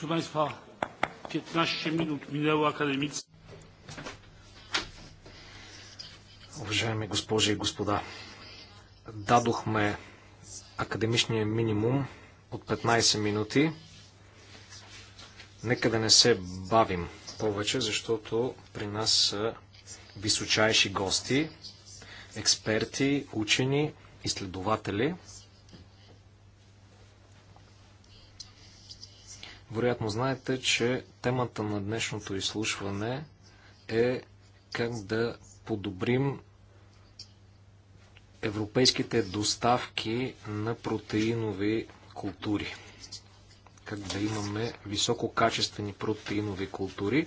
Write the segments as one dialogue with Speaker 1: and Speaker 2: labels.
Speaker 1: Proszę Państwa, 15 minut minęło
Speaker 2: Уважаеми госпожи и господа, дадохме академичния минимум от 15 минути. Нека да не се бавим повече, защото при нас са височайши гости, експерти, учени, изследователи. Вероятно знаете, че темата на днешното изслушване е как да подобрим европейските доставки на протеинови култури. Как да имаме висококачествени протеинови култури.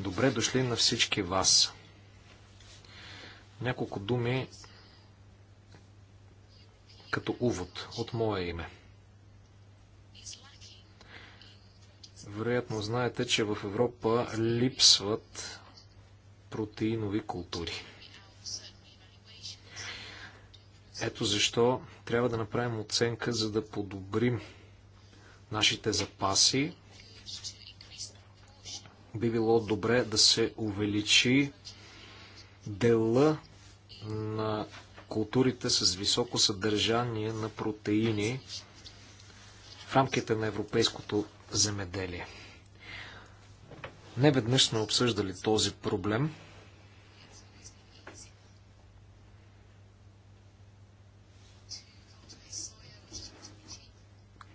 Speaker 2: Добре дошли на всички вас. Няколко думи като увод от мое име. Вероятно знаете, че в Европа липсват протеинови култури. Ето защо трябва да направим оценка, за да подобрим нашите запаси. Би било добре да се увеличи дела на културите с високо съдържание на протеини в рамките на европейското земеделие. Не веднъж сме обсъждали този проблем.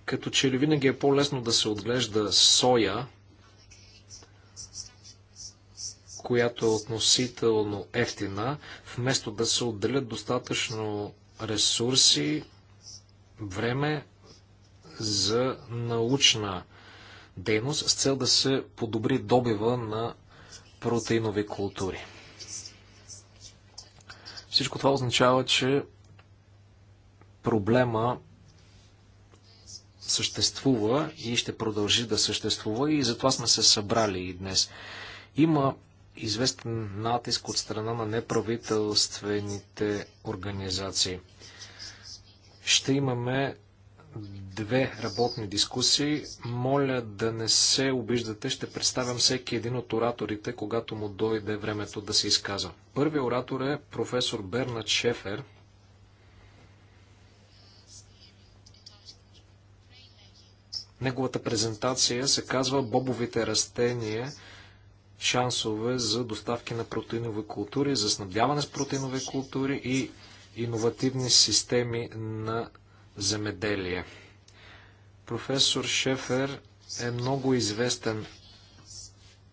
Speaker 2: Като че ли винаги е по-лесно да се отглежда соя, която е относително ефтина, вместо да се отделят достатъчно ресурси, време за научна дейност с цел да се подобри добива на протеинови култури. Всичко това означава, че проблема съществува и ще продължи да съществува и затова сме се събрали и днес. Има известен натиск от страна на неправителствените организации. Ще имаме две работни дискусии. Моля да не се обиждате, ще представям всеки един от ораторите, когато му дойде времето да се изказва. Първият оратор е професор Бернат Шефер. Неговата презентация се казва Бобовите растения шансове за доставки на протеинови култури, за снабдяване с протеинови култури и иновативни системи на земеделие. Професор Шефер е много известен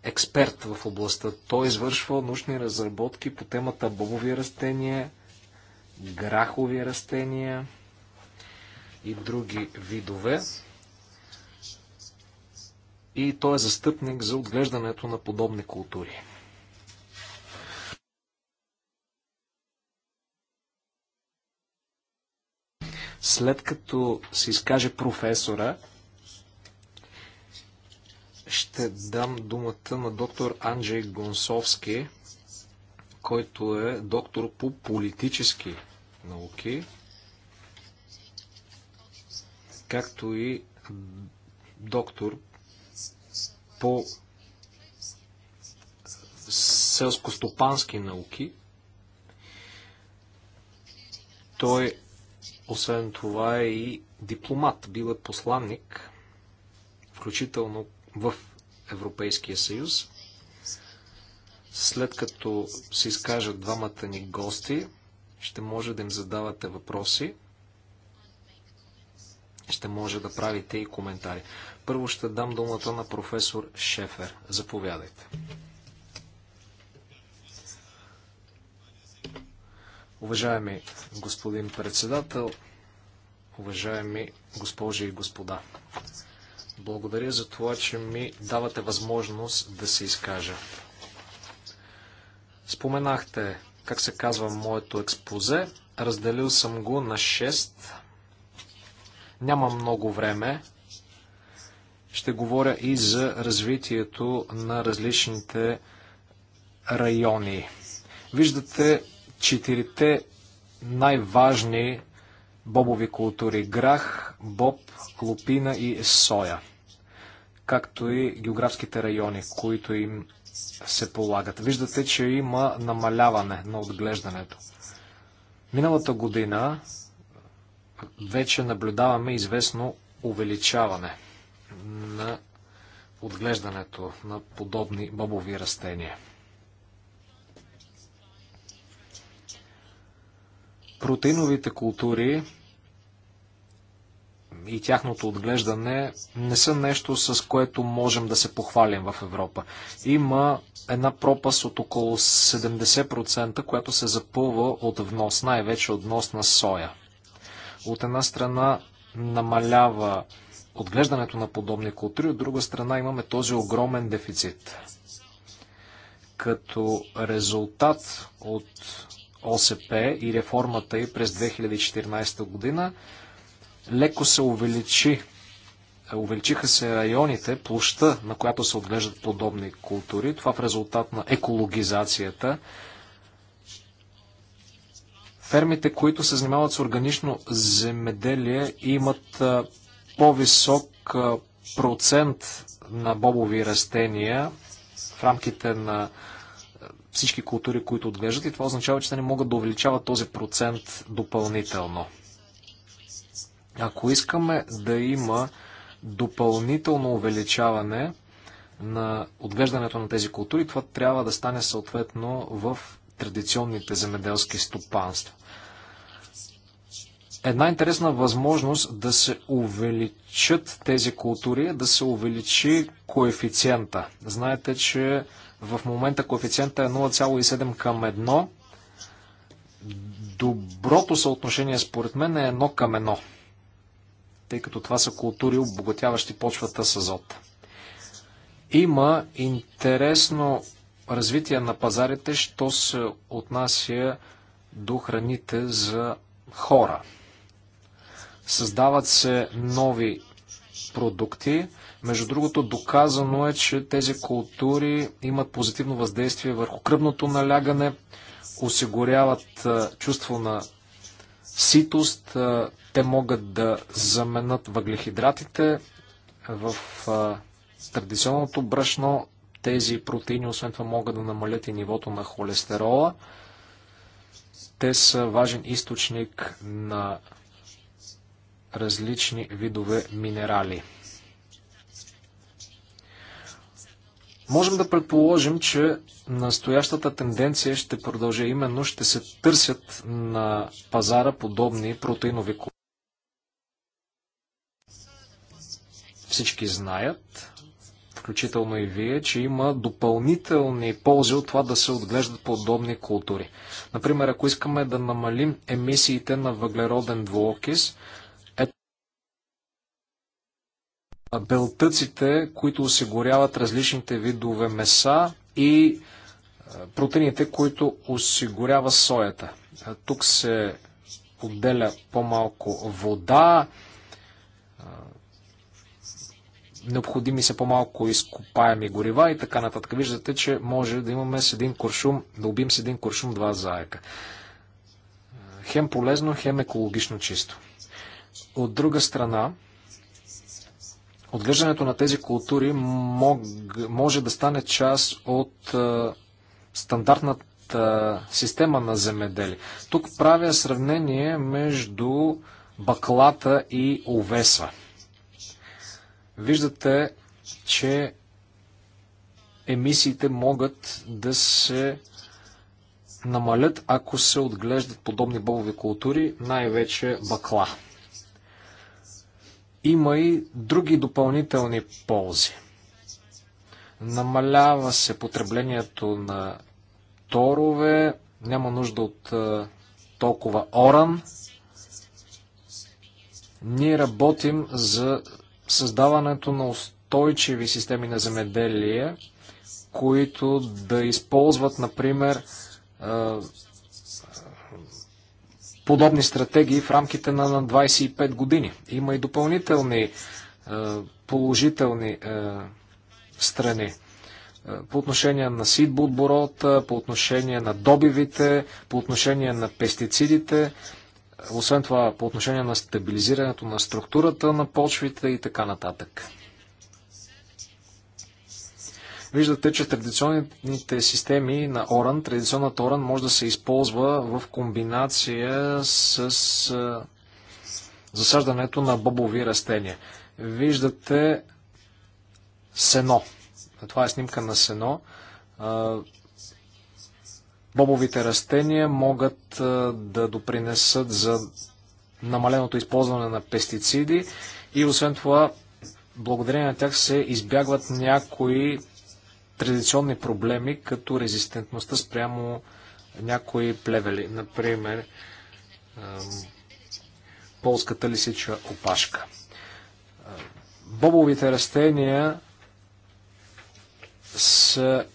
Speaker 2: експерт в областта. Той извършва научни разработки по темата бобови растения, грахови растения и други видове. И той е застъпник за отглеждането на подобни култури. След като се изкаже професора, ще дам думата на доктор Анджей Гонсовски, който е доктор по политически науки, както и доктор по селско-стопански науки. Той освен това е и дипломат, бил е посланник, включително в Европейския съюз. След като се изкажат двамата ни гости, ще може да им задавате въпроси, ще може да правите и коментари. Първо ще дам думата на професор Шефер. Заповядайте. Уважаеми господин председател, уважаеми госпожи и господа, благодаря за това, че ми давате възможност да се изкажа. Споменахте, как се казва, моето експозе. Разделил съм го на 6. Няма много време. Ще говоря и за развитието на различните райони. Виждате четирите най-важни бобови култури – грах, боб, лупина и соя, както и географските райони, които им се полагат. Виждате, че има намаляване на отглеждането. Миналата година вече наблюдаваме известно увеличаване на отглеждането на подобни бобови растения. Протеиновите култури и тяхното отглеждане не са нещо, с което можем да се похвалим в Европа. Има една пропаст от около 70%, която се запълва от внос, най-вече от внос на соя. От една страна намалява отглеждането на подобни култури, от друга страна имаме този огромен дефицит. Като резултат от ОСП и реформата и през 2014 година, леко се увеличи. Увеличиха се районите, площа, на която се отглеждат подобни култури. Това в резултат на екологизацията. Фермите, които се занимават с органично земеделие, имат по-висок процент на бобови растения в рамките на всички култури, които отглеждат и това означава, че те не могат да увеличават този процент допълнително. Ако искаме да има допълнително увеличаване на отглеждането на тези култури, това трябва да стане съответно в традиционните земеделски стопанства. Една интересна възможност да се увеличат тези култури е да се увеличи коефициента. Знаете, че в момента коефициента е 0,7 към 1. Доброто съотношение според мен е 1 към 1, тъй като това са култури, обогатяващи почвата с азот. Има интересно развитие на пазарите, що се отнася до храните за хора. Създават се нови продукти, между другото, доказано е, че тези култури имат позитивно въздействие върху кръвното налягане, осигуряват чувство на ситост, те могат да заменят въглехидратите в традиционното брашно. Тези протеини, освен това, могат да намалят и нивото на холестерола. Те са важен източник на различни видове минерали. Можем да предположим, че настоящата тенденция ще продължи, именно ще се търсят на пазара подобни протеинови култури. Всички знаят, включително и вие, че има допълнителни ползи от това да се отглеждат подобни култури. Например, ако искаме да намалим емисиите на въглероден двуокис, белтъците, които осигуряват различните видове меса и е, протеините, които осигурява соята. Е, тук се отделя по-малко вода, е, необходими са по-малко изкопаеми горива и така нататък. Виждате, че може да имаме с един куршум, да убим с един куршум два заека. Хем полезно, хем екологично чисто. От друга страна, Отглеждането на тези култури мог, може да стане част от е, стандартната система на земеделие. Тук правя сравнение между баклата и овеса. Виждате, че емисиите могат да се намалят, ако се отглеждат подобни бобови култури, най-вече бакла има и други допълнителни ползи. Намалява се потреблението на торове, няма нужда от толкова оран. Ние работим за създаването на устойчиви системи на земеделие, които да използват, например, подобни стратегии в рамките на, 25 години. Има и допълнителни е, положителни е, страни е, по отношение на сидбоотборота, по отношение на добивите, по отношение на пестицидите, освен това по отношение на стабилизирането на структурата на почвите и така нататък. Виждате, че традиционните системи на Оран, традиционната Оран може да се използва в комбинация с засаждането на бобови растения. Виждате сено. Това е снимка на сено. Бобовите растения могат да допринесат за намаленото използване на пестициди и освен това, благодарение на тях се избягват някои традиционни проблеми, като резистентността спрямо някои плевели. Например, полската лисича опашка. Бобовите растения са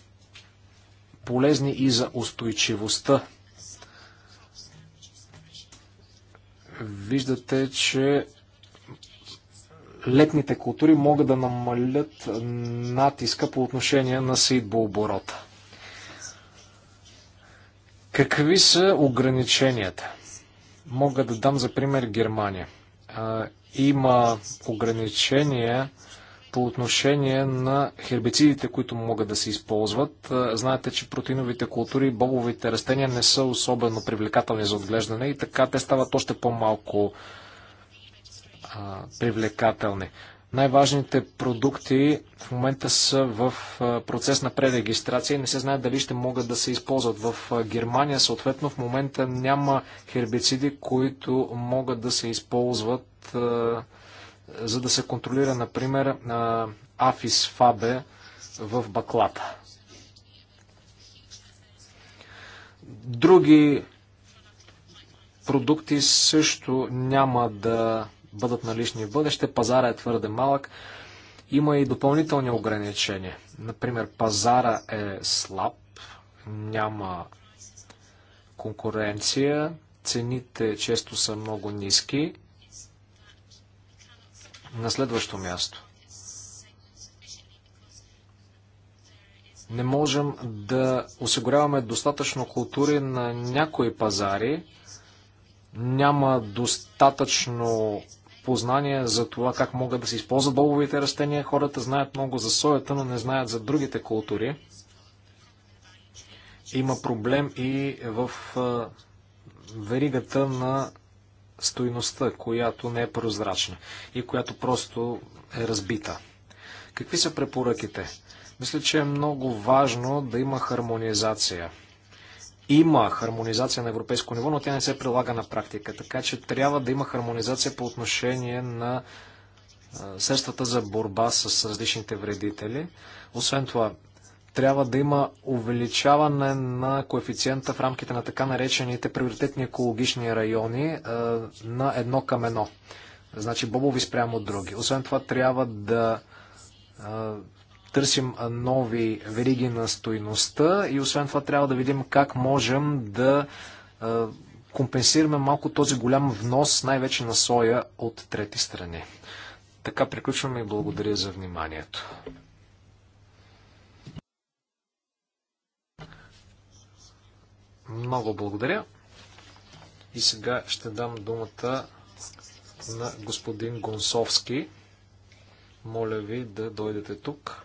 Speaker 2: полезни и за устойчивостта. Виждате, че летните култури могат да намалят натиска по отношение на сейдбооборота. Какви са ограниченията? Мога да дам за пример Германия. Има ограничения по отношение на хербицидите, които могат да се използват. Знаете, че протеиновите култури и бобовите растения не са особено привлекателни за отглеждане и така те стават още по-малко привлекателни. Най-важните продукти в момента са в процес на пререгистрация и не се знае дали ще могат да се използват. В Германия, съответно, в момента няма хербициди, които могат да се използват за да се контролира, например, афис фабе в баклата. Други продукти също няма да бъдат налични в бъдеще. Пазара е твърде малък. Има и допълнителни ограничения. Например, пазара е слаб, няма конкуренция, цените често са много ниски. На следващо място. Не можем да осигуряваме достатъчно култури на някои пазари. Няма достатъчно познания за това как могат да се използват бобовите растения. Хората знаят много за соята, но не знаят за другите култури. Има проблем и в веригата на стойността, която не е прозрачна и която просто е разбита. Какви са препоръките? Мисля, че е много важно да има хармонизация – има хармонизация на европейско ниво, но тя не се прилага на практика. Така че трябва да има хармонизация по отношение на средствата за борба с различните вредители. Освен това, трябва да има увеличаване на коефициента в рамките на така наречените приоритетни екологични райони на едно към едно. Значи бобови спрямо от други. Освен това, трябва да търсим нови вериги на стойността и освен това трябва да видим как можем да компенсираме малко този голям внос, най-вече на соя от трети страни. Така приключваме и благодаря за вниманието. Много благодаря. И сега ще дам думата на господин Гонсовски. Моля ви да дойдете тук.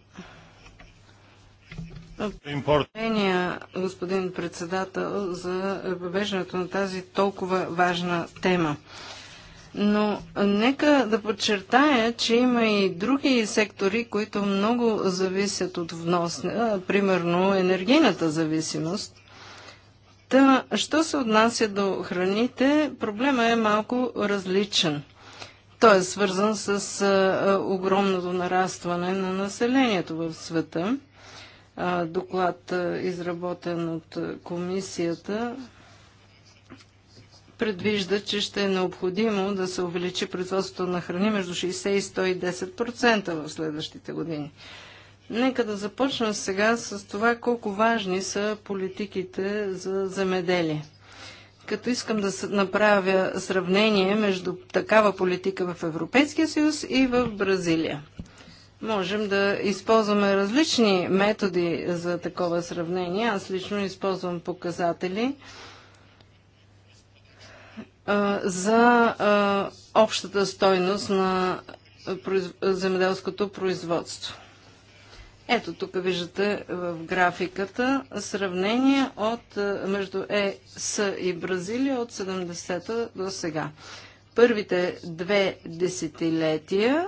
Speaker 2: Поздравления,
Speaker 3: господин председател, за въвеждането на тази толкова важна тема. Но нека да подчертая, че има и други сектори, които много зависят от внос, примерно енергийната зависимост. Та, що се отнася до храните, проблема е малко различен. Той е свързан с огромното нарастване на населението в света – доклад, изработен от комисията, предвижда, че ще е необходимо да се увеличи производството на храни между 60 и 110% в следващите години. Нека да започна сега с това колко важни са политиките за земеделие. Като искам да направя сравнение между такава политика в Европейския съюз и в Бразилия. Можем да използваме различни методи за такова сравнение. Аз лично използвам показатели за общата стойност на земеделското производство. Ето тук виждате в графиката сравнение от, между ЕС и Бразилия от 70-та до сега. Първите две десетилетия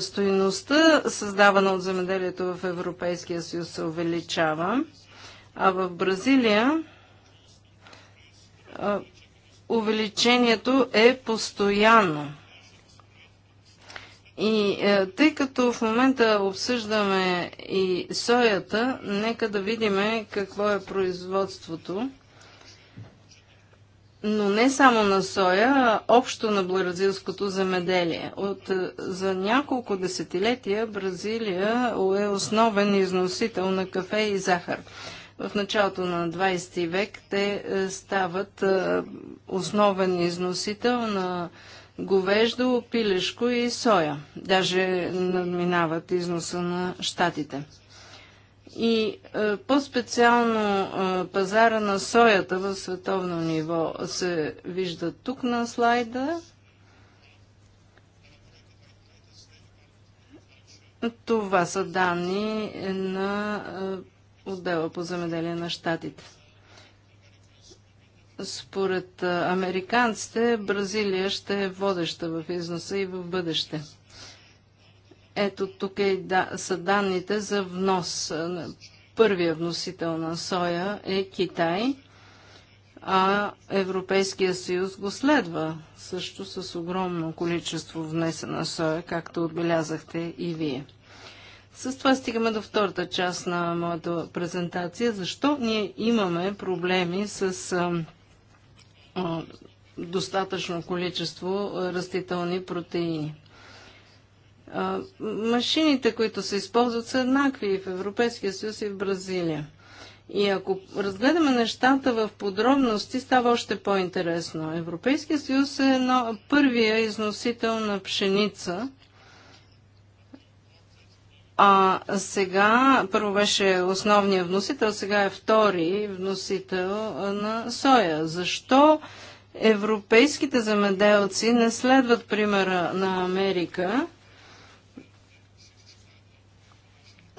Speaker 3: Стоиността, създавана от земеделието в Европейския съюз, се увеличава, а в Бразилия увеличението е постоянно. И е, тъй като в момента обсъждаме и соята, нека да видим какво е производството но не само на соя, а общо на бразилското земеделие. От, е, за няколко десетилетия Бразилия е основен износител на кафе и захар. В началото на 20 век те е, стават е, основен износител на говеждо, пилешко и соя. Даже надминават износа на щатите и е, по-специално е, пазара на соята в световно ниво се вижда тук на слайда. Това са данни на е, отдела по земеделие на щатите. Според американците, Бразилия ще е водеща в износа и в бъдеще. Ето тук е, да, са данните за внос. Първия вносител на соя е Китай, а Европейския съюз го следва също с огромно количество внесена соя, както отбелязахте и вие. С това стигаме до втората част на моята презентация. Защо ние имаме проблеми с а, а, достатъчно количество растителни протеини? машините, които се използват, са еднакви в Европейския съюз и в Бразилия. И ако разгледаме нещата в подробности, става още по-интересно. Европейския съюз е едно, първия износител на пшеница. А сега, първо беше основният вносител, сега е втори вносител на соя. Защо европейските замеделци не следват примера на Америка?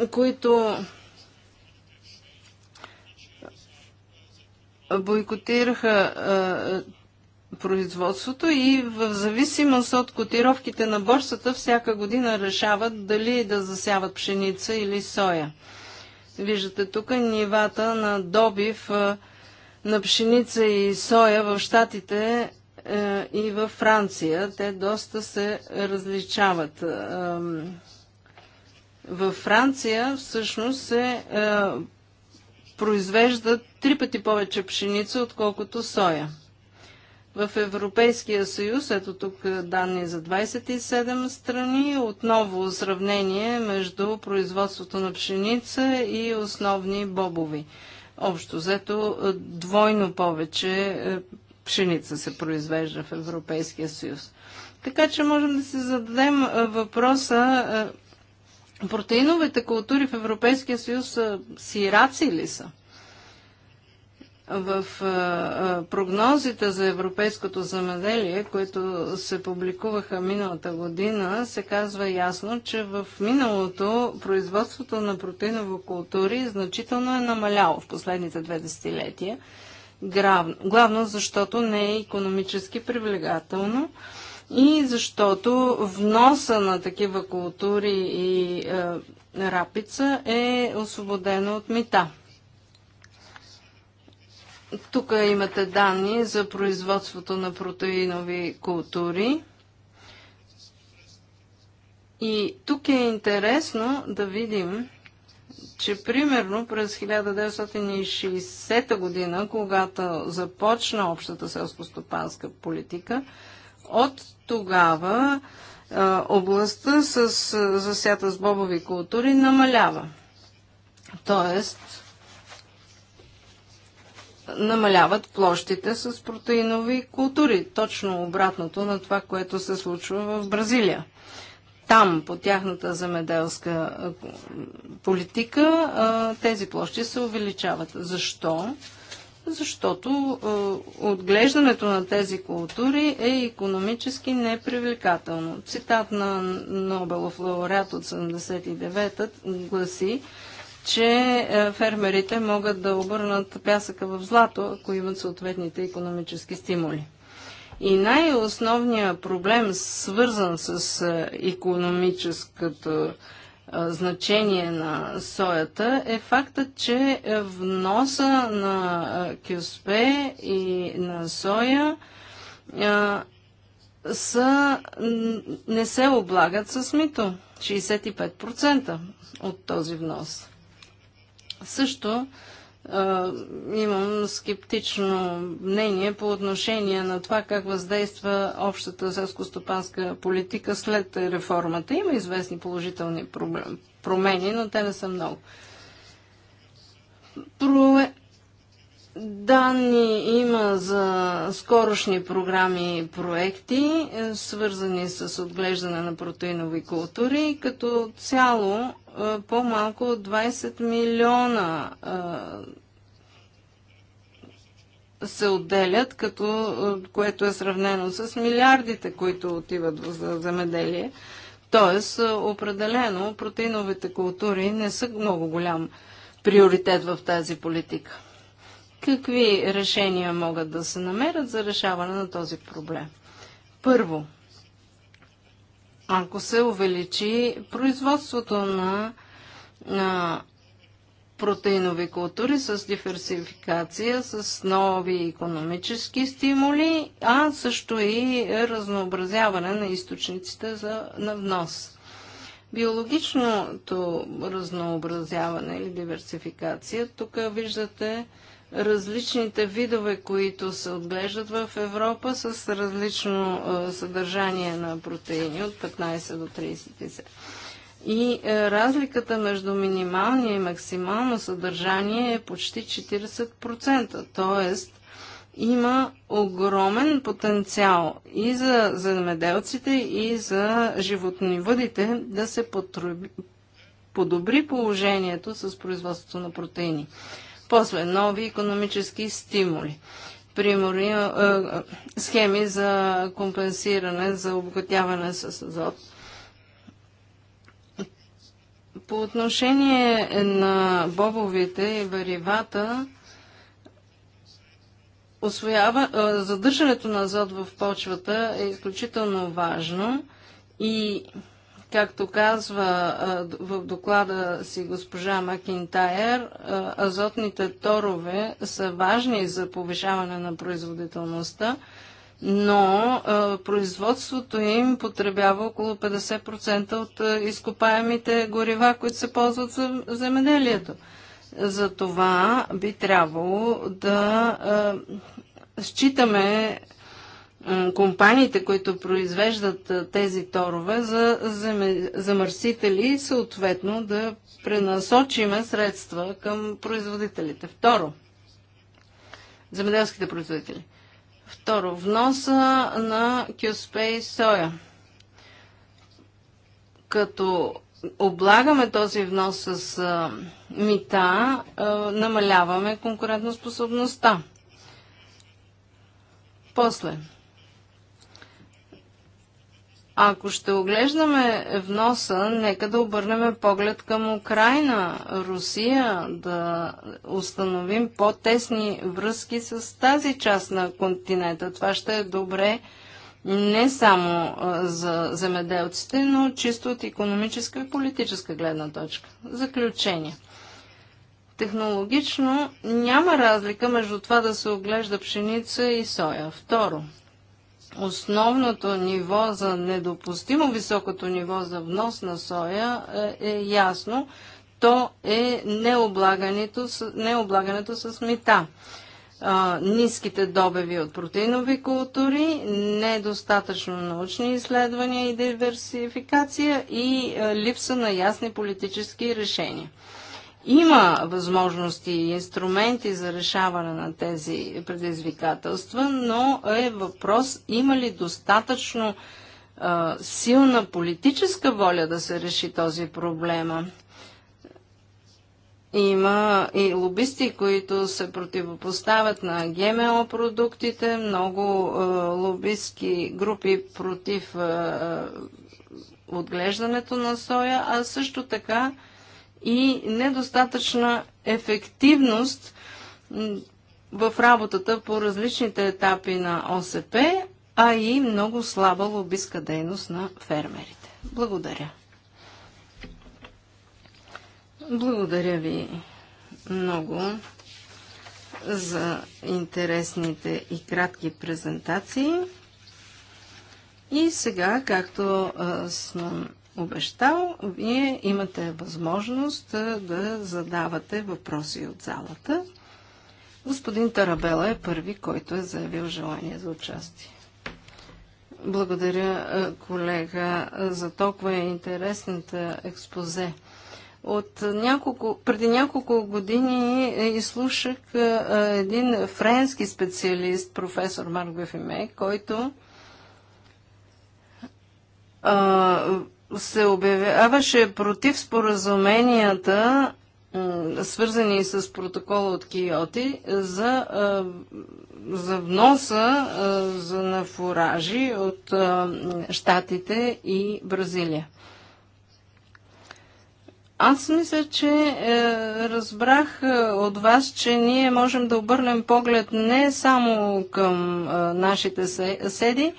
Speaker 3: които бойкотираха производството и в зависимост от котировките на борсата всяка година решават дали да засяват пшеница или соя. Виждате тук нивата на добив на пшеница и соя в Штатите и във Франция. Те доста се различават. Във Франция всъщност се е, произвежда три пъти повече пшеница, отколкото соя. В Европейския съюз, ето тук данни за 27 страни, отново сравнение между производството на пшеница и основни бобови. Общо взето е, двойно повече е, пшеница се произвежда в Европейския съюз. Така че можем да си зададем е, въпроса Протеиновите култури в Европейския съюз са сираци ли са? В а, а, прогнозите за европейското замеделие, които се публикуваха миналата година, се казва ясно, че в миналото производството на протеиново култури значително е намаляло в последните две десетилетия. Главно защото не е економически привлекателно и защото вноса на такива култури и е, рапица е освободена от мита. Тук имате данни за производството на протеинови култури. И тук е интересно да видим, че примерно през 1960 година, когато започна общата селско-стопанска политика, от тогава областта с засята с бобови култури намалява. Тоест, намаляват площите с протеинови култури. Точно обратното на това, което се случва в Бразилия. Там, по тяхната земеделска политика, тези площи се увеличават. Защо? защото е, отглеждането на тези култури е економически непривлекателно. Цитат на Нобелов лауреат от 79-та гласи, че е, фермерите могат да обърнат пясъка в злато, ако имат съответните економически стимули. И най-основният проблем, свързан с економическата значение на соята е фактът, че вноса на кюспе и на соя са, не се облагат с мито. 65% от този внос. Също имам скептично мнение по отношение на това как въздейства общата селско-стопанска политика след реформата. Има известни положителни промени, но те не са много. Данни има за скорошни програми и проекти, свързани с отглеждане на протеинови култури. Като цяло по-малко от 20 милиона се отделят, като, е, което е сравнено с милиардите, които отиват за замеделие. Тоест, е, определено протеиновите култури не са много голям приоритет в тази политика. Какви решения могат да се намерят за решаване на този проблем? Първо, ако се увеличи производството на, на протеинови култури с диверсификация, с нови економически стимули, а също и разнообразяване на източниците за, на внос. Биологичното разнообразяване или диверсификация, тук виждате различните видове, които се отглеждат в Европа с различно съдържание на протеини от 15 до 37. И е, разликата между минималния и максимално съдържание е почти 40%. Тоест, има огромен потенциал и за земеделците, и за животновъдите да се потруби, подобри положението с производството на протеини. После нови економически стимули. Примерно, е, схеми за компенсиране, за обогатяване с азот по отношение на бобовите и варивата, освоява, задържането на азот в почвата е изключително важно и както казва в доклада си госпожа Макинтайер, азотните торове са важни за повишаване на производителността но а, производството им потребява около 50% от а, изкопаемите горива, които се ползват за земеделието. За това би трябвало да а, считаме компаниите, които произвеждат тези торове за замърсители и съответно да пренасочиме средства към производителите. Второ, земеделските производители. Второ, вноса на и соя. Като облагаме този внос с а, мита, а, намаляваме конкурентоспособността. После, ако ще оглеждаме вноса, нека да обърнем поглед към Украина, Русия, да установим по-тесни връзки с тази част на континента. Това ще е добре не само за земеделците, но чисто от економическа и политическа гледна точка. Заключение. Технологично няма разлика между това да се оглежда пшеница и соя. Второ, основното ниво за недопустимо високото ниво за внос на соя е, е ясно. То е необлагането, необлагането с мита. А, ниските добеви от протеинови култури, недостатъчно научни изследвания и диверсификация и а, липса на ясни политически решения. Има възможности и инструменти за решаване на тези предизвикателства, но е въпрос има ли достатъчно а, силна политическа воля да се реши този проблема. Има и лобисти, които се противопоставят на ГМО продуктите, много а, лобистки групи против а, отглеждането на соя, а също така и недостатъчна ефективност в работата по различните етапи на ОСП, а и много слаба лобистка дейност на фермерите. Благодаря. Благодаря ви много за интересните и кратки презентации. И сега, както а, сме обещал, вие имате възможност да задавате въпроси от залата. Господин Тарабела е първи, който е заявил желание за участие. Благодаря, колега, за толкова интересната експозе. От няколко, преди няколко години е, изслушах един френски специалист, професор Марк Бефиме, който а, се обявяваше против споразуменията, свързани с протокола от Киоти, за, за вноса за, на фуражи от Штатите и Бразилия. Аз мисля, че е, разбрах е, от вас, че ние можем да обърнем поглед не само към е, нашите съседи,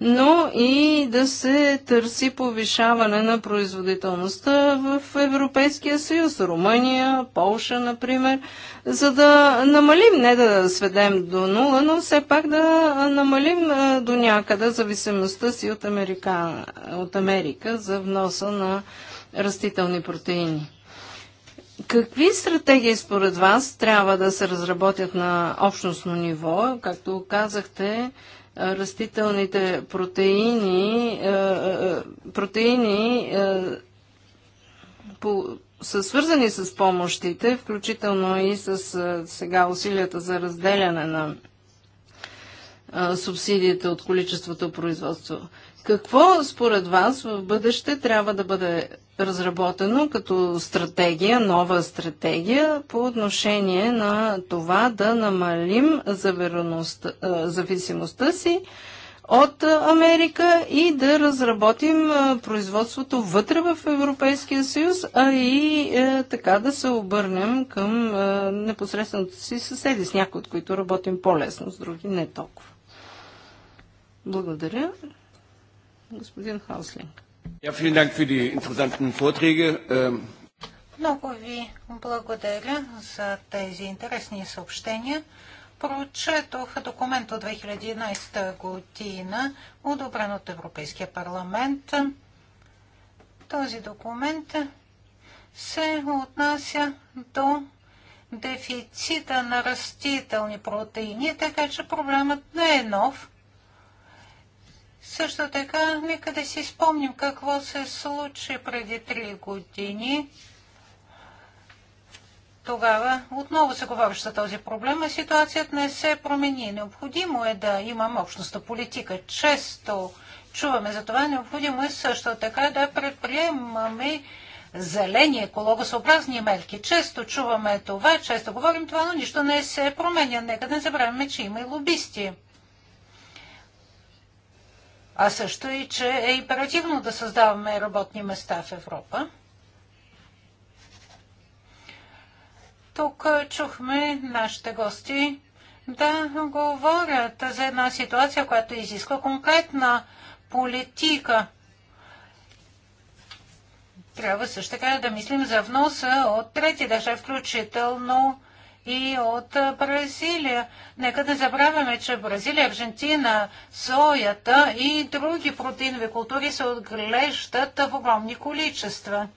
Speaker 3: но и да се търси повишаване на производителността в Европейския съюз, Румъния, Полша, например, за да намалим, не да сведем до нула, но все пак да намалим до някъде зависимостта си от Америка, от Америка за вноса на растителни протеини. Какви стратегии според вас трябва да се разработят на общностно ниво? Както казахте, растителните протеини, е, е, е, протеини по, са свързани с помощите, включително и с сега усилията за разделяне на субсидията от количеството производство. Какво според вас в бъдеще трябва да бъде разработено като стратегия, нова стратегия по отношение на това да намалим зависимостта си от Америка и да разработим производството вътре в Европейския съюз, а и е, така да се обърнем към е, непосредственото си съседи, с някои от които работим по-лесно, с други не толкова. Благодаря. Господин Хауслинг.
Speaker 2: Ähm,
Speaker 1: Много ви благодаря за тези интересни съобщения. Прочетох документ от 2011 година, одобрен от Европейския парламент. Този документ се отнася до дефицита на растителни протеини, така че проблемът не е нов. Също така, нека да си спомним какво се случи преди три години. Тогава отново се говореше за този проблем, а ситуацията не се промени. Необходимо е да имам общностна политика. Често чуваме за това. Необходимо е също така да предприемаме зелени, екологосъобразни мерки. Често чуваме това, често говорим това, но нищо не се променя. Нека да не забравяме, че има и лобисти а също и, че е императивно да създаваме работни места в Европа. Тук чухме нашите гости да говорят за една ситуация, която изисква конкретна политика. Трябва също така да мислим за вноса от трети държави, включително и от Бразилия. Нека да забравяме, че Бразилия, Аржентина, соята и други протеинови култури се отглеждат в огромни количества.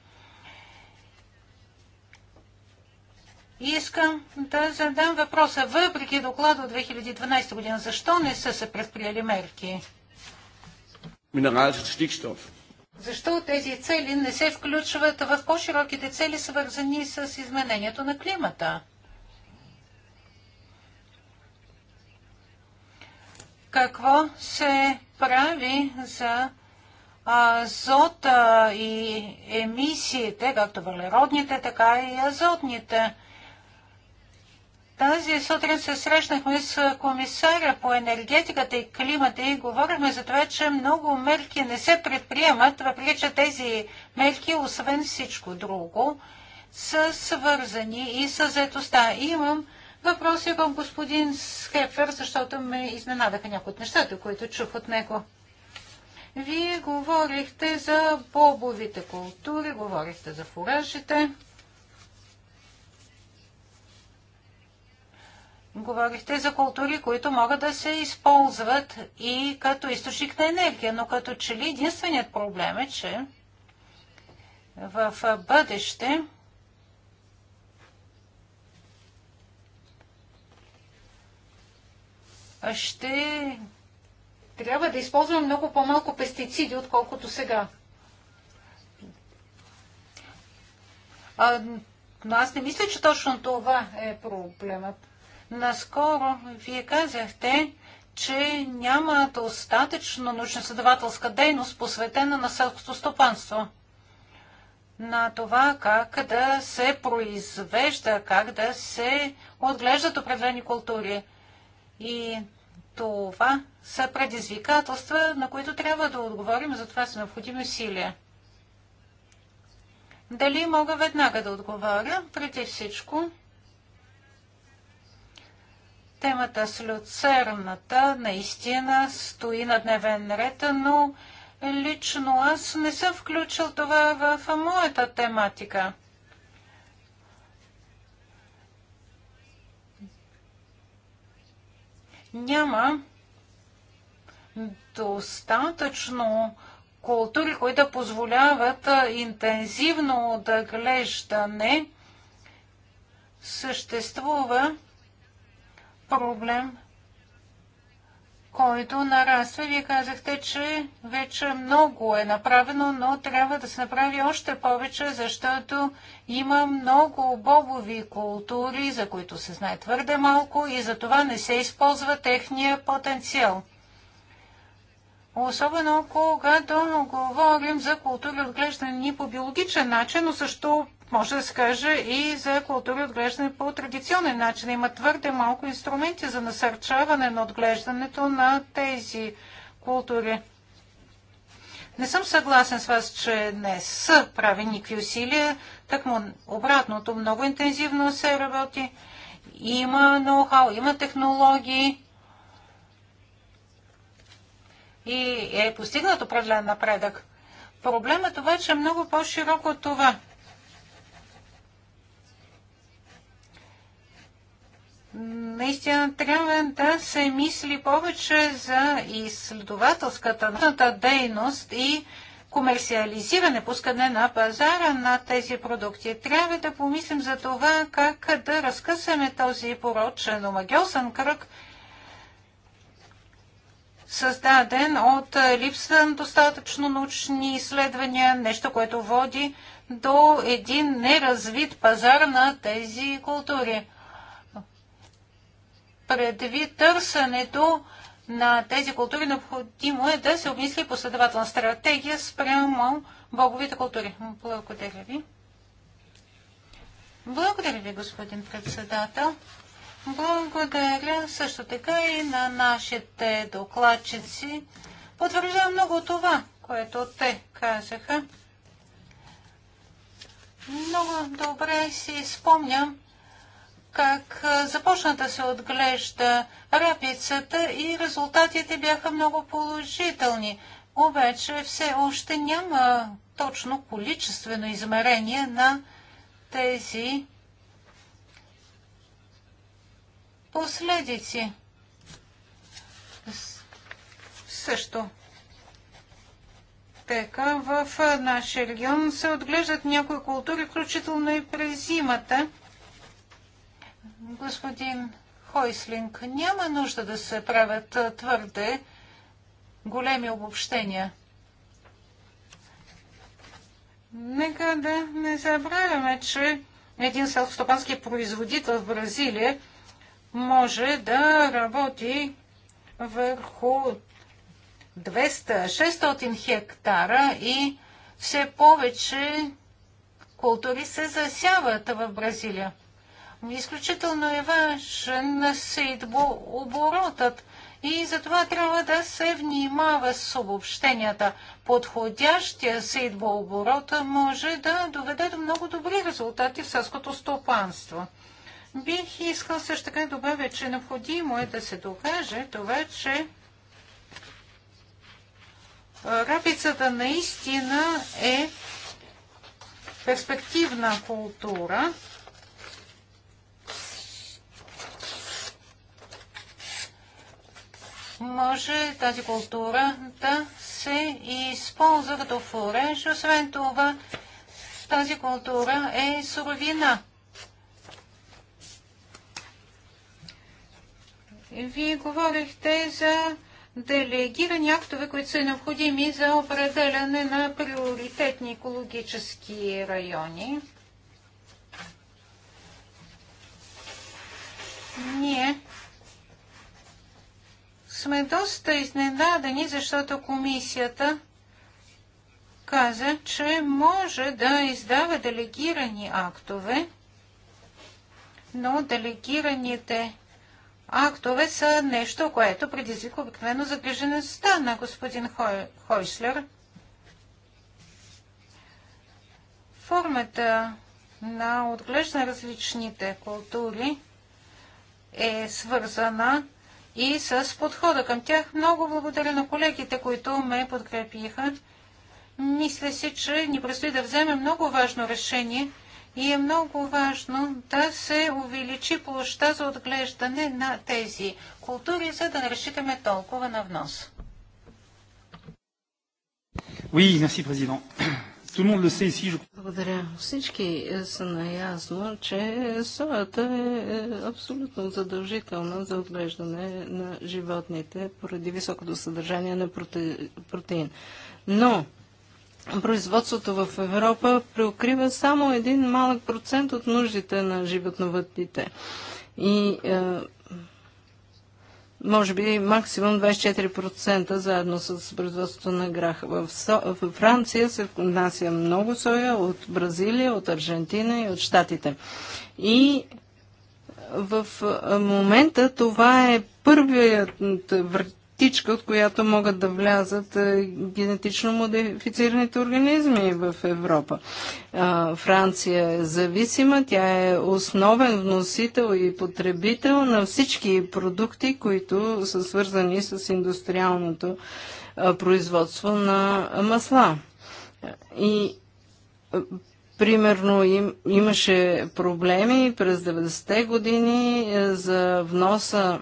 Speaker 1: Искам да задам въпроса, въпреки доклада от 2012 година, защо не са се предприели мерки?
Speaker 3: Минералът стикстов.
Speaker 1: Защо тези цели не се включват в по-широките цели, свързани с изменението на климата? какво се прави за азота и емисиите, както въглеродните, така и азотните. Тази сутрин се срещнахме с комисаря по енергетиката и климата и говорихме за това, че много мерки не се предприемат, въпреки че тези мерки, освен всичко друго, са свързани и с заедостта. Имам е към господин Скефер, защото ме изненадаха някои от нещата, които чух от него. Вие говорихте за бобовите култури, говорихте за фуражите. Говорихте за култури, които могат да се използват и като източник на енергия, но като че ли единственият проблем е, че в бъдеще ще трябва да използваме много по-малко пестициди, отколкото сега. А, но аз не мисля, че точно това е проблемът. Наскоро вие казахте, че няма достатъчно научно-следователска дейност, посветена на селското стопанство. На това как да се произвежда, как да се отглеждат определени култури. И това са предизвикателства, на които трябва да отговорим, затова са необходими усилия. Дали мога веднага да отговоря? Преди всичко, темата с люцерната наистина стои на дневен ред, но лично аз не съм включил това в моята тематика – няма достатъчно култури, които да позволяват интензивно отглеждане, съществува проблем който нараства. Вие казахте, че вече много е направено, но трябва да се направи още повече, защото има много бобови култури, за които се знае твърде малко и за това не се използва техния потенциал. Особено когато говорим за култури, отглеждани по биологичен начин, но също може да се каже и за култури отглеждане по традиционен начин. Има твърде малко инструменти за насърчаване на отглеждането на тези култури. Не съм съгласен с вас, че не са прави никакви усилия. Так му обратното, много интензивно се работи. Има ноу-хау, има технологии. И е постигнат определен напредък. Проблемът обаче е много по-широк от това – наистина трябва да се мисли повече за изследователската дейност и комерциализиране, пускане на пазара на тези продукти. Трябва да помислим за това как да разкъсаме този порочен омагиосен кръг, създаден от липса на достатъчно научни изследвания, нещо, което води до един неразвит пазар на тези култури предвид търсенето на тези култури, необходимо е да се обмисли последователна стратегия спрямо боговите култури. Благодаря ви. Благодаря ви, господин председател. Благодаря също така и на нашите докладчици. Потвърждавам много това, което те казаха. Много добре си спомням как започна да се отглежда рапицата и резултатите бяха много положителни. Обаче все още няма точно количествено измерение на тези последици. Също така в нашия регион се отглеждат някои култури, включително и през зимата господин Хойслинг, няма нужда да се правят твърде големи обобщения. Нека да не забравяме, че един селстопански производител в Бразилия може да работи върху 200-600 хектара и все повече култури се засяват в Бразилия. Изключително е важен седбо оборотът и затова трябва да се внимава с обобщенията. Подходящия седбо оборот може да доведе до много добри резултати в селското стопанство. Бих искал също така да добавя, че необходимо е да се докаже това, че рапицата наистина е перспективна култура може тази култура да се използва като фореж. Освен това, тази култура е суровина. Вие говорихте за делегирани актове, които са необходими за определяне на приоритетни екологически райони. Ние сме доста изненадани, защото комисията каза, че може да издава делегирани актове, но делегираните актове са нещо, което предизвиква обикновено загрижеността на господин Хойслер. Формата на отглеждане на различните култури е свързана и с подхода към тях. Много благодаря на колегите, които ме подкрепиха. Мисля си, че ни предстои да вземем много важно решение и е много важно да се увеличи площа за отглеждане на тези култури, за да не разчитаме толкова на внос. Oui, merci, président.
Speaker 3: Благодаря. Всички е, са наясно, че соята е, е абсолютно задължителна за отглеждане на животните поради високото съдържание на протеин. Но производството в Европа приокрива само един малък процент от нуждите на животновътните. И е, може би максимум 24% заедно с производството на грах. В, со... в Франция се внася много соя от Бразилия, от Аржентина и от Штатите. И в момента това е първият птичка, от която могат да влязат е, генетично модифицираните организми в Европа. Франция е зависима, тя е основен вносител и потребител на всички продукти, които са свързани с индустриалното производство на масла. И Примерно им, имаше проблеми през 90-те години е, за вноса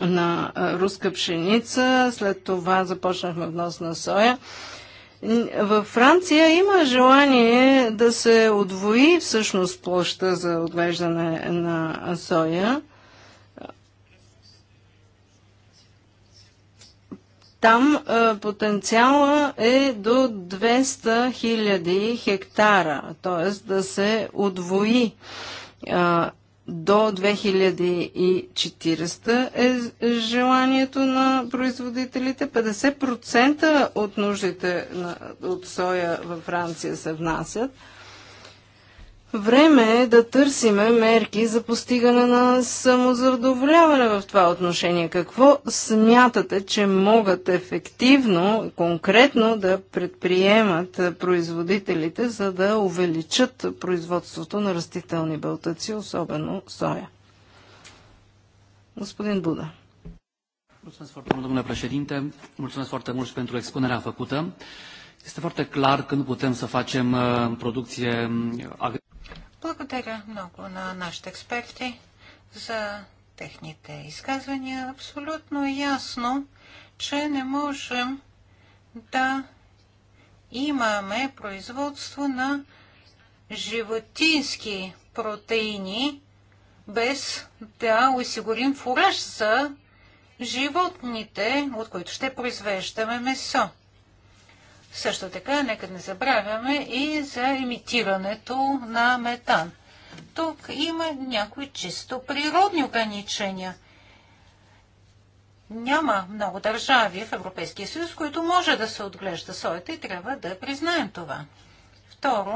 Speaker 3: на руска пшеница, след това започнахме внос на соя. Във Франция има желание да се отвои всъщност площа за отвеждане на соя. Там е, потенциала е до 200 000 хектара, т.е. да се отвои до 2040 е желанието на производителите. 50% от нуждите от соя във Франция се внасят. Време е да търсиме мерки за постигане на самозадоволяване в това отношение. Какво смятате, че могат ефективно, конкретно да предприемат производителите, за да увеличат производството на растителни бълтъци, особено соя? Господин Буда. Mulțumesc foarte
Speaker 1: mult, domnule președinte.
Speaker 2: Mulțumesc foarte mult și pentru expunerea făcută. Este foarte clar că nu putem să facem uh, producție uh, agricolă.
Speaker 1: Благодаря много на нашите експерти за техните изказвания. Абсолютно е ясно, че не можем да имаме производство на животински протеини, без да осигурим фураж за животните, от които ще произвеждаме месо. Също така, нека не забравяме и за имитирането на метан. Тук има някои чисто природни ограничения. Няма много държави в Европейския съюз, които може да се отглежда соята и трябва да признаем това. Второ,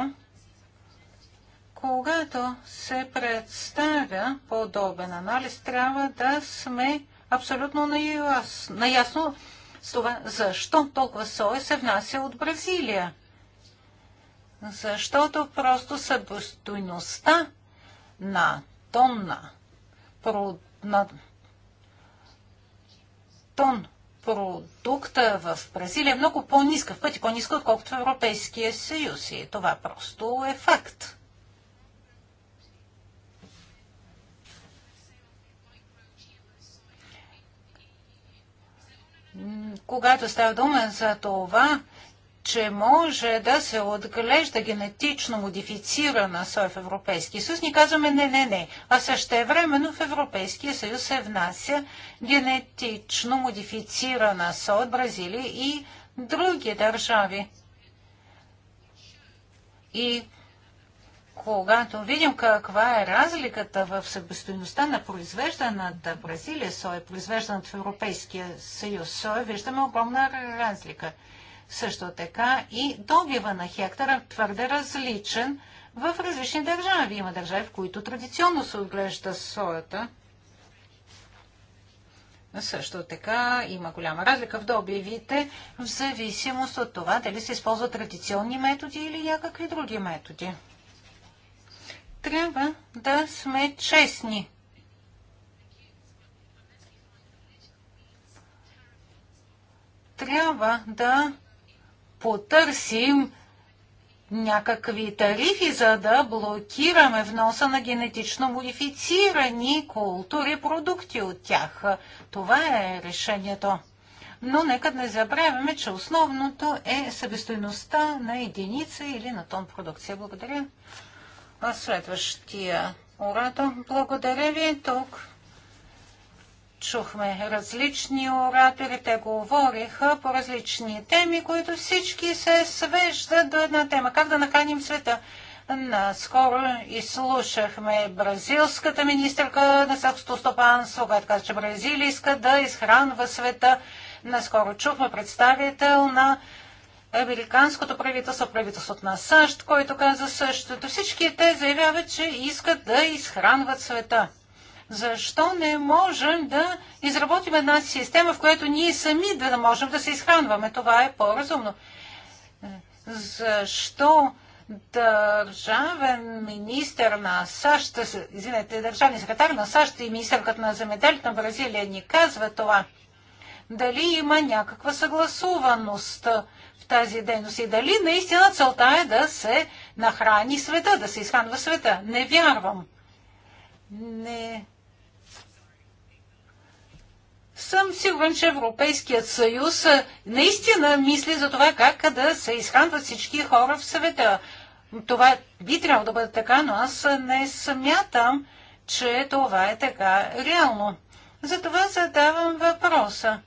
Speaker 1: когато се представя подобен анализ, трябва да сме абсолютно наясно, наясно с това защо толкова соя се внася от Бразилия. Защото просто съдостойността на тонна на тон продукта в Бразилия е много по-ниска, в пъти по-ниска, отколкото в Европейския съюз. И това просто е факт. когато става дума за това, че може да се отглежда генетично модифицирана сой в Европейския съюз, ни казваме не, не, не. А също времено в Европейския съюз се внася генетично модифицирана сой от Бразилия и други държави. И когато видим каква е разликата в себестоиността на произвежданата Бразилия соя, произвежданата в Европейския съюз соя, виждаме огромна разлика. Също така и добива на хектара твърде различен в различни държави. Има държави, в които традиционно се отглежда соята. Също така има голяма разлика в добивите в зависимост от това дали се използват традиционни методи или някакви други методи трябва да сме честни. Трябва да потърсим някакви тарифи, за да блокираме вноса на генетично модифицирани култури продукти от тях. Това е решението. Но нека не забравяме, че основното е събестойността на единица или на тон продукция. Благодаря. А следващия оратор. Благодаря ви. Тук чухме различни оратори. Те говориха по различни теми, които всички се свеждат до една тема. Как да наканим света? Наскоро изслушахме бразилската министърка на селското стопанство, която каза, че Бразилия иска да изхранва света. Наскоро чухме представител на американското правителство, правителството на САЩ, който каза същото. Всички те заявяват, че искат да изхранват света. Защо не можем да изработим една система, в която ние сами да можем да се изхранваме? Това е по-разумно. Защо държавен министр на САЩ, извинете, държавен секретар на САЩ и министъркът на земеделието на Бразилия ни казва това? Дали има някаква съгласуваност тази дейност и дали наистина целта е да се нахрани света, да се изхранва света. Не вярвам. Не. Съм сигурен, че Европейският съюз наистина мисли за това как да се изхранват всички хора в света. Това би трябвало да бъде така, но аз не смятам, че това е така реално. Затова задавам въпроса.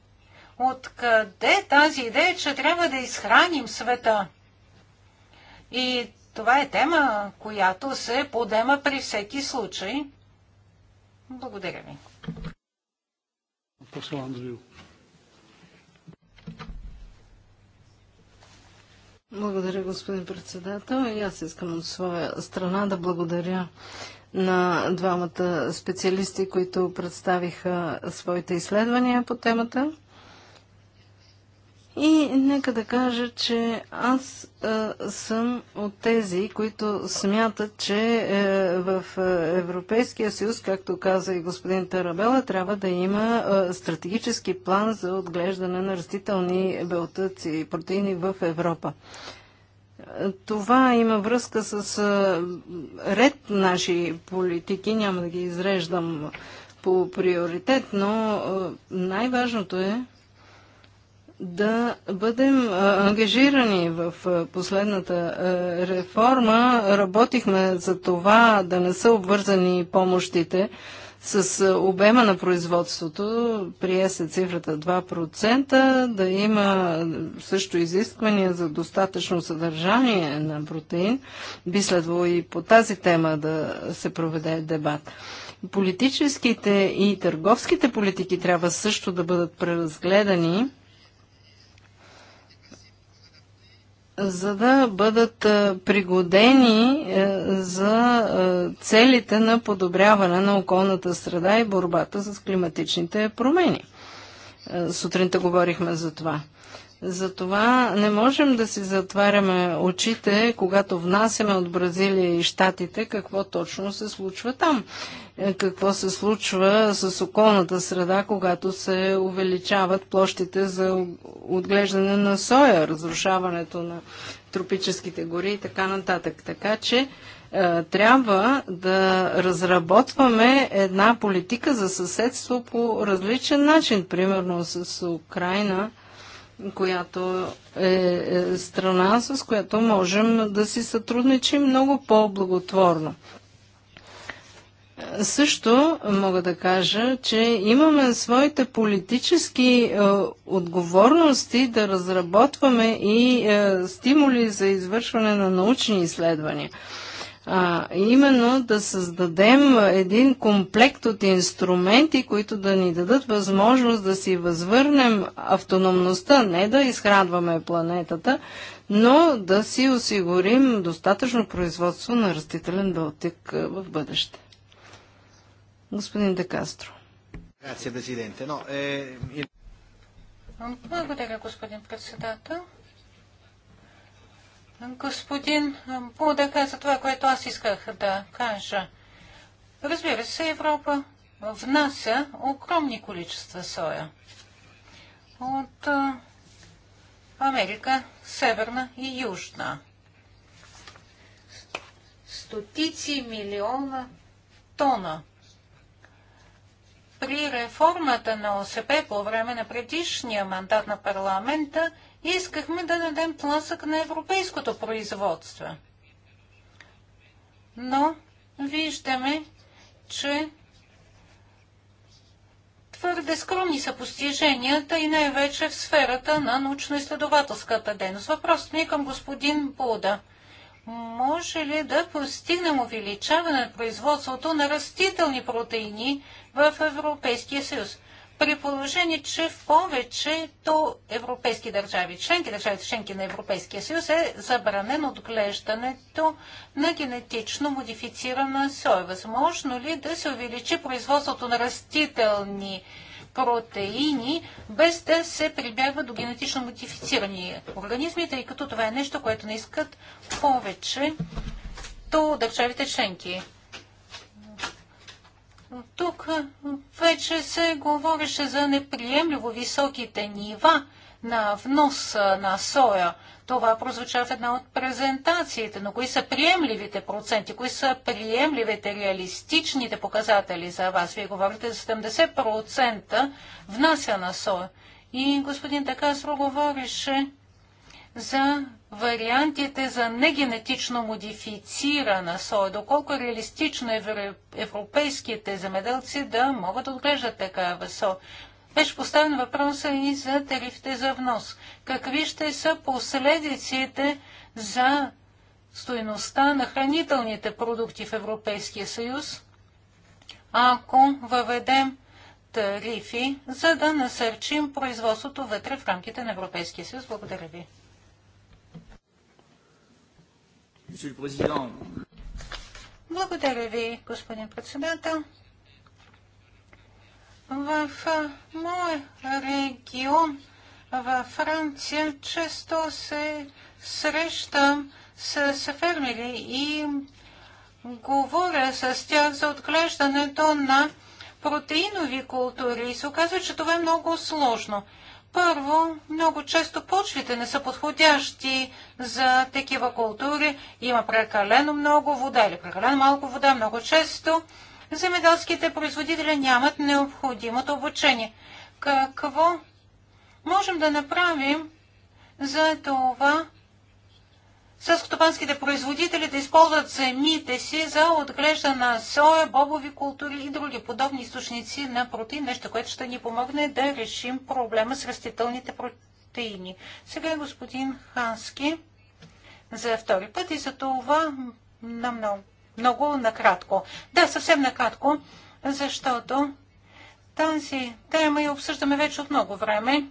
Speaker 1: Откъде тази идея, че трябва да изхраним света? И това е тема, която се подема при всеки случай.
Speaker 3: Благодаря ви. Благодаря, господин председател. И аз искам от своя страна да благодаря на двамата специалисти, които представиха своите изследвания по темата. И нека да кажа, че аз а, е, съм от тези, които смятат, че е, в е, Европейския съюз, както каза и господин Тарабела, трябва да има а, е, стратегически план за отглеждане на растителни белтъци и протеини в Европа. Това има връзка с а, ред наши политики, няма да ги изреждам по приоритет, но най-важното е да бъдем ангажирани в последната реформа. Работихме за това да не са обвързани помощите с обема на производството. Прие се цифрата 2%, да има също изисквания за достатъчно съдържание на протеин. Би следвало и по тази тема да се проведе дебат. Политическите и търговските политики трябва също да бъдат преразгледани за да бъдат пригодени за целите на подобряване на околната среда и борбата с климатичните промени. Сутринта говорихме за това. Затова не можем да си затваряме очите, когато внасяме от Бразилия и Штатите, какво точно се случва там. Е, какво се случва с околната среда, когато се увеличават площите за отглеждане на соя, разрушаването на тропическите гори и така нататък. Така че е, трябва да разработваме една политика за съседство по различен начин. Примерно с Украина която е, е страна, с която можем да си сътрудничим много по-благотворно. Също мога да кажа, че имаме своите политически е, отговорности да разработваме и е, стимули за извършване на научни изследвания а, именно да създадем един комплект от инструменти, които да ни дадат възможност да си възвърнем автономността, не да изхранваме планетата, но да си осигурим достатъчно производство на растителен белтик в бъдеще. Господин Декастро.
Speaker 2: Eh,
Speaker 1: Благодаря, господин председател. Господин Буда каза това, което аз исках да кажа. Разбира се, Европа внася огромни количества соя. От Америка, Северна и Южна. Стотици милиона тона. При реформата на ОСП по време на предишния мандат на парламента искахме да дадем тласък на европейското производство. Но виждаме, че твърде скромни са постиженията и най-вече в сферата на научно-изследователската дейност. Въпросът ми е към господин Буда. Може ли да постигнем увеличаване на производството на растителни протеини в Европейския съюз? при положение, че в повечето европейски държави, членки, държавите членки на Европейския съюз е забранено отглеждането на генетично модифицирана соя, Възможно ли да се увеличи производството на растителни протеини, без да се прибягва до генетично модифицирани организми, тъй като това е нещо, което не искат повече то държавите членки. Тук вече се говореше за неприемливо високите нива на внос на соя. Това прозвуча в една от презентациите, но кои са приемливите проценти, кои са приемливите реалистичните показатели за вас? Вие говорите за 70% внася на соя. И господин Такасро говореше за вариантите за негенетично модифицирана соя, доколко реалистично е европейските земеделци да могат да отглеждат такава соя. Беше поставен въпроса и за тарифите за внос. Какви ще са последиците за стоеността на хранителните продукти в Европейския съюз, ако въведем тарифи, за да насърчим производството вътре в рамките на Европейския съюз? Благодаря ви. Благодаря ви, господин председател. В мой регион, в Франция, често се срещам с фермери и говоря с тях за отглеждането на протеинови култури и се оказва, че това е много сложно. Първо, много често почвите не са подходящи за такива култури. Има прекалено много вода или прекалено малко вода. Много често земеделските производители нямат необходимото обучение. Какво можем да направим за това Селскостопанските производители да използват земите си за отглежда на соя, бобови култури и други подобни източници на протеин, нещо, което ще ни помогне да решим проблема с растителните протеини. Сега е господин Хански за втори път и за това на много, много накратко. Да, съвсем накратко, защото тази тема я обсъждаме вече от много време.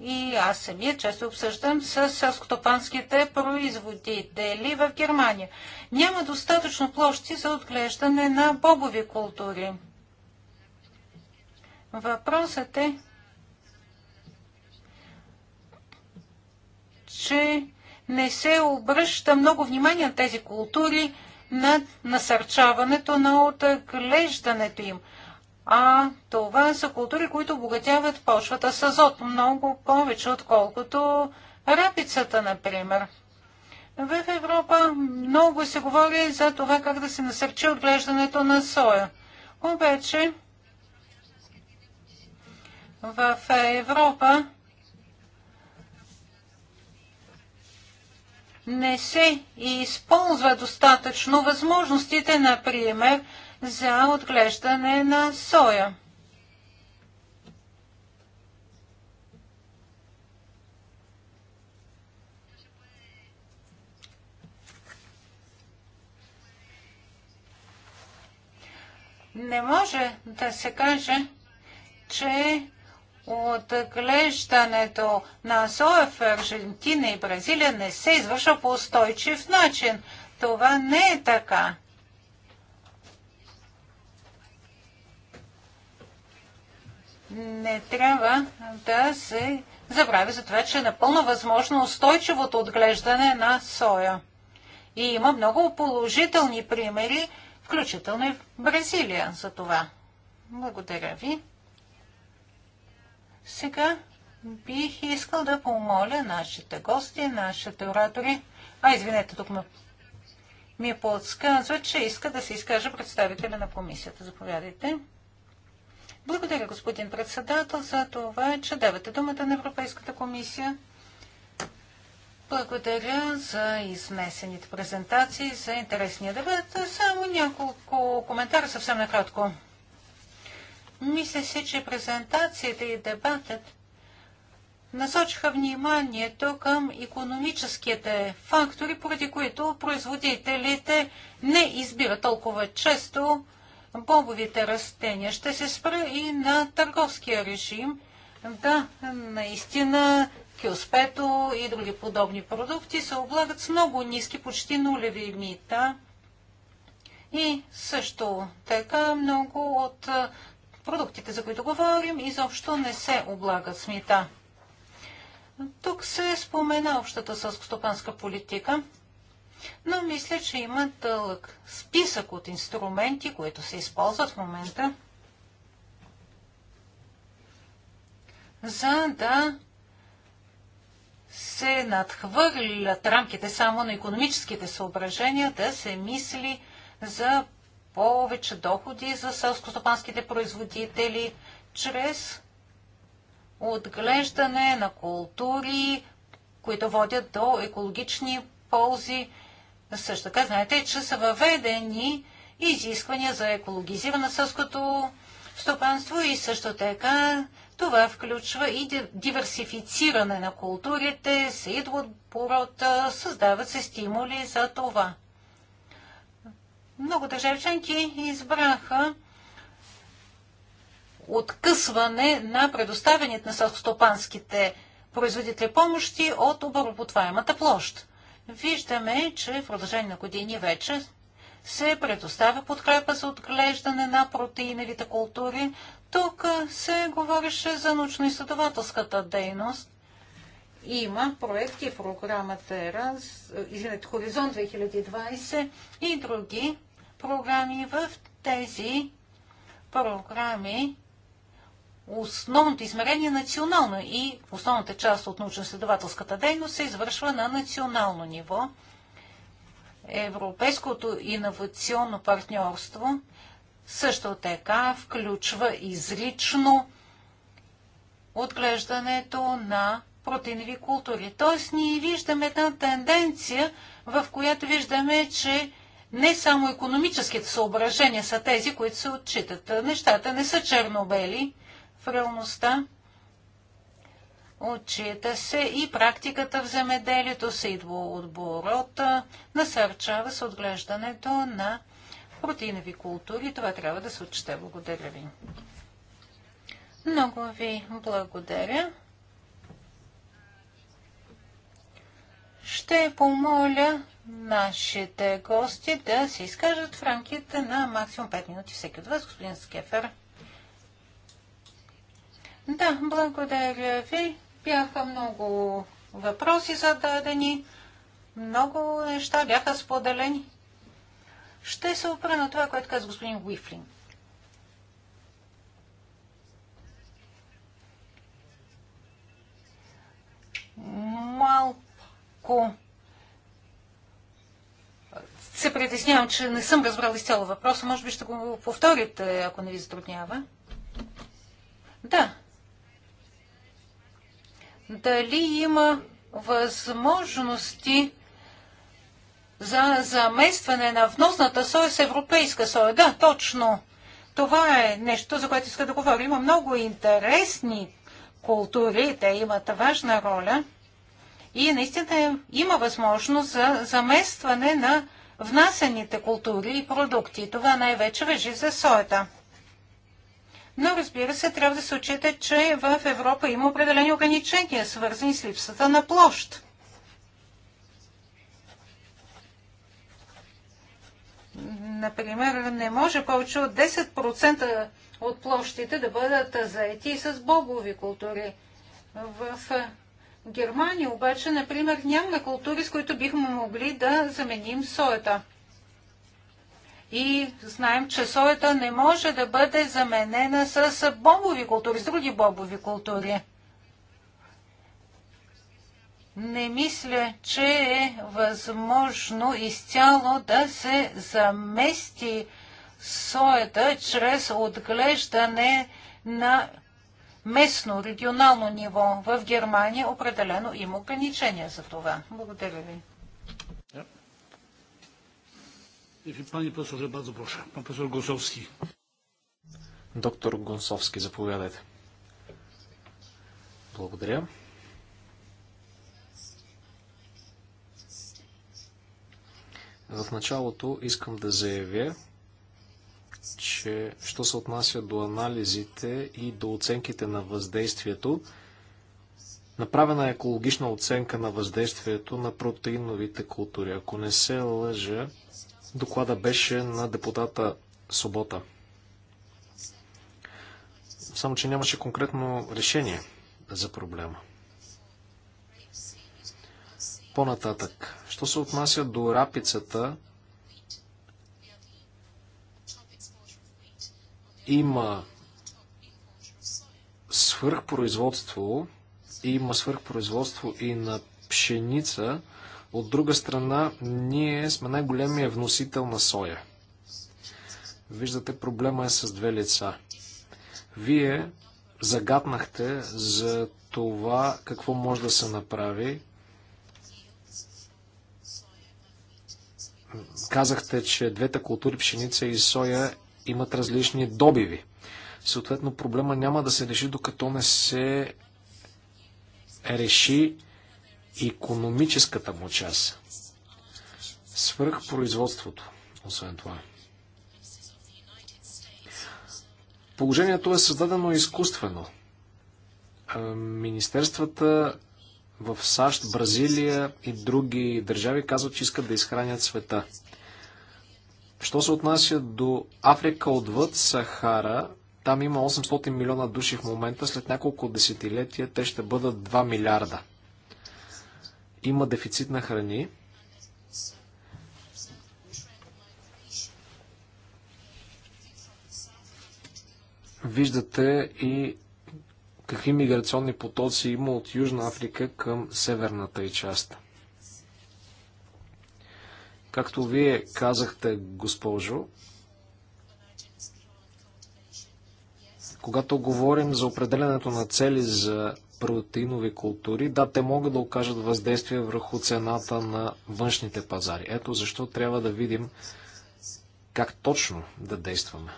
Speaker 1: И аз самия често обсъждам с селскотопанските производители в Германия. Няма достатъчно площи за отглеждане на богови култури. Въпросът е, че не се обръща много внимание на тези култури, на насърчаването на отглеждането им а това са култури, които обогатяват почвата с азот много повече, отколкото рапицата, например. В Европа много се говори за това как да се насърчи отглеждането на соя. Обаче в Европа не се използва достатъчно възможностите, например, за отглеждане на соя. Не може да се каже, че отглеждането на соя в Аржентина и Бразилия не се извършва по устойчив начин. Това не е така. не трябва да се забравя за това, че е напълно възможно устойчивото отглеждане на соя. И има много положителни примери, включително и в Бразилия за това. Благодаря ви. Сега бих искал да помоля нашите гости, нашите оратори. А, извинете, тук ме, ми подсказва, че иска да се изкаже представителя на комисията. Заповядайте. Благодаря, господин председател, за това, че давате думата на Европейската комисия. Благодаря за измесените презентации, за интересния дебат. Само няколко коментара съвсем накратко. Мисля се, че презентацията и дебатът насочиха вниманието към економическите фактори, поради които производителите не избират толкова често бобовите растения. Ще се спра и на търговския режим. Да, наистина кюспето и други подобни продукти се облагат с много ниски, почти нулеви мита. И също така много от продуктите, за които говорим, изобщо не се облагат с мита. Тук се спомена общата сълскостопанска политика. Но мисля, че има дълъг списък от инструменти, които се използват в момента, за да се надхвърлят рамките само на економическите съображения, да се мисли за повече доходи за селскостопанските производители чрез отглеждане на култури, които водят до екологични ползи също така знаете, че са въведени изисквания за екологизиране сълското стопанство и също така това включва и диверсифициране на културите, съидва от порота, създават се стимули за това. Много държави членки избраха откъсване на предоставянето на селскостопанските производители помощи от обработваемата площ виждаме, че в продължение на години вече се предоставя подкрепа за отглеждане на протеиновите култури. Тук се говореше за научно-изследователската дейност. Има проекти в програмата ЕРАС, извинете, Хоризонт 2020 и други програми. В тези програми основното измерение е национално и основната част от научно-следователската дейност се извършва на национално ниво. Европейското иновационно партньорство също така включва изрично отглеждането на протеинови култури. Тоест ние виждаме една тенденция, в която виждаме, че не само економическите съображения са тези, които се отчитат. Нещата не са чернобели реалността. Отчита се и практиката в земеделието се идва от борота, насърчава се отглеждането на протеинови култури. Това трябва да се отчете. Благодаря ви. Много ви благодаря. Ще помоля нашите гости да се изкажат в рамките на максимум 5 минути всеки от вас, господин Скефер. Да, благодаря ви. Бяха много въпроси зададени, много неща бяха споделени. Ще се опра на това, което каза господин Уифлин. Малко се притеснявам, че не съм разбрал изцяло въпроса. Може би ще го повторите, ако не ви затруднява. Да, дали има възможности за заместване на вносната соя с европейска соя. Да, точно. Това е нещо, за което иска да говоря. Има много интересни култури, те имат важна роля. И наистина е, има възможност за заместване на внасените култури и продукти. Това най-вече вежи за соята. Но разбира се, трябва да се отчита, че в Европа има определени ограничения, свързани с липсата на площ. Например, не може повече от 10% от площите да бъдат заети с богови култури. В Германия обаче, например, няма култури, с които бихме могли да заменим соята. И знаем, че соята не може да бъде заменена с бобови култури, с други бобови култури. Не мисля, че е възможно изцяло да се замести соята чрез отглеждане на местно, регионално ниво в Германия определено има ограничения за това. Благодаря ви.
Speaker 2: Panie profesorze, bardzo proszę. Pan profesor Gąsowski. Доктор Гонсовски, заповядайте. Благодаря. В началото искам да заявя, че що се отнася до анализите и до оценките на въздействието, направена е екологична оценка на въздействието на протеиновите култури. Ако не се лъжа, Доклада беше на депутата Собота. Само, че нямаше конкретно решение за проблема. По-нататък, що се отнася до рапицата, има свърхпроизводство, има свърхпроизводство и на пшеница, от друга страна, ние сме най-големия вносител на соя. Виждате, проблема е с две лица. Вие загаднахте за това какво може да се направи. Казахте, че двете култури пшеница и соя имат различни добиви. Съответно, проблема няма да се реши, докато не се реши економическата му част. Свръхпроизводството, освен това. Положението е създадено изкуствено. Министерствата в САЩ, Бразилия и други държави казват, че искат да изхранят света. Що се отнася до Африка отвъд Сахара, там има 800 милиона души в момента, след няколко десетилетия те ще бъдат 2 милиарда има дефицит на храни, виждате и какви миграционни потоци има от Южна Африка към северната и част. Както вие казахте, госпожо, когато говорим за определенето на цели за протеинови култури, да, те могат да окажат въздействие върху цената на външните пазари. Ето защо трябва да видим как точно да действаме.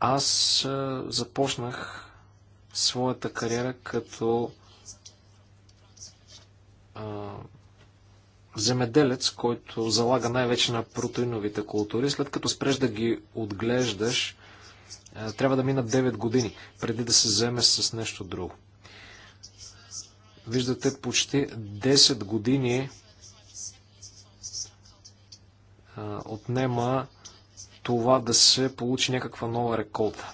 Speaker 2: Аз започнах своята кариера като а, земеделец, който залага най-вече на протеиновите култури. След като спреш да ги отглеждаш, е, трябва да минат 9 години, преди да се вземе с нещо друго. Виждате, почти 10 години е, отнема това да се получи някаква нова реколта.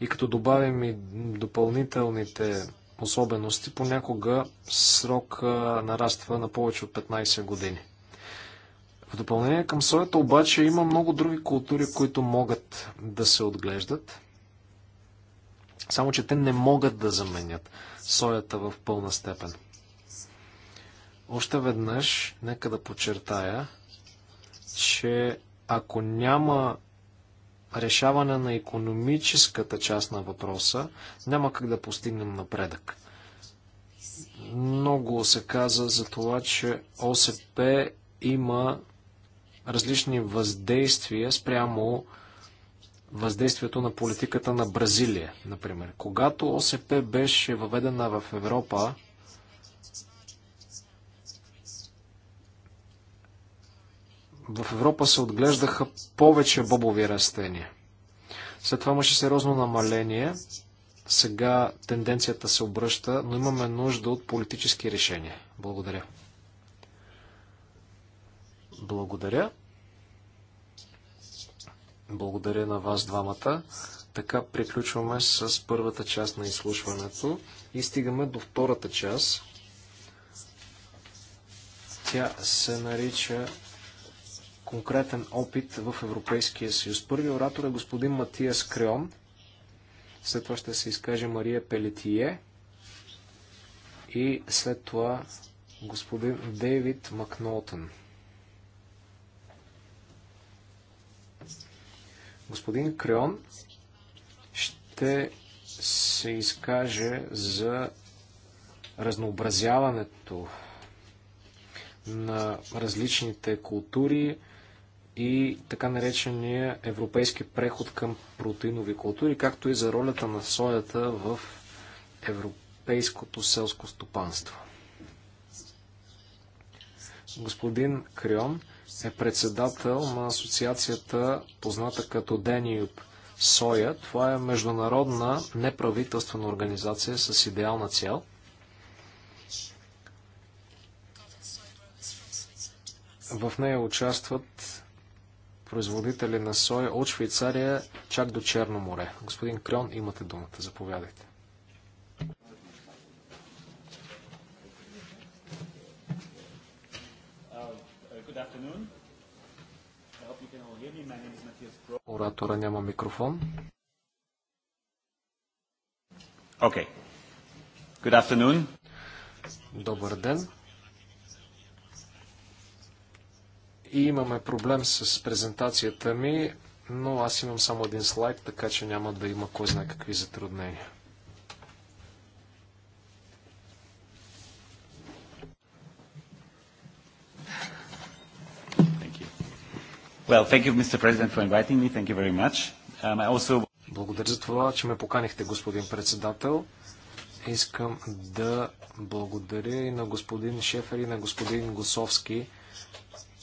Speaker 2: И като добавим и допълнителните особености, понякога срок е, нараства на повече от 15 години. В допълнение към соята обаче има много други култури, които могат да се отглеждат. Само, че те не могат да заменят соята в пълна степен. Още веднъж, нека да подчертая, че ако няма решаване на економическата част на въпроса, няма как да постигнем напредък. Много се каза за това, че ОСП има различни въздействия спрямо въздействието на политиката на Бразилия, например. Когато ОСП беше въведена в Европа, в Европа се отглеждаха повече бобови растения. След това имаше сериозно намаление. Сега тенденцията се обръща, но имаме нужда от политически решения. Благодаря. Благодаря. Благодаря на вас двамата. Така приключваме с първата част на изслушването и стигаме до втората част. Тя се нарича конкретен опит в Европейския съюз. Първи оратор е господин Матиас Креон. След това ще се изкаже Мария Пелетие. И след това господин Дейвид Макнолтън. Господин Креон ще се изкаже за разнообразяването на различните култури и така наречения европейски преход към протеинови култури, както и за ролята на соята в европейското селско стопанство. Господин Крион е председател на асоциацията, позната като Денюб Соя. Това е международна неправителствена организация с идеална цел. В нея участват производители на соя от Швейцария чак до Черно море. Господин Крон, имате думата. Заповядайте. Оратора няма микрофон. Okay. Good afternoon. Добър ден. И имаме проблем с презентацията ми, но аз имам само един слайд, така че няма да има кой знае какви затруднения.
Speaker 1: Well, thank you, Mr.
Speaker 3: President, for inviting me. Thank you very much. Um, I also...
Speaker 2: Благодаря за това, че ме поканихте, господин председател. Искам да благодаря и на господин Шефер и на господин Госовски.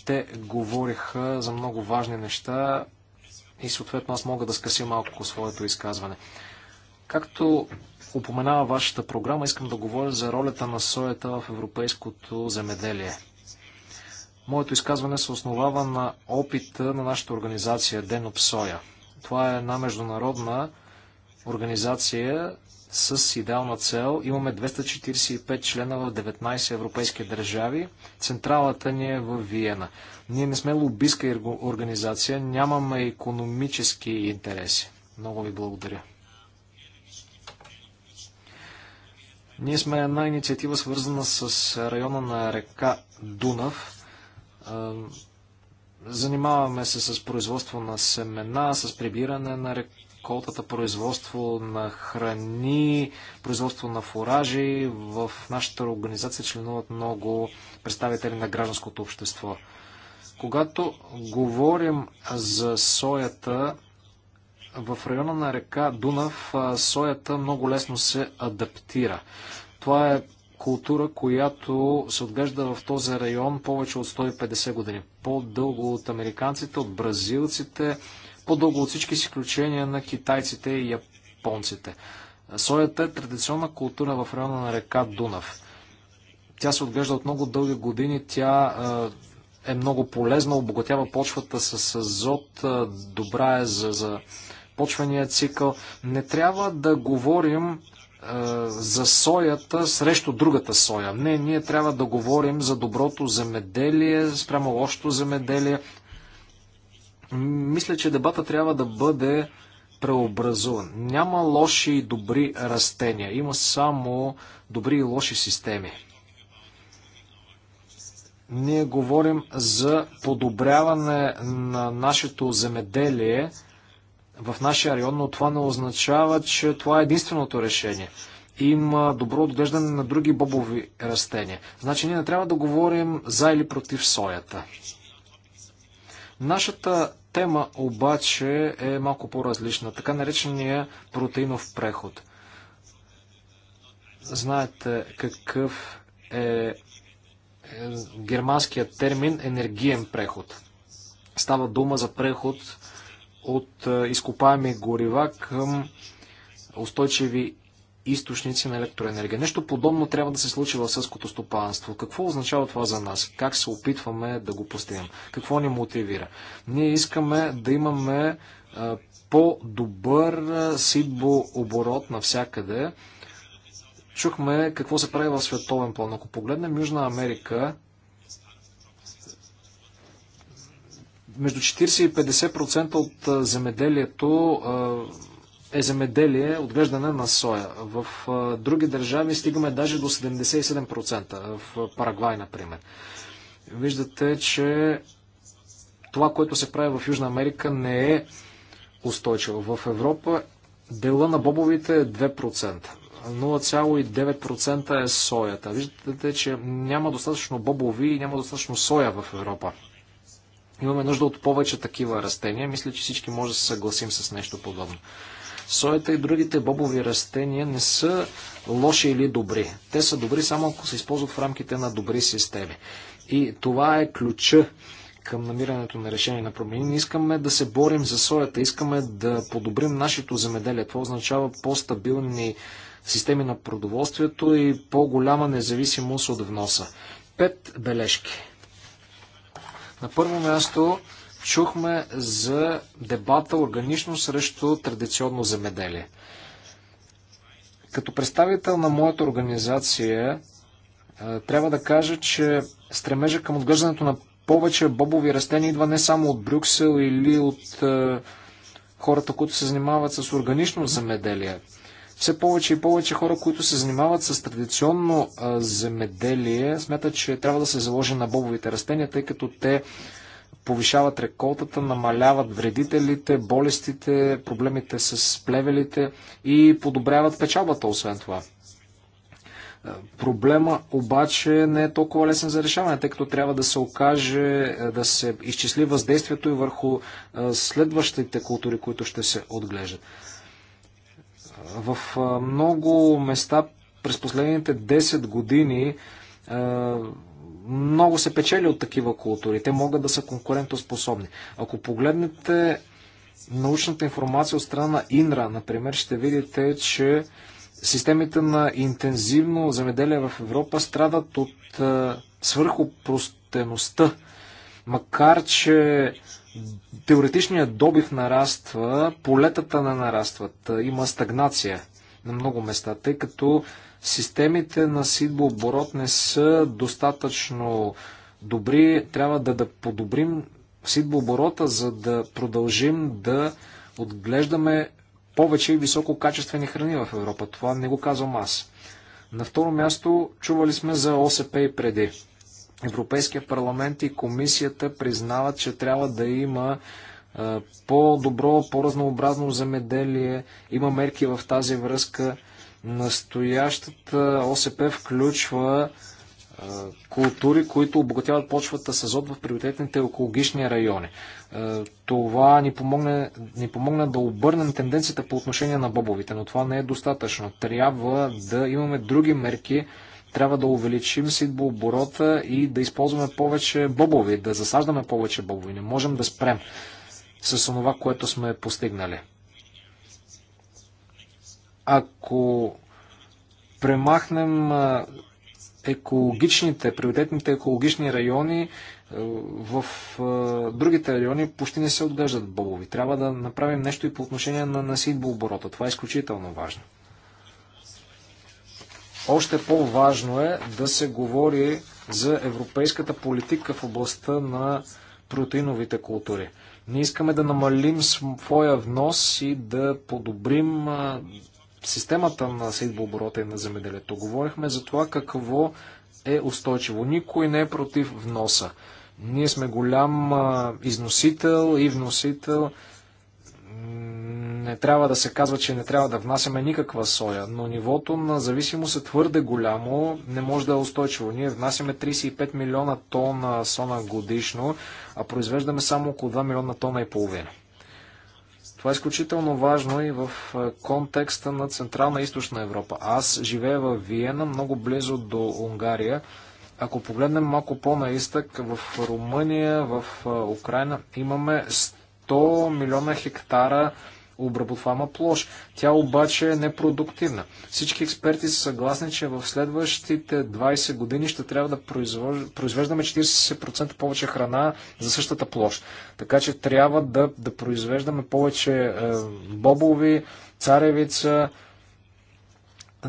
Speaker 2: Те говориха за много важни неща и съответно аз мога да скъся малко своето изказване. Както упоменава вашата програма, искам да говоря за ролята на соята в европейското земеделие – Моето изказване се основава на опита на нашата организация Денопсоя. Това е една международна организация с идеална цел. Имаме 245 члена в 19 европейски държави. Централата ни е в Виена. Ние не сме лобистка организация, нямаме економически интереси. Много ви благодаря. Ние сме една инициатива свързана с района на река Дунав. Занимаваме се с производство на семена, с прибиране на реколтата, производство на храни, производство на фуражи. В нашата организация членуват много представители на гражданското общество. Когато говорим за соята, в района на река Дунав соята много лесно се адаптира. Това е култура, която се отглежда в този район повече от 150 години. По-дълго от американците, от бразилците, по-дълго от всички изключения на китайците и японците. Соята е традиционна култура в района на река Дунав. Тя се отглежда от много дълги години. Тя е, е много полезна, обогатява почвата с азот, е, добра е за, за почвения цикъл. Не трябва да говорим е, за соята срещу другата соя. Не, ние трябва да говорим за доброто земеделие, спрямо лошото земеделие. Мисля, че дебата трябва да бъде преобразуван. Няма лоши и добри растения. Има само добри и лоши системи. Ние говорим за подобряване на нашето земеделие – в нашия район, но това не означава, че това е единственото решение. Има добро отглеждане на други бобови растения. Значи ние не трябва да говорим за или против соята. Нашата тема обаче е малко по-различна, така наречения протеинов преход. Знаете какъв е, е германският термин енергиен преход. Става дума за преход от е, изкопаеми горива към устойчиви източници на електроенергия. Нещо подобно трябва да се случи в съското стопанство. Какво означава това за нас? Как се опитваме да го постигнем? Какво ни мотивира? Ние искаме да имаме е, по-добър е, оборот навсякъде. Чухме какво се прави в световен план. Ако погледнем Южна Америка, между 40 и 50% от земеделието е земеделие, отглеждане на соя. В други държави стигаме даже до 77%, в Парагвай, например. Виждате, че това, което се прави в Южна Америка, не е устойчиво. В Европа дела на бобовите е 2%. 0,9% е соята. Виждате, че няма достатъчно бобови и няма достатъчно соя в Европа Имаме нужда от повече такива растения. Мисля, че всички може да се съгласим с нещо подобно. Соята и другите бобови растения не са лоши или добри. Те са добри само ако се използват в рамките на добри системи. И това е ключа към намирането на решение на промени. Не искаме да се борим за соята, искаме да подобрим нашето земеделие. Това означава по-стабилни системи на продоволствието и по-голяма независимост от вноса. Пет бележки. На първо място чухме за дебата органично срещу традиционно земеделие. Като представител на моята организация, трябва да кажа, че стремежа към отглеждането на повече бобови растения идва не само от Брюксел или от хората, които се занимават с органично земеделие. Все повече и повече хора, които се занимават с традиционно земеделие, смятат, че трябва да се заложи на бобовите растения, тъй като те повишават реколтата, намаляват вредителите, болестите, проблемите с плевелите и подобряват печалбата, освен това. Проблема обаче не е толкова лесен за решаване, тъй като трябва да се окаже, да се изчисли въздействието и върху следващите култури, които ще се отглеждат. В много места през последните 10 години много се печели от такива култури. Те могат да са конкурентоспособни. Ако погледнете научната информация от страна на Инра, например, ще видите, че системите на интензивно земеделие в Европа страдат от свърхопростеността. Макар, че Теоретичният добив нараства, полетата не нарастват, има стагнация на много места, тъй като системите на сидбооборот не са достатъчно добри. Трябва да, да подобрим сидбооборота, за да продължим да отглеждаме повече и висококачествени храни в Европа. Това не го казвам аз. На второ място чували сме за ОСП и преди. Европейския парламент и комисията признават, че трябва да има по-добро, по-разнообразно земеделие. Има мерки в тази връзка. Настоящата ОСП включва култури, които обогатяват почвата с азот в приоритетните екологични райони. Това ни помогне, ни помогне да обърнем тенденцията по отношение на бобовите, но това не е достатъчно. Трябва да имаме други мерки, трябва да увеличим сидбооборота и да използваме повече бобови, да засаждаме повече бобови. Не можем да спрем с това, което сме постигнали. Ако премахнем екологичните, приоритетните екологични райони, в другите райони почти не се отглеждат бобови. Трябва да направим нещо и по отношение на насидбо оборота. Това е изключително важно. Още по-важно е да се говори за европейската политика в областта на протеиновите култури. Ние искаме да намалим своя внос и да подобрим системата на сейдбооборота и на земеделието. Говорихме за това какво е устойчиво. Никой не е против вноса. Ние сме голям износител и вносител не трябва да се казва, че не трябва да внасяме никаква соя, но нивото на зависимост е твърде голямо, не може да е устойчиво. Ние внасяме 35 милиона тона сона годишно, а произвеждаме само около 2 милиона тона и половина. Това е изключително важно и в е, контекста на Централна и Източна Европа. Аз живея в Виена, много близо до Унгария. Ако погледнем малко по-на в Румъния, в е, Украина имаме 100 милиона хектара обработвама площ. Тя обаче е непродуктивна. Всички експерти са съгласни, че в следващите 20 години ще трябва да произвеждаме 40% повече храна за същата площ. Така че трябва да, да произвеждаме повече е, бобови, царевица.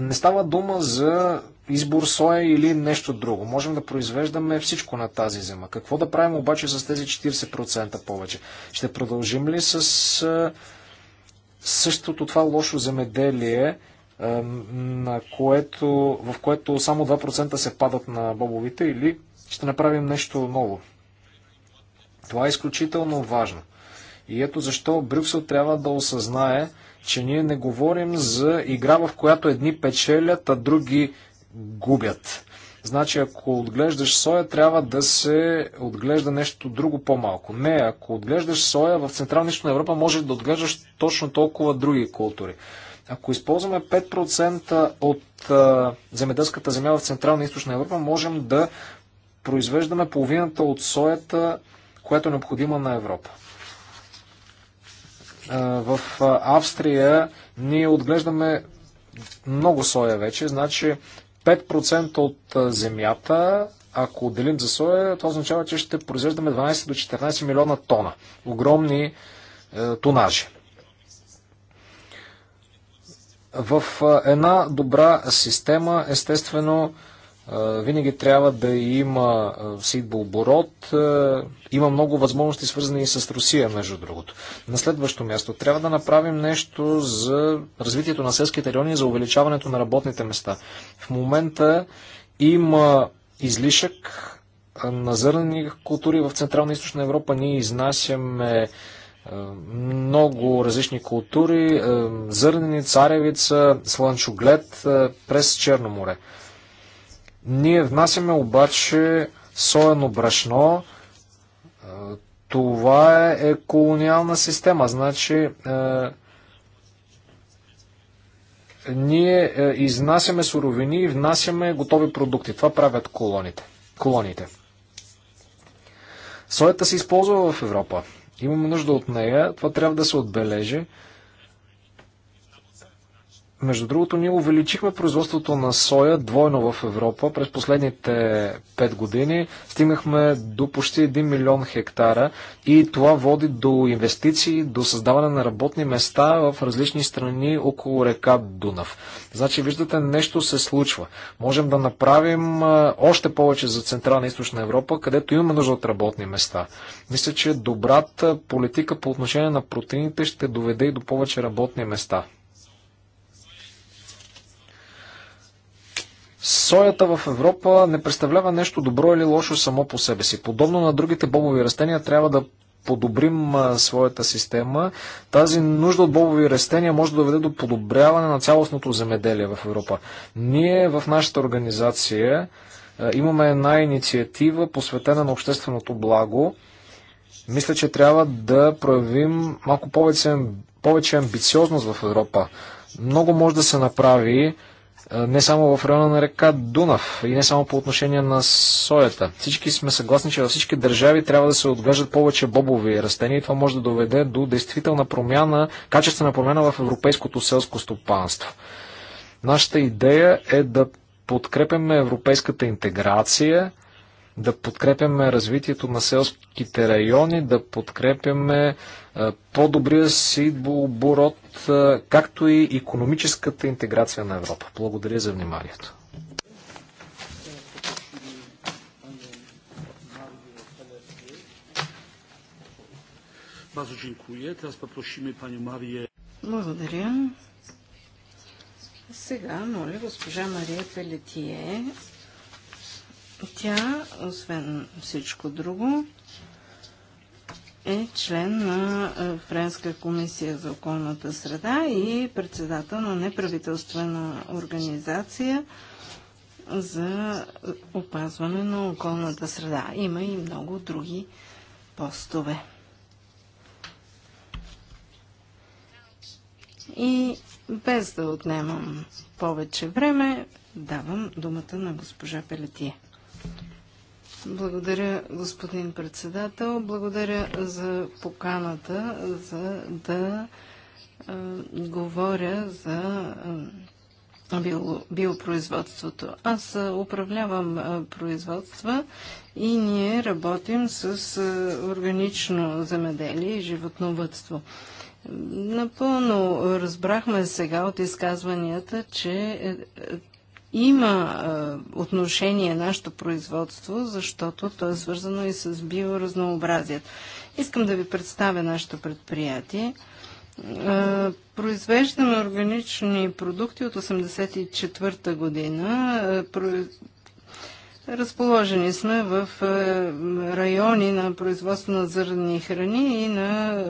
Speaker 2: Не става дума за избор соя или нещо друго. Можем да произвеждаме всичко на тази зима. Какво да правим обаче с тези 40% повече? Ще продължим ли с е, същото това лошо земеделие, е, на което, в което само 2% се падат на бобовите или ще направим нещо ново. Това е изключително важно. И ето защо Брюксел трябва да осъзнае, че ние не говорим за игра, в която едни печелят, а други губят. Значи, ако отглеждаш соя, трябва да се отглежда нещо друго по-малко. Не, ако отглеждаш соя в Централна Европа, може да отглеждаш точно толкова други култури. Ако използваме 5% от а, земеделската земя в Централна и Източна Европа, можем да произвеждаме половината от соята, която е необходима на Европа. А, в Австрия ние отглеждаме много соя вече, значи 5% от земята, ако отделим за соя, това означава, че ще произвеждаме 12 до 14 милиона тона. Огромни е, тонажи. В една добра система, естествено, е, винаги трябва да има сидбооборот. Има много възможности свързани и с Русия, между другото. На следващо място трябва да направим нещо за развитието на селските райони и за увеличаването на работните места. В момента има излишък на зърнени култури в Централна и Източна Европа. Ние изнасяме много различни култури, зърнени, царевица, слънчоглед през Черно море. Ние внасяме обаче соено брашно. Това е колониална система. Значи, ние изнасяме суровини и внасяме готови продукти. Това правят колоните. колоните. Соята се използва в Европа. Имаме нужда от нея. Това трябва да се отбележи. Между другото, ние увеличихме производството на соя двойно в Европа. През последните 5 години стигнахме до почти 1 милион хектара и това води до инвестиции, до създаване на работни места в различни страни около река Дунав. Значи, виждате, нещо се случва. Можем да направим още повече за Централна и Източна Европа, където имаме нужда от работни места. Мисля, че добрата политика по отношение на протеините ще доведе и до повече работни места. Соята в Европа не представлява нещо добро или лошо само по себе си. Подобно на другите бобови растения, трябва да подобрим а, своята система. Тази нужда от бобови растения може да доведе до подобряване на цялостното земеделие в Европа. Ние в нашата организация а, имаме една инициатива, посветена на общественото благо. Мисля, че трябва да проявим малко повече, повече амбициозност в Европа. Много може да се направи не само в района на река Дунав и не само по отношение на соята. Всички сме съгласни, че във всички държави трябва да се отглеждат повече бобови растения и това може да доведе до действителна промяна, качествена промяна в европейското селско стопанство. Нашата идея е да подкрепяме европейската интеграция, да подкрепяме развитието на селските райони, да подкрепяме е, по-добрия си оборот, е, както и економическата интеграция на Европа. Благодаря за вниманието. Bardzo dziękuję.
Speaker 3: Teraz poprosimy panią Marię. Благодаря. Сега моля госпожа Мария Пелетие тя, освен всичко друго, е член на е, Френска комисия за околната среда и председател на неправителствена организация за опазване на околната среда. Има и много други постове. И без да отнемам повече време, давам думата на госпожа Пелетия. Благодаря, господин председател. Благодаря за поканата, за да говоря за био, биопроизводството. Аз управлявам производства и ние работим с органично земеделие и животновътство. Напълно разбрахме сега от изказванията, че е, има а, отношение нашето производство, защото то е свързано и с биоразнообразието. Искам да ви представя нашето предприятие. А, произвеждаме органични продукти от 1984 година. про... Разположени сме в райони на производство на зърни храни и на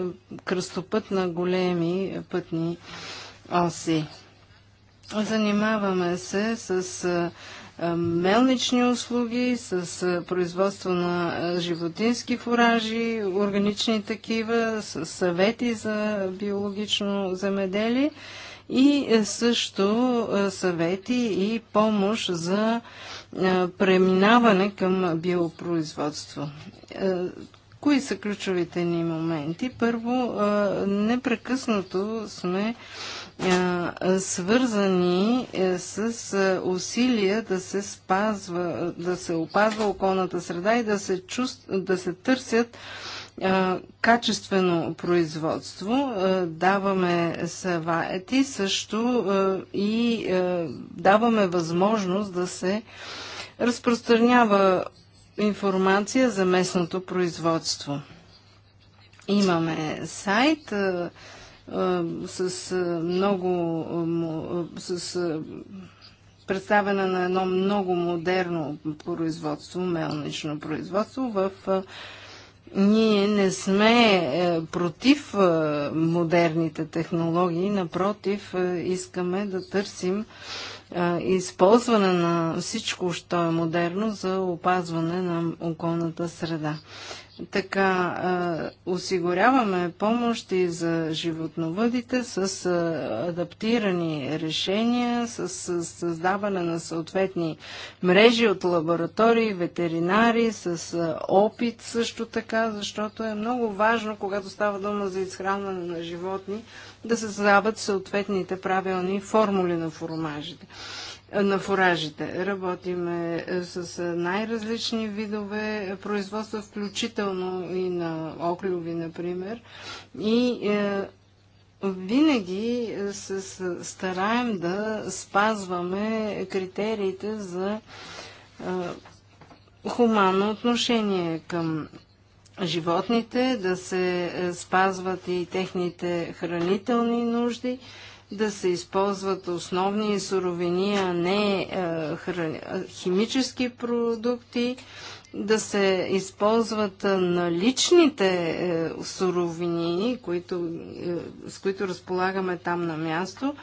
Speaker 3: кръстопът на големи пътни оси. Занимаваме се с мелнични услуги, с производство на животински фуражи, органични такива, с съвети за биологично земеделие и също съвети и помощ за преминаване към биопроизводство. Кои са ключовите ни моменти? Първо, непрекъснато сме свързани е, с усилия да се спазва, да се опазва околната среда и да се, чувств, да се търсят качествено производство, даваме съвети също и даваме възможност да се разпространява информация за местното производство. Имаме сайт, с много с представена на едно много модерно производство, мелнично производство в ние не сме е, против модерните технологии, напротив, е, искаме да търсим използване на всичко, що е модерно за опазване на околната среда. Така а, осигуряваме помощи за животновъдите с а, адаптирани решения, с, с създаване на съответни мрежи от лаборатории, ветеринари, с а, опит също така, защото е много важно, когато става дума за изхранване на животни, да се създават съответните правилни формули на формажите на фуражите. Работиме е, с е, най-различни видове производства, включително и на оклюви, например. И е, винаги се стараем да спазваме критериите за хуманно отношение към животните, да се спазват и техните хранителни нужди да се използват основни суровини, а не е, химически продукти, да се използват наличните е, суровини, които, е, с които разполагаме там на място,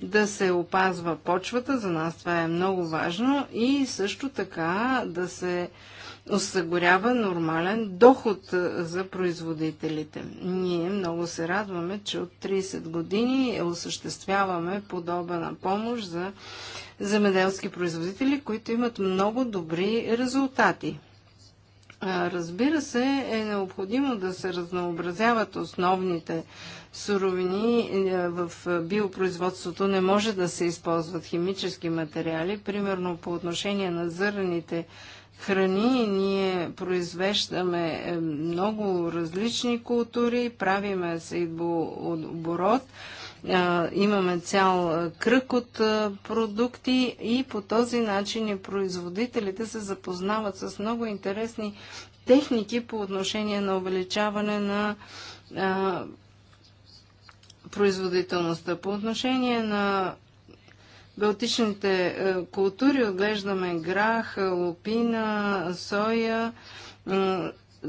Speaker 3: да се опазва почвата, за нас това е много важно и също така да се е, Осъгурява нормален доход за производителите. Ние много се радваме, че от 30 години осъществяваме подобна помощ за земеделски производители, които имат много добри резултати. Разбира се, е необходимо да се разнообразяват основните суровини е, в биопроизводството. Не може да се използват химически материали. Примерно по отношение на зърните храни, ние произвеждаме е, много различни култури, правиме се оборот, имаме цял е, кръг от е, продукти и по този начин и производителите се запознават с много интересни техники по отношение на увеличаване на производителността. По отношение на Балтичните е, култури отглеждаме грах, е, лупина, соя,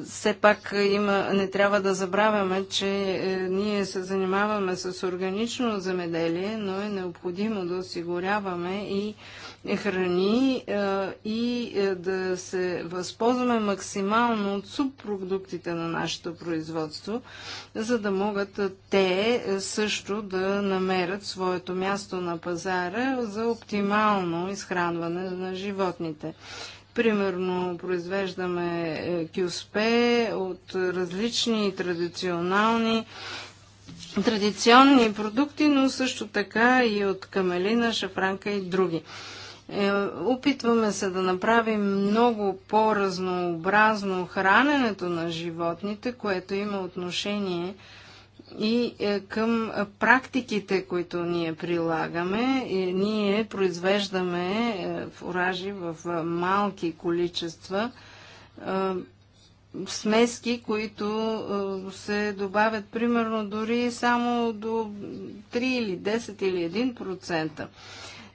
Speaker 3: все пак има, не трябва да забравяме, че е, ние се занимаваме с органично земеделие, но е необходимо да осигуряваме и храни е, и е, да се възползваме максимално от субпродуктите на нашето производство, за да могат те също да намерят своето място на пазара за оптимално изхранване на животните. Примерно произвеждаме е, кюспе от различни традиционални традиционни продукти, но също така и от камелина, шафранка и други. Е, опитваме се да направим много по-разнообразно храненето на животните, което има отношение и е, към практиките, които ние прилагаме. Е, ние произвеждаме е, фуражи в малки количества, смески, които се добавят примерно дори само до 3 или 10 или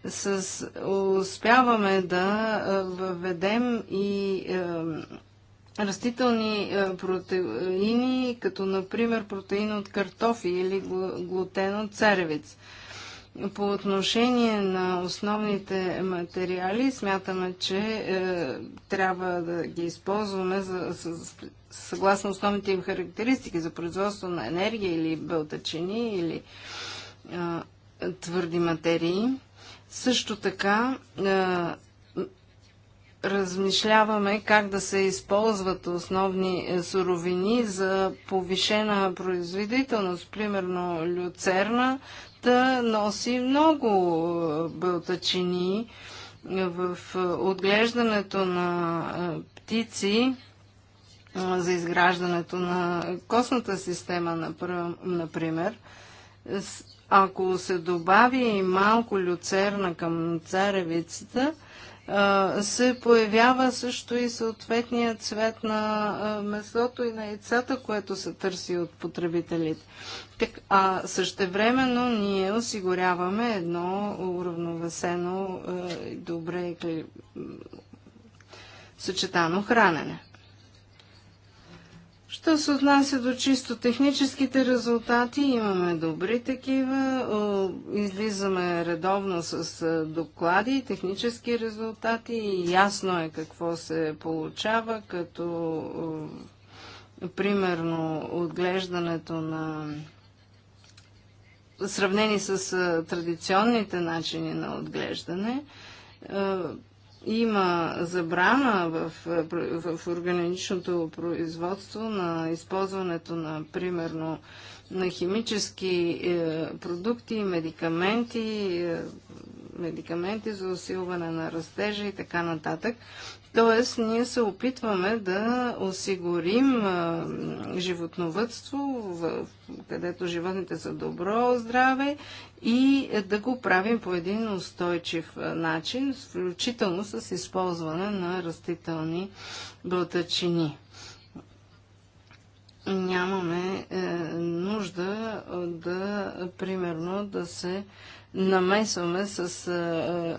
Speaker 3: 1%. успяваме да въведем и растителни е, протеини, като например протеин от картофи или глутен от царевиц. По отношение на основните материали, смятаме, че е, трябва да ги използваме за, с, съгласно основните им характеристики за производство на енергия или бълтачини или е, твърди материи. Също така е, размишляваме как да се използват основни е, суровини за повишена производителност. Примерно люцерна, да носи много е, бълтачини в е, отглеждането на птици за изграждането на костната система, например. Ако се добави малко люцерна към царевицата, се появява също и съответният цвет на месото и на яйцата, което се търси от потребителите. Так, а същевременно ние осигуряваме едно уравновесено и добре съчетано хранене. Що се отнася до чисто техническите резултати, имаме добри такива. Излизаме редовно с доклади, технически резултати и ясно е какво се получава, като примерно отглеждането на сравнени с традиционните начини на отглеждане, има забрана в, в органичното производство на използването на, примерно, на химически е, продукти, медикаменти, е, медикаменти за усилване на растежа и така нататък. Тоест, ние се опитваме да осигурим животновътство, в, където животните са добро здраве и да го правим по един устойчив начин, включително с използване на растителни бълтачини нямаме е, нужда да, примерно, да се намесваме с а,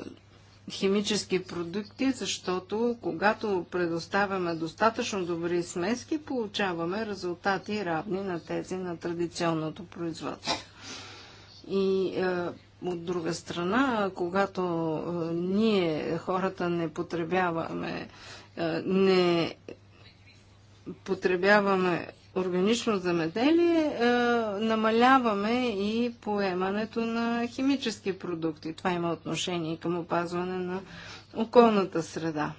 Speaker 3: химически продукти, защото когато предоставяме достатъчно добри смески, получаваме резултати равни на тези на традиционното производство. И а, от друга страна, когато а, ние, хората, не потребяваме, а, не потребяваме органично замеделие, е, намаляваме и поемането на химически продукти. Това има отношение към опазване на околната среда.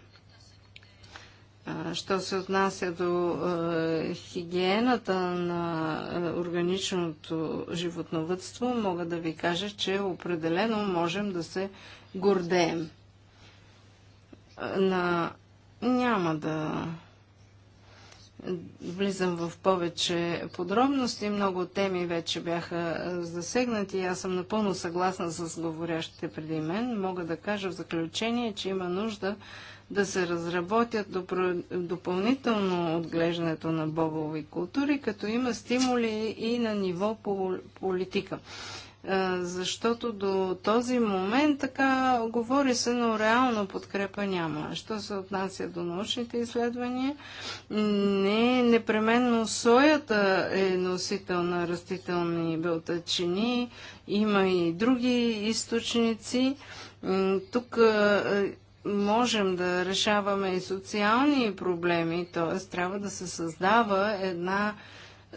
Speaker 3: Що се отнася до е, хигиената на е, органичното животновътство, мога да ви кажа, че определено можем да се гордеем. На... Няма да влизам в повече подробности. Много теми вече бяха засегнати. Аз съм напълно съгласна с говорящите преди мен. Мога да кажа в заключение, че има нужда да се разработят допълнително отглеждането на бобови култури, като има стимули и на ниво политика защото до този момент така говори се, но реално подкрепа няма. Що се отнася до научните изследвания, не непременно соята е носител на растителни белтачини, има и други източници. Тук можем да решаваме и социални проблеми, т.е. трябва да се създава една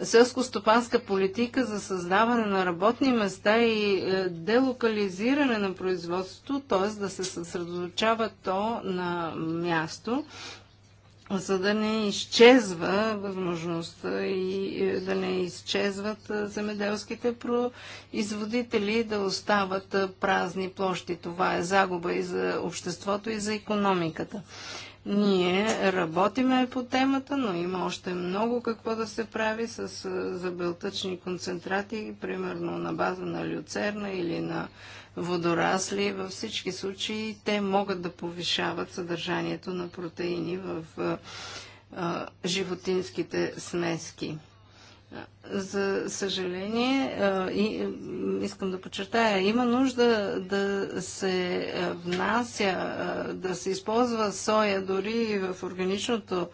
Speaker 3: селско-стопанска политика за създаване на работни места и е, делокализиране на производството, т.е. да се съсредоточава то на място, за да не изчезва възможността и е, да не изчезват е, земеделските производители, да остават празни площи. Това е загуба и за обществото, и за економиката. Ние работиме по темата, но има още много какво да се прави с забелтъчни концентрати, примерно на база на люцерна или на водорасли. Във всички случаи те могат да повишават съдържанието на протеини в животинските смески. За съжаление, и, искам да подчертая, има нужда да се внася, да се използва соя дори и в органичното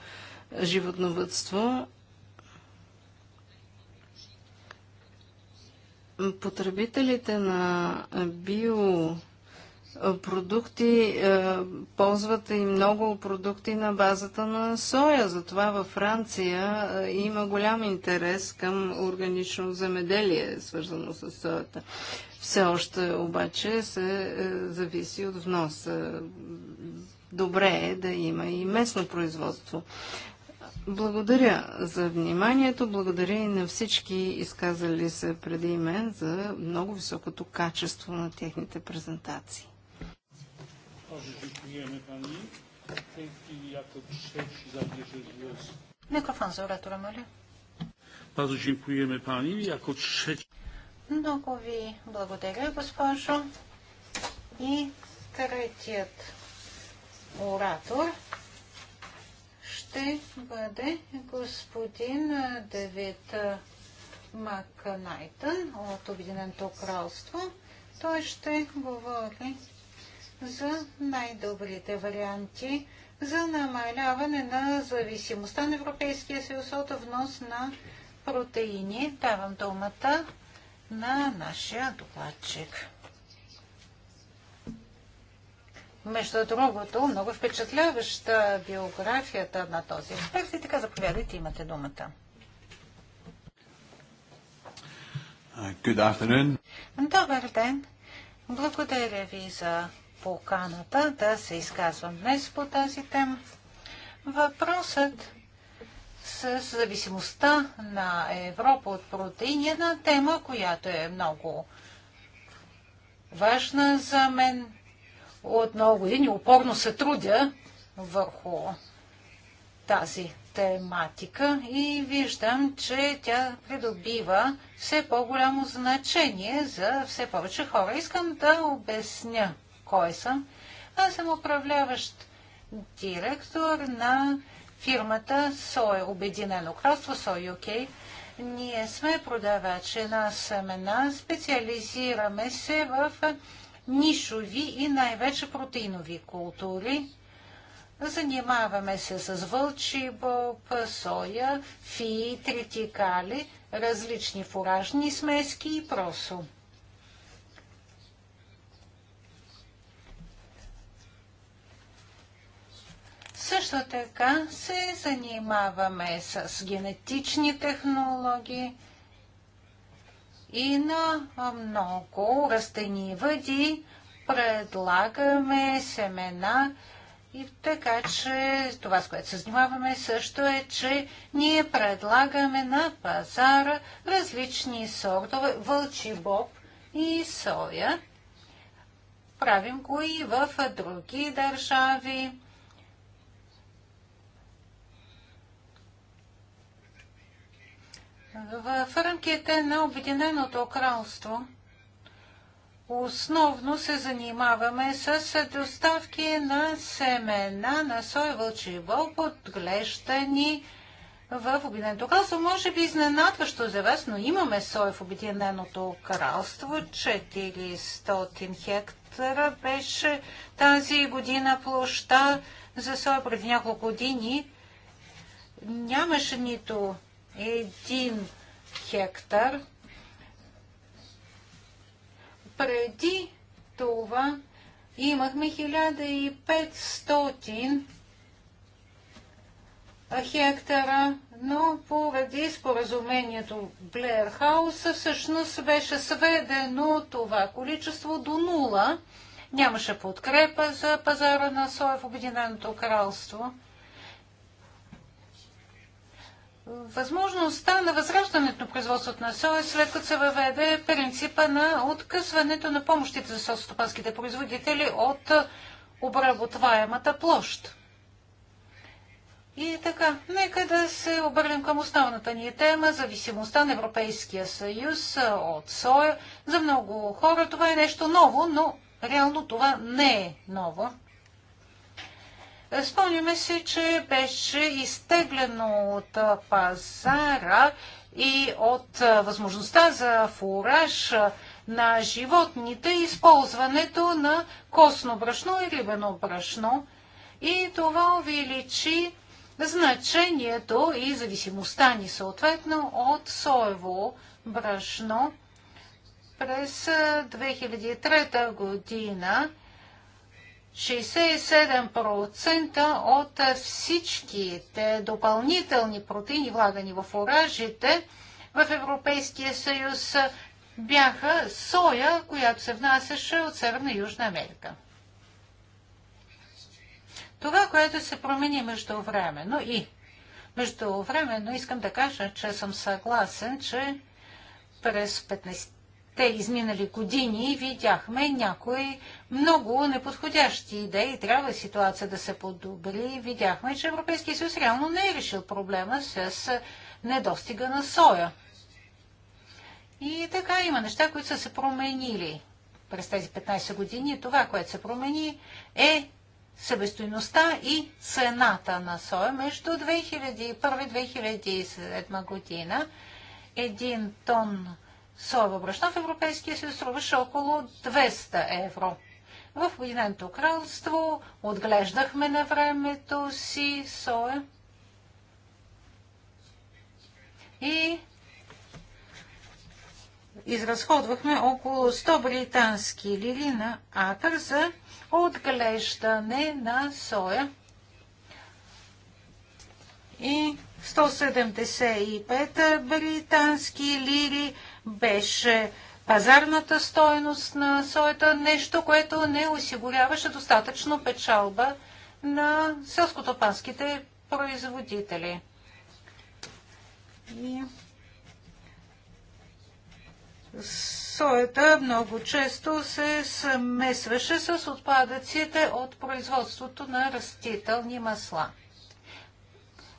Speaker 3: животновътство. Потребителите на био продукти, е, ползват и много продукти на базата на соя. Затова във Франция е, има голям интерес към органично земеделие, свързано с соята. Все още обаче се е, зависи от внос. Добре е да има и местно производство. Благодаря за вниманието, благодаря и на всички изказали се преди мен за много високото качество на техните презентации.
Speaker 1: Mikrofon za oratora, моля. Bardzo dziękujemy Pani. Jako trzeci... Много ви благодаря, госпожо. И третият оратор ще бъде господин Девит Макнайтън от Обединеното кралство. Той ще говори за най-добрите варианти за намаляване на зависимостта на Европейския съюз от внос на протеини. Давам думата на нашия докладчик. Между другото, много впечатляваща биографията на този експерт. И така, заповядайте, имате думата.
Speaker 3: Good afternoon.
Speaker 1: Добър ден. Благодаря ви за поканата да се изказвам днес по тази тема. Въпросът с зависимостта на Европа от протеини е една тема, която е много важна за мен. От много години упорно се трудя върху тази тематика и виждам, че тя придобива все по-голямо значение за все повече хора. Искам да обясня кой съм. Аз съм управляващ директор на фирмата Сой Обединено кралство, Сой ОК. Ние сме продавачи на семена, специализираме се в нишови и най-вече протеинови култури. Занимаваме се с вълчи боб, соя, фии, тритикали, различни фуражни смески и просо. Също така се занимаваме с генетични технологии и на много растени въди предлагаме семена и така, че това, с което се занимаваме също е, че ние предлагаме на пазара различни сортове вълчи боб и соя. Правим го и в други държави. В рамките на Обединеното кралство основно се занимаваме с доставки на семена на сой вълчебол, подглеждани в Обединеното кралство. Може би изненадващо за вас, но имаме сой в Обединеното кралство. 400 хектара беше тази година площа за сой преди няколко години. Нямаше нито един хектар. Преди това имахме 1500 хектара, но поради споразумението Блеерхаус всъщност беше сведено това количество до нула. Нямаше подкрепа за пазара на соя в Обединеното кралство възможността на възраждането на производството на СОЕ, след като се въведе принципа на откъсването на помощите за селскостопанските производители от обработваемата площ. И така, нека да се обърнем към основната ни тема – зависимостта на Европейския съюз от соя. За много хора това е нещо ново, но реално това не е ново. Спомняме се, че беше изтеглено от пазара и от възможността за фураж на животните използването на косно брашно и рибено брашно. И това увеличи значението и зависимостта ни съответно от соево брашно. През 2003 година 67% от всичките допълнителни протеини, влагани в оражите в Европейския съюз, бяха соя, която се внасяше от Северна и Южна Америка. Това, което се промени междувременно и междувременно искам да кажа, че съм съгласен, че през 15 те изминали години видяхме някои много неподходящи идеи. Трябва ситуация да се подобри. Видяхме, че Европейския съюз реално не е решил проблема с недостига на соя. И така има неща, които са се променили през тези 15 години. Това, което се промени е събестойността и цената на соя между 2001 и 2007 година. Един тон соева брашно в Европейския съюз струваше около 200 евро. В Обединеното кралство отглеждахме на времето си соя и изразходвахме около 100 британски лили на акър за отглеждане на соя и 175 британски лири беше пазарната стоеност на соята, нещо, което не осигуряваше достатъчно печалба на селскотопанските производители. И соята много често се смесваше с отпадъците от производството на растителни масла.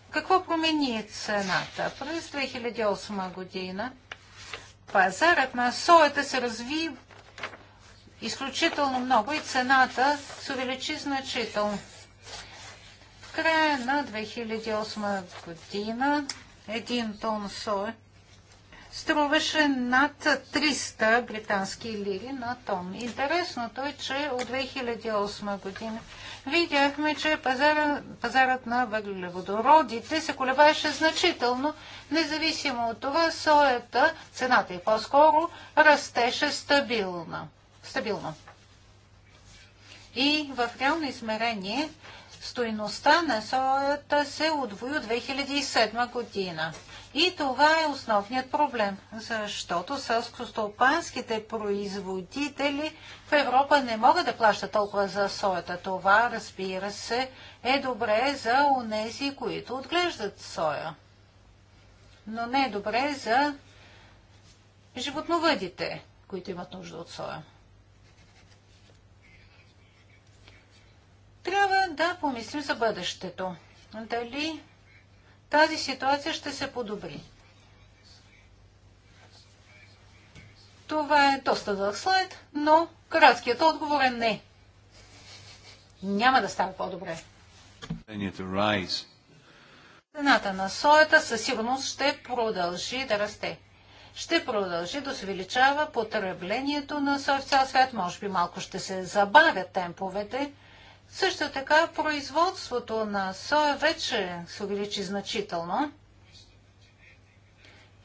Speaker 1: Какво промени цената? През 2008 година пазарът на соята се разви изключително много и цената се увеличи значително. В края на 2008 година един тон соя струваше над 300 британски лири на тон. Интересното е, че от 2008 година видяхме, че пазара, пазарът на въглеводородите се колебаеше значително, независимо от това соята, цената и е по-скоро, растеше стабилно. стабилно. И в реално измерение стоиността на соята се удвои от 2007 година. И това е основният проблем, защото селскостопанските производители в Европа не могат да плащат толкова за соята. Това, разбира се, е добре за унези, които отглеждат соя. Но не е добре за животновъдите, които имат нужда от соя. Трябва да помислим за бъдещето. Дали тази ситуация ще се подобри. Това е доста дълъг слайд, но краткият отговор е не. Няма да става по-добре. Цената на соята със сигурност ще продължи да расте. Ще продължи да се увеличава потреблението на соя в цял свят. Може би малко ще се забавят темповете, също така производството на соя вече се увеличи значително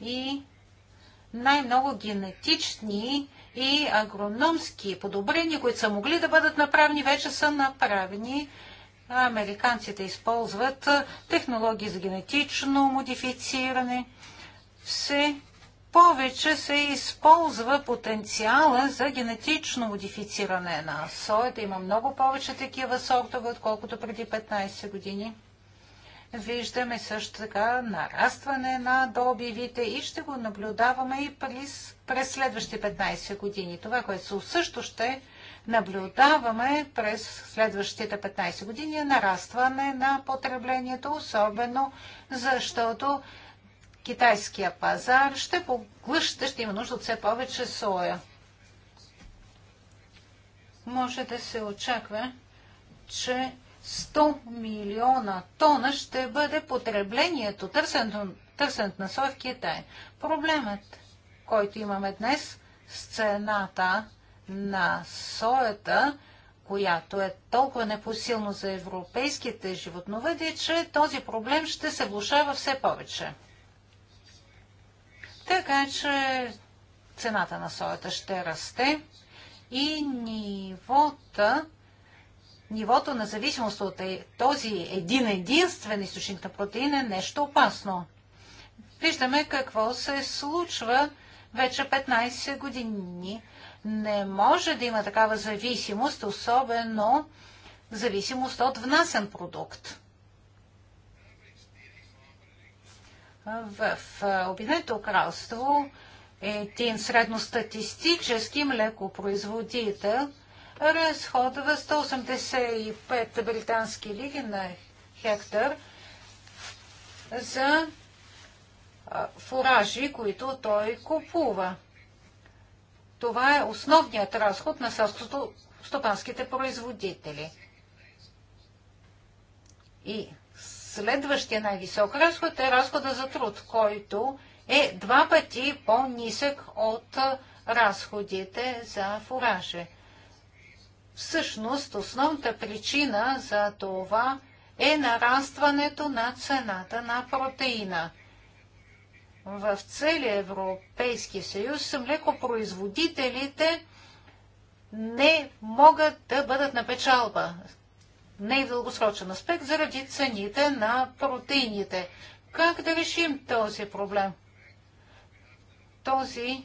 Speaker 1: и най-много генетични и агрономски подобрения, които са могли да бъдат направени, вече са направени. Американците използват технологии за генетично модифициране. Все повече се използва потенциала за генетично модифициране на соята. Има много повече такива сортове, отколкото преди 15 години. Виждаме също така нарастване на добивите и ще го наблюдаваме и през, през следващите 15 години. Това, което също ще наблюдаваме през следващите 15 години е нарастване на потреблението, особено защото китайския пазар ще поглъща, ще има нужда от все повече соя. Може да се очаква, че 100 милиона тона ще бъде потреблението, търсенето, търсенето на соя в Китай. Проблемът, който имаме днес с цената на соята, която е толкова непосилно за европейските животновъди, че този проблем ще се влушава все повече. Така че цената на соята ще расте и нивота, нивото на зависимост от е- този един единствен източник на протеин е нещо опасно. Виждаме какво се случва вече 15 години. Не може да има такава зависимост, особено зависимост от внасен продукт. в Обединеното кралство е един средностатистически млекопроизводител разходва 185 британски лиги на хектар за фуражи, които той купува. Това е основният разход на селското стопанските производители. И следващия най-висок разход е разхода за труд, който е два пъти по-нисък от разходите за фураже. Всъщност, основната причина за това е нарастването на цената на протеина. В целия Европейски съюз млекопроизводителите не могат да бъдат на печалба не и в дългосрочен аспект, заради цените на протеините. Как да решим този проблем? Този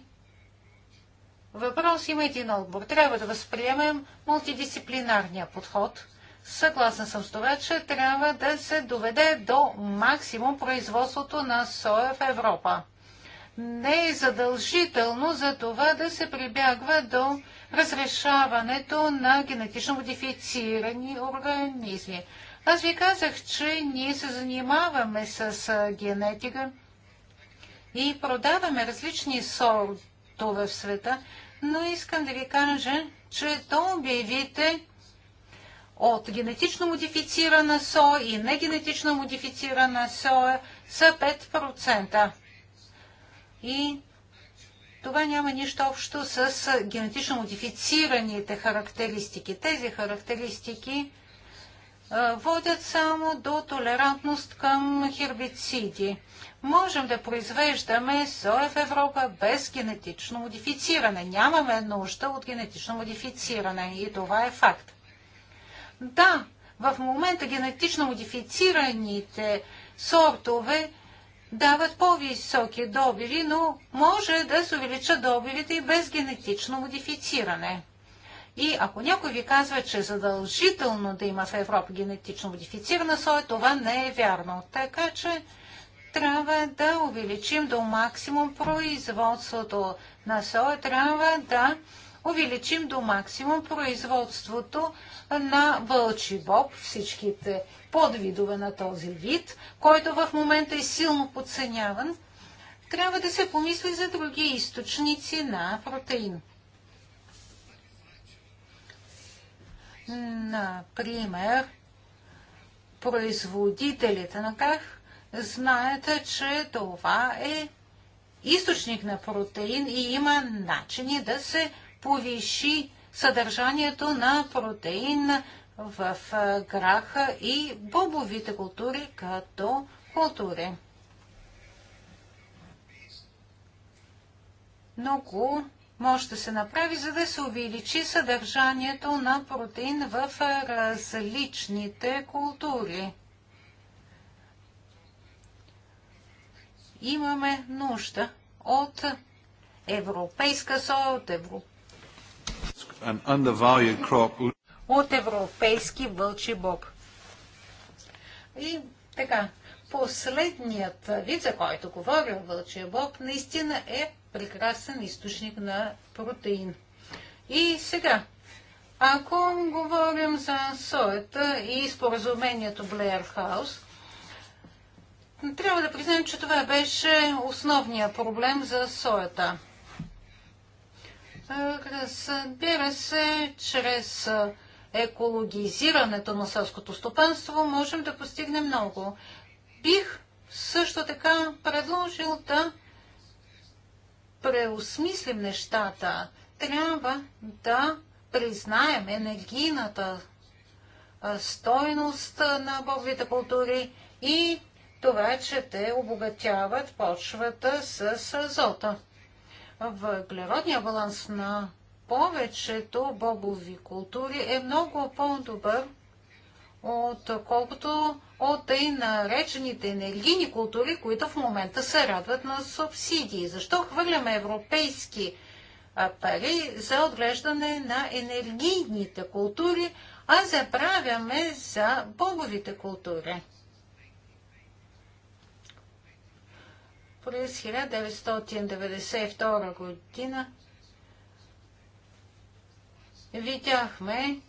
Speaker 1: въпрос има един отбор. Трябва да възприемем мултидисциплинарния подход. Съгласна съм с това, че трябва да се доведе до максимум производството на соя в Европа не е задължително за това да се прибягва до разрешаването на генетично модифицирани организми. Аз ви казах, че ние се занимаваме с генетика и продаваме различни сортове в света, но искам да ви кажа, че то обявите от генетично модифицирана соя и негенетично модифицирана соя са 5%. И това няма нищо общо с генетично модифицираните характеристики. Тези характеристики водят само до толерантност към хербициди. Можем да произвеждаме соя в Европа без генетично модифициране. Нямаме нужда от генетично модифициране и това е факт. Да, в момента генетично модифицираните сортове дават по-високи добиви, но може да се увеличат добивите и без генетично модифициране. И ако някой ви казва, че е задължително да има в Европа генетично модифицирана соя, това не е вярно. Така че трябва да увеличим до максимум производството на соя, трябва да увеличим до максимум производството на вълчи боб, всичките подвидове на този вид, който в момента е силно подценяван. Трябва да се помисли за други източници на протеин. Например, производителите на ках знаят, че това е източник на протеин и има начини да се повиши съдържанието на протеин в граха и бобовите култури като култури. Много може да се направи, за да се увеличи съдържанието на протеин в различните култури. Имаме нужда от европейска соя, от европейска
Speaker 3: an undervalued crop.
Speaker 1: От европейски вълчи боб. И така, последният вид, за който говоря, вълчия боб, наистина е прекрасен източник на протеин. И сега, ако говорим за соята и споразумението Блеер Хаус, трябва да признаем, че това беше основният проблем за соята. Разбира се, чрез екологизирането на селското стопанство можем да постигнем много. Бих също така предложил да преосмислим нещата. Трябва да признаем енергийната стойност на боговите култури и това, че те обогатяват почвата с азота въглеродния баланс на повечето бобови култури е много по-добър, отколкото от тъй наречените енергийни култури, които в момента се радват на субсидии. Защо хвърляме европейски пари за отглеждане на енергийните култури, а забравяме за бобовите култури? През 1992 година видяхме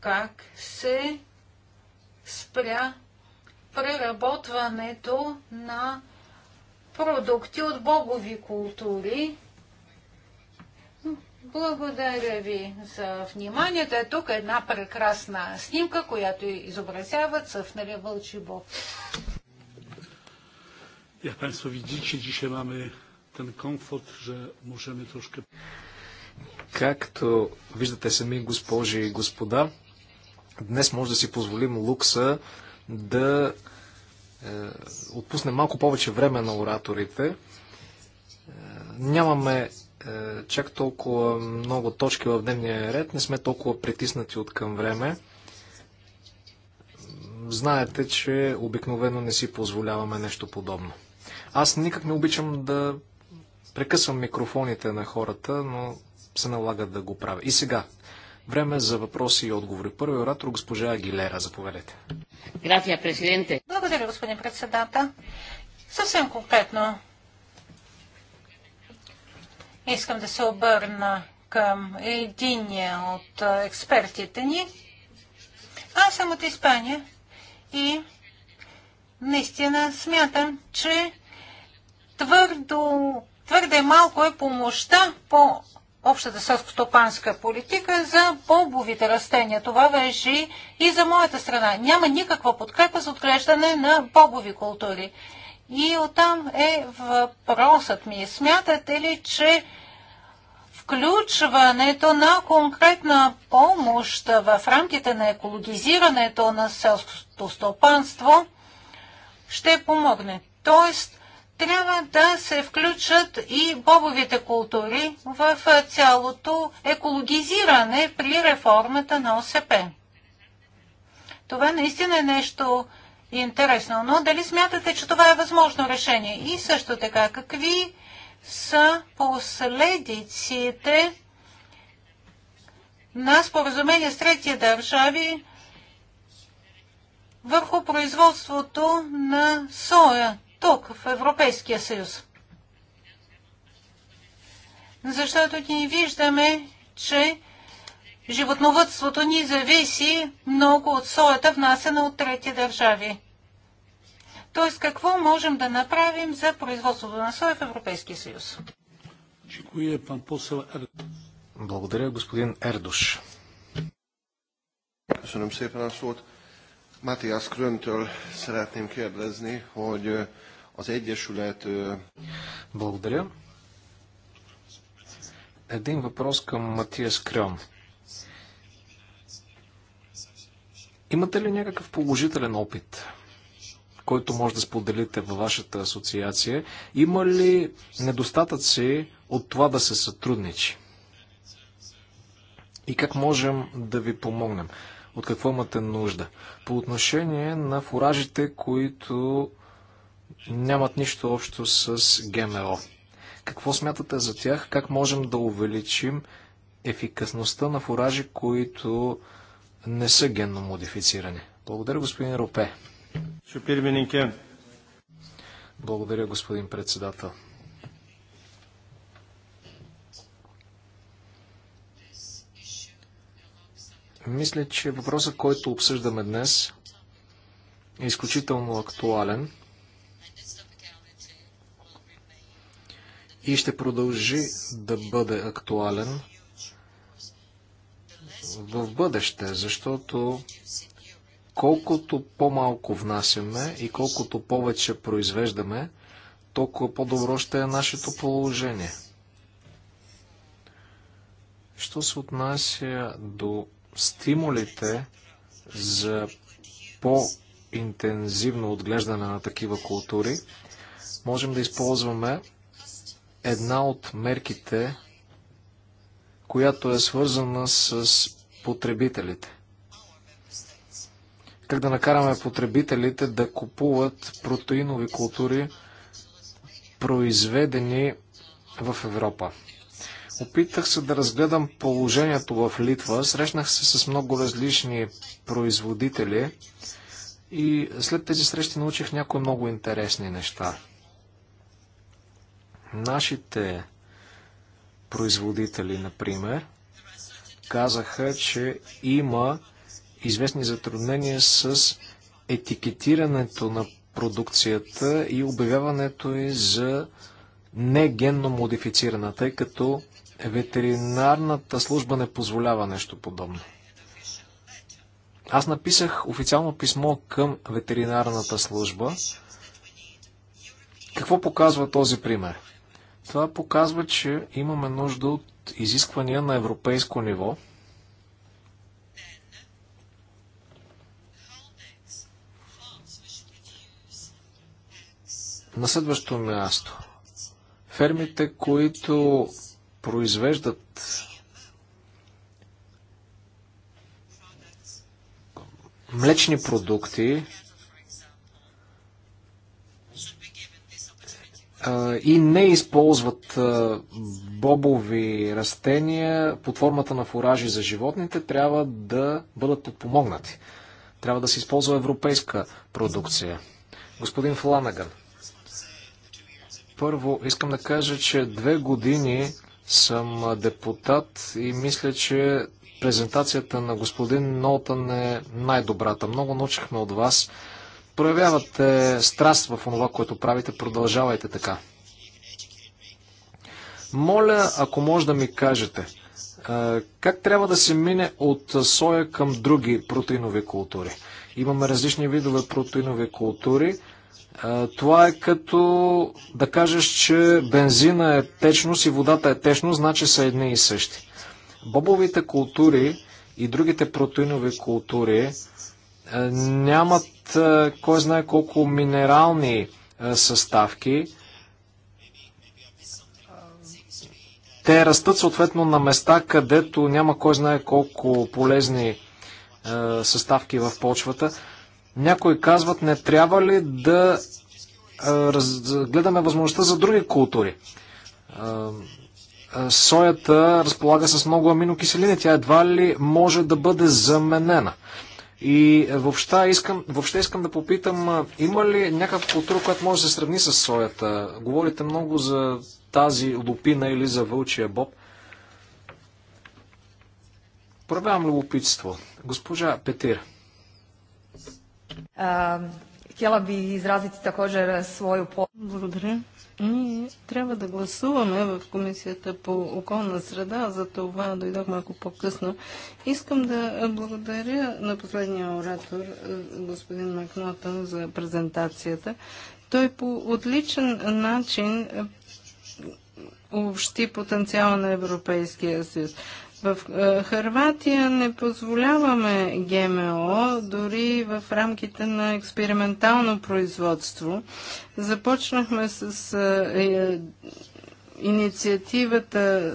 Speaker 1: как се спря преработването на продукти от богови култури. Благодаря ви за вниманието. Е тук една прекрасна снимка, която изобразява цъфнали вълчи бог.
Speaker 2: Jak Państwo widzicie, dzisiaj mamy ten komfort, że możemy troszkę... Както виждате сами, госпожи и господа, днес може да си позволим лукса да е, отпуснем малко повече време на ораторите. Е, нямаме е, чак толкова много точки в дневния ред, не сме толкова притиснати от към време знаете, че обикновено не си позволяваме нещо подобно. Аз никак не обичам да прекъсвам микрофоните на хората, но се налага да го правя. И сега, Време за въпроси и отговори. Първи оратор, госпожа Агилера, заповедете.
Speaker 1: Грация, президенте. Благодаря, господин председател. Съвсем конкретно искам да се обърна към единия от експертите ни. Аз съм от Испания и наистина смятам, че твърдо, твърде малко е помощта по общата селскостопанска политика за бобовите растения. Това вежи и за моята страна. Няма никаква подкрепа за отглеждане на бобови култури. И оттам е въпросът ми. Смятате ли, че включването на конкретна помощ в рамките на екологизирането на селското стопанство ще помогне. Тоест, трябва да се включат и бобовите култури в цялото екологизиране при реформата на ОСП. Това наистина е нещо интересно, но дали смятате, че това е възможно решение? И също така, какви са последиците на споразумение с трети държави върху производството на соя тук в Европейския съюз. Защото ние виждаме, че животновътството ни зависи много от соята, внасена от трети държави. Тоест, какво можем да направим за производството на соя в Европейския съюз?
Speaker 2: Благодаря, господин Ердуш.
Speaker 3: Matthias Kröntől szeretném kérdezni, hogy
Speaker 2: az Egyesület... Благодаря. Един въпрос към Матиас Крън. Имате ли някакъв положителен опит, който може да споделите във вашата асоциация? Има ли недостатъци от това да се сътрудничи? И как можем да ви помогнем? от какво имате нужда. По отношение на фуражите, които нямат нищо общо с ГМО. Какво смятате за тях? Как можем да увеличим ефикасността на фуражи, които не са генно модифицирани? Благодаря, господин Ропе. Благодаря, господин председател. Мисля, че въпросът, който обсъждаме днес, е изключително актуален и ще продължи да бъде актуален в бъдеще, защото колкото по-малко внасяме и колкото повече произвеждаме, толкова по-добро ще е нашето положение. Що се отнася до стимулите за по-интензивно отглеждане на такива култури, можем да използваме една от мерките, която е свързана с потребителите. Как да накараме потребителите да купуват протеинови култури, произведени в Европа. Опитах се да разгледам положението в Литва. Срещнах се с много различни производители и след тези срещи научих някои много интересни неща. Нашите производители, например, казаха, че има известни затруднения с етикетирането на продукцията и обявяването и за негенно модифицирана, тъй като Ветеринарната служба не позволява нещо подобно. Аз написах официално писмо към ветеринарната служба. Какво показва този пример? Това показва, че имаме нужда от изисквания на европейско ниво. На следващо място. Фермите, които произвеждат млечни продукти и не използват бобови растения под формата на фуражи за животните, трябва да бъдат подпомогнати. Трябва да се използва европейска продукция. Господин Фланаган, първо искам да кажа, че две години съм депутат и мисля, че презентацията на господин Нолтън е най-добрата. Много научихме от вас. Проявявате страст в това, което правите. Продължавайте така. Моля, ако може да ми кажете, е, как трябва да се мине от соя към други протеинови култури? Имаме различни видове протеинови култури. Това е като да кажеш, че бензина е течност и водата е течност, значи са едни и същи. Бобовите култури и другите протеинови култури нямат кой знае колко минерални съставки. Те растат съответно на места, където няма кой знае колко полезни съставки в почвата. Някои казват, не трябва ли да гледаме възможността за други култури. Соята разполага с много аминокиселини, тя едва ли може да бъде заменена. И въобще искам, въобще искам да попитам, има ли някаква култура, която може да се сравни с соята? Говорите много за тази лупина или за вълчия боб. Проявявам любопитство. Госпожа Петир.
Speaker 3: Хотела би изразити такоже своя по... Благодаря. Ние трябва да гласуваме в Комисията по околна среда, за това дойдох малко по-късно. Искам да благодаря на последния оратор, господин Макнотън, за презентацията. Той по отличен начин общи потенциала на Европейския съюз. В е, Харватия не позволяваме ГМО, дори в рамките на експериментално производство. Започнахме с е, е, инициативата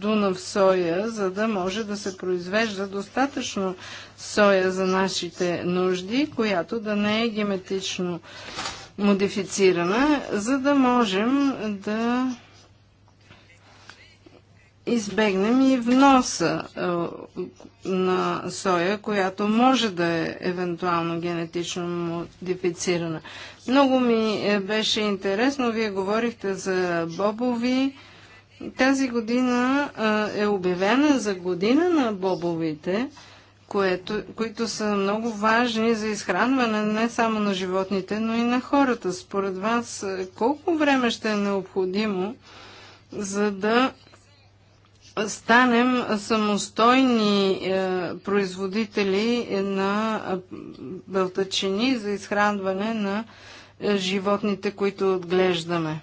Speaker 3: Дунав соя, за да може да се произвежда достатъчно соя за нашите нужди, която да не е геметично модифицирана, за да можем да избегнем и вноса е, на соя, която може да е евентуално генетично модифицирана. Много ми е, беше интересно, вие говорихте за бобови. Тази година е, е обявена за година на бобовите, което, които са много важни за изхранване не само на животните, но и на хората. Според вас, колко време ще е необходимо, за да станем самостойни е, производители на е, бълтачини за изхранване на е, животните, които отглеждаме.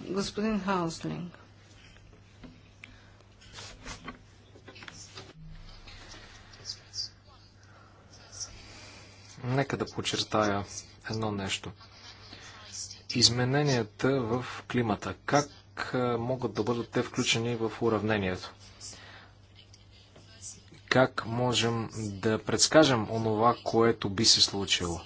Speaker 3: Господин Хауслинг.
Speaker 2: Нека да подчертая едно нещо. Измененията в климата. Как как могат да бъдат те включени в уравнението? Как можем да предскажем онова, което би се случило?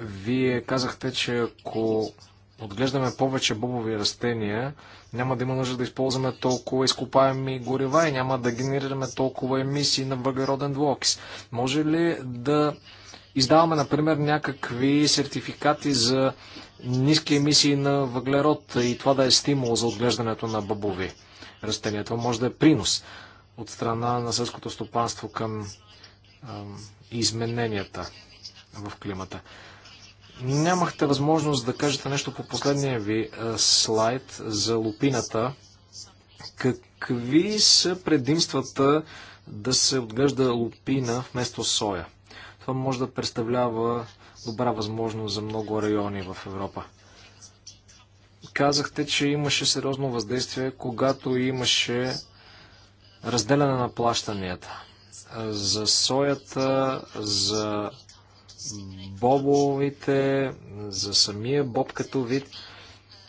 Speaker 2: Вие казахте, че ако отглеждаме повече бобови растения, няма да има нужда да използваме толкова изкопаеми горива и няма да генерираме толкова емисии на въглероден двуокис. Може ли да издаваме, например, някакви сертификати за ниски емисии на въглерод и това да е стимул за отглеждането на бабови растения. Това може да е принос от страна на сълското стопанство към а, измененията в климата. Нямахте възможност да кажете нещо по последния ви а, слайд за лупината. Какви са предимствата да се отглежда лупина вместо соя? Това може да представлява добра възможност за много райони в Европа. Казахте, че имаше сериозно въздействие, когато имаше разделяне на плащанията за соята, за бобовите, за самия боб като вид.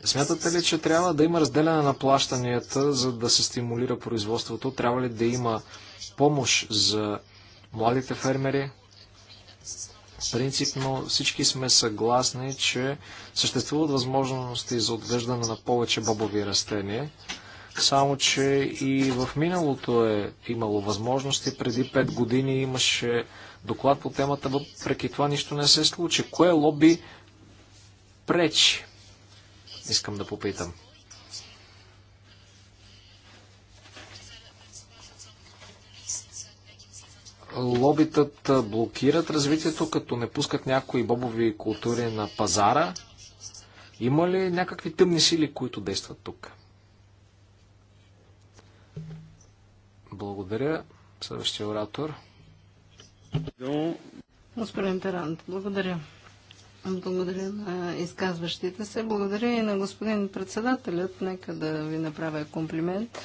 Speaker 2: Смятате ли, че трябва да има разделяне на плащанията, за да се стимулира производството? Трябва ли да има помощ за младите фермери? Принципно всички сме съгласни, че съществуват възможности за отглеждане на повече бобови растения. Само, че и в миналото е имало възможности. Преди 5 години имаше доклад по темата, въпреки това нищо не се случи. Кое лоби пречи? Искам да попитам. лобитата блокират развитието, като не пускат някои бобови култури на пазара? Има ли някакви тъмни сили, които действат тук? Благодаря. Следващия оратор.
Speaker 3: Господин Тарант, благодаря. Благодаря на изказващите се. Благодаря и на господин председателят. Нека да ви направя комплимент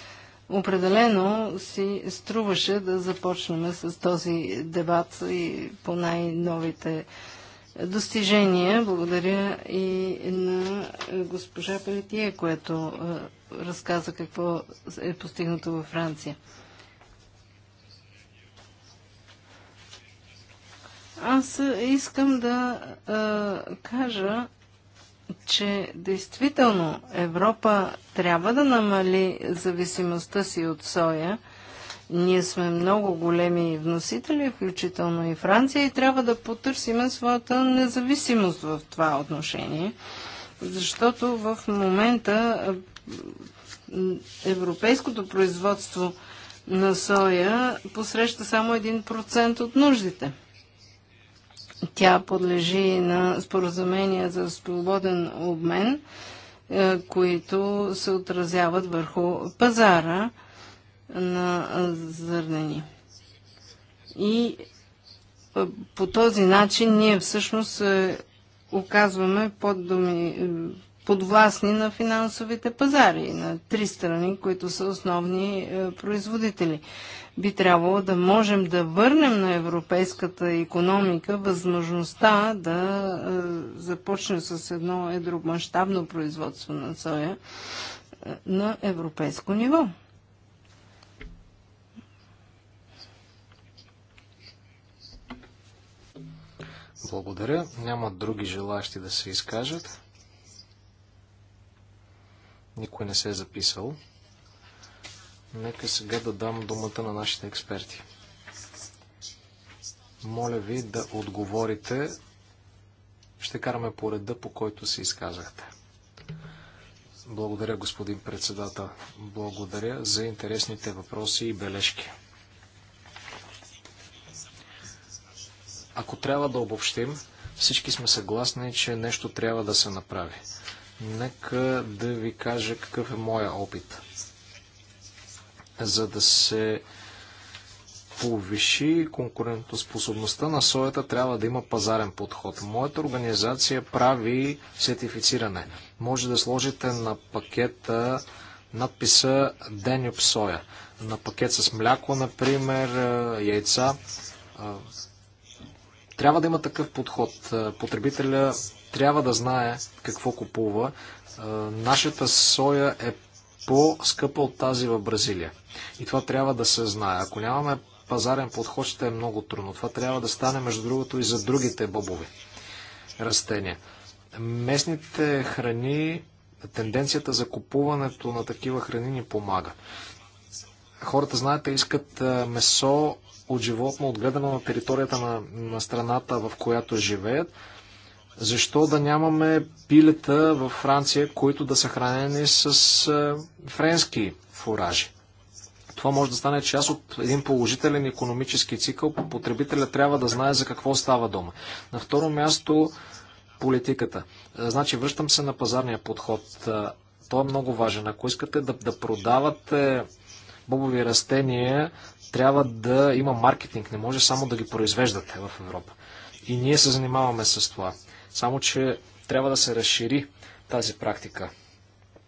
Speaker 3: Определено си струваше да започнем с този дебат и по най-новите достижения. Благодаря и на госпожа Пелетие, което е, разказа какво е постигнато във Франция. Аз искам да а, е, кажа, че действително Европа трябва да намали зависимостта си от соя. Ние сме много големи вносители, включително и Франция, и трябва да потърсим своята независимост в това отношение, защото в момента европейското производство на соя посреща само 1% от нуждите. Тя подлежи на споразумения за свободен обмен, е, които се отразяват върху пазара на зърнени. И е, по този начин ние всъщност е, оказваме по доми подвластни на финансовите пазари, на три страни, които са основни е, производители. Би трябвало да можем да върнем на европейската економика възможността да е, започне с едно едромащабно производство на соя е, на европейско ниво.
Speaker 2: Благодаря. Няма други желащи да се изкажат. Никой не се е записал. Нека сега да дам думата на нашите експерти. Моля ви да отговорите. Ще караме по реда, по който се изказахте. Благодаря, господин председател. Благодаря за интересните въпроси и бележки. Ако трябва да обобщим, всички сме съгласни, че нещо трябва да се направи. Нека да ви кажа какъв е моя опит. За да се повиши конкурентоспособността на соята, трябва да има пазарен подход. Моята организация прави сертифициране. Може да сложите на пакета надписа Денюб соя. На пакет с мляко, например, яйца. Трябва да има такъв подход. Потребителя трябва да знае какво купува. Е, нашата соя е по-скъпа от тази в Бразилия. И това трябва да се знае. Ако нямаме пазарен подход, ще е много трудно. Това трябва да стане, между другото, и за другите бобови растения. Местните храни, тенденцията за купуването на такива храни ни помага. Хората, знаете, искат е, месо от животно, отгледано на територията на, на страната, в която живеят. Защо да нямаме пилета във Франция, които да са хранени с е, френски фуражи? Това може да стане част от един положителен економически цикъл. Потребителя трябва да знае за какво става дома. На второ място политиката. Е, значи, връщам се на пазарния подход. Е, той е много важен. Ако искате да, да продавате бобови растения, трябва да има маркетинг. Не може само да ги произвеждате в Европа. И ние се занимаваме с това. Само, че трябва да се разшири тази практика.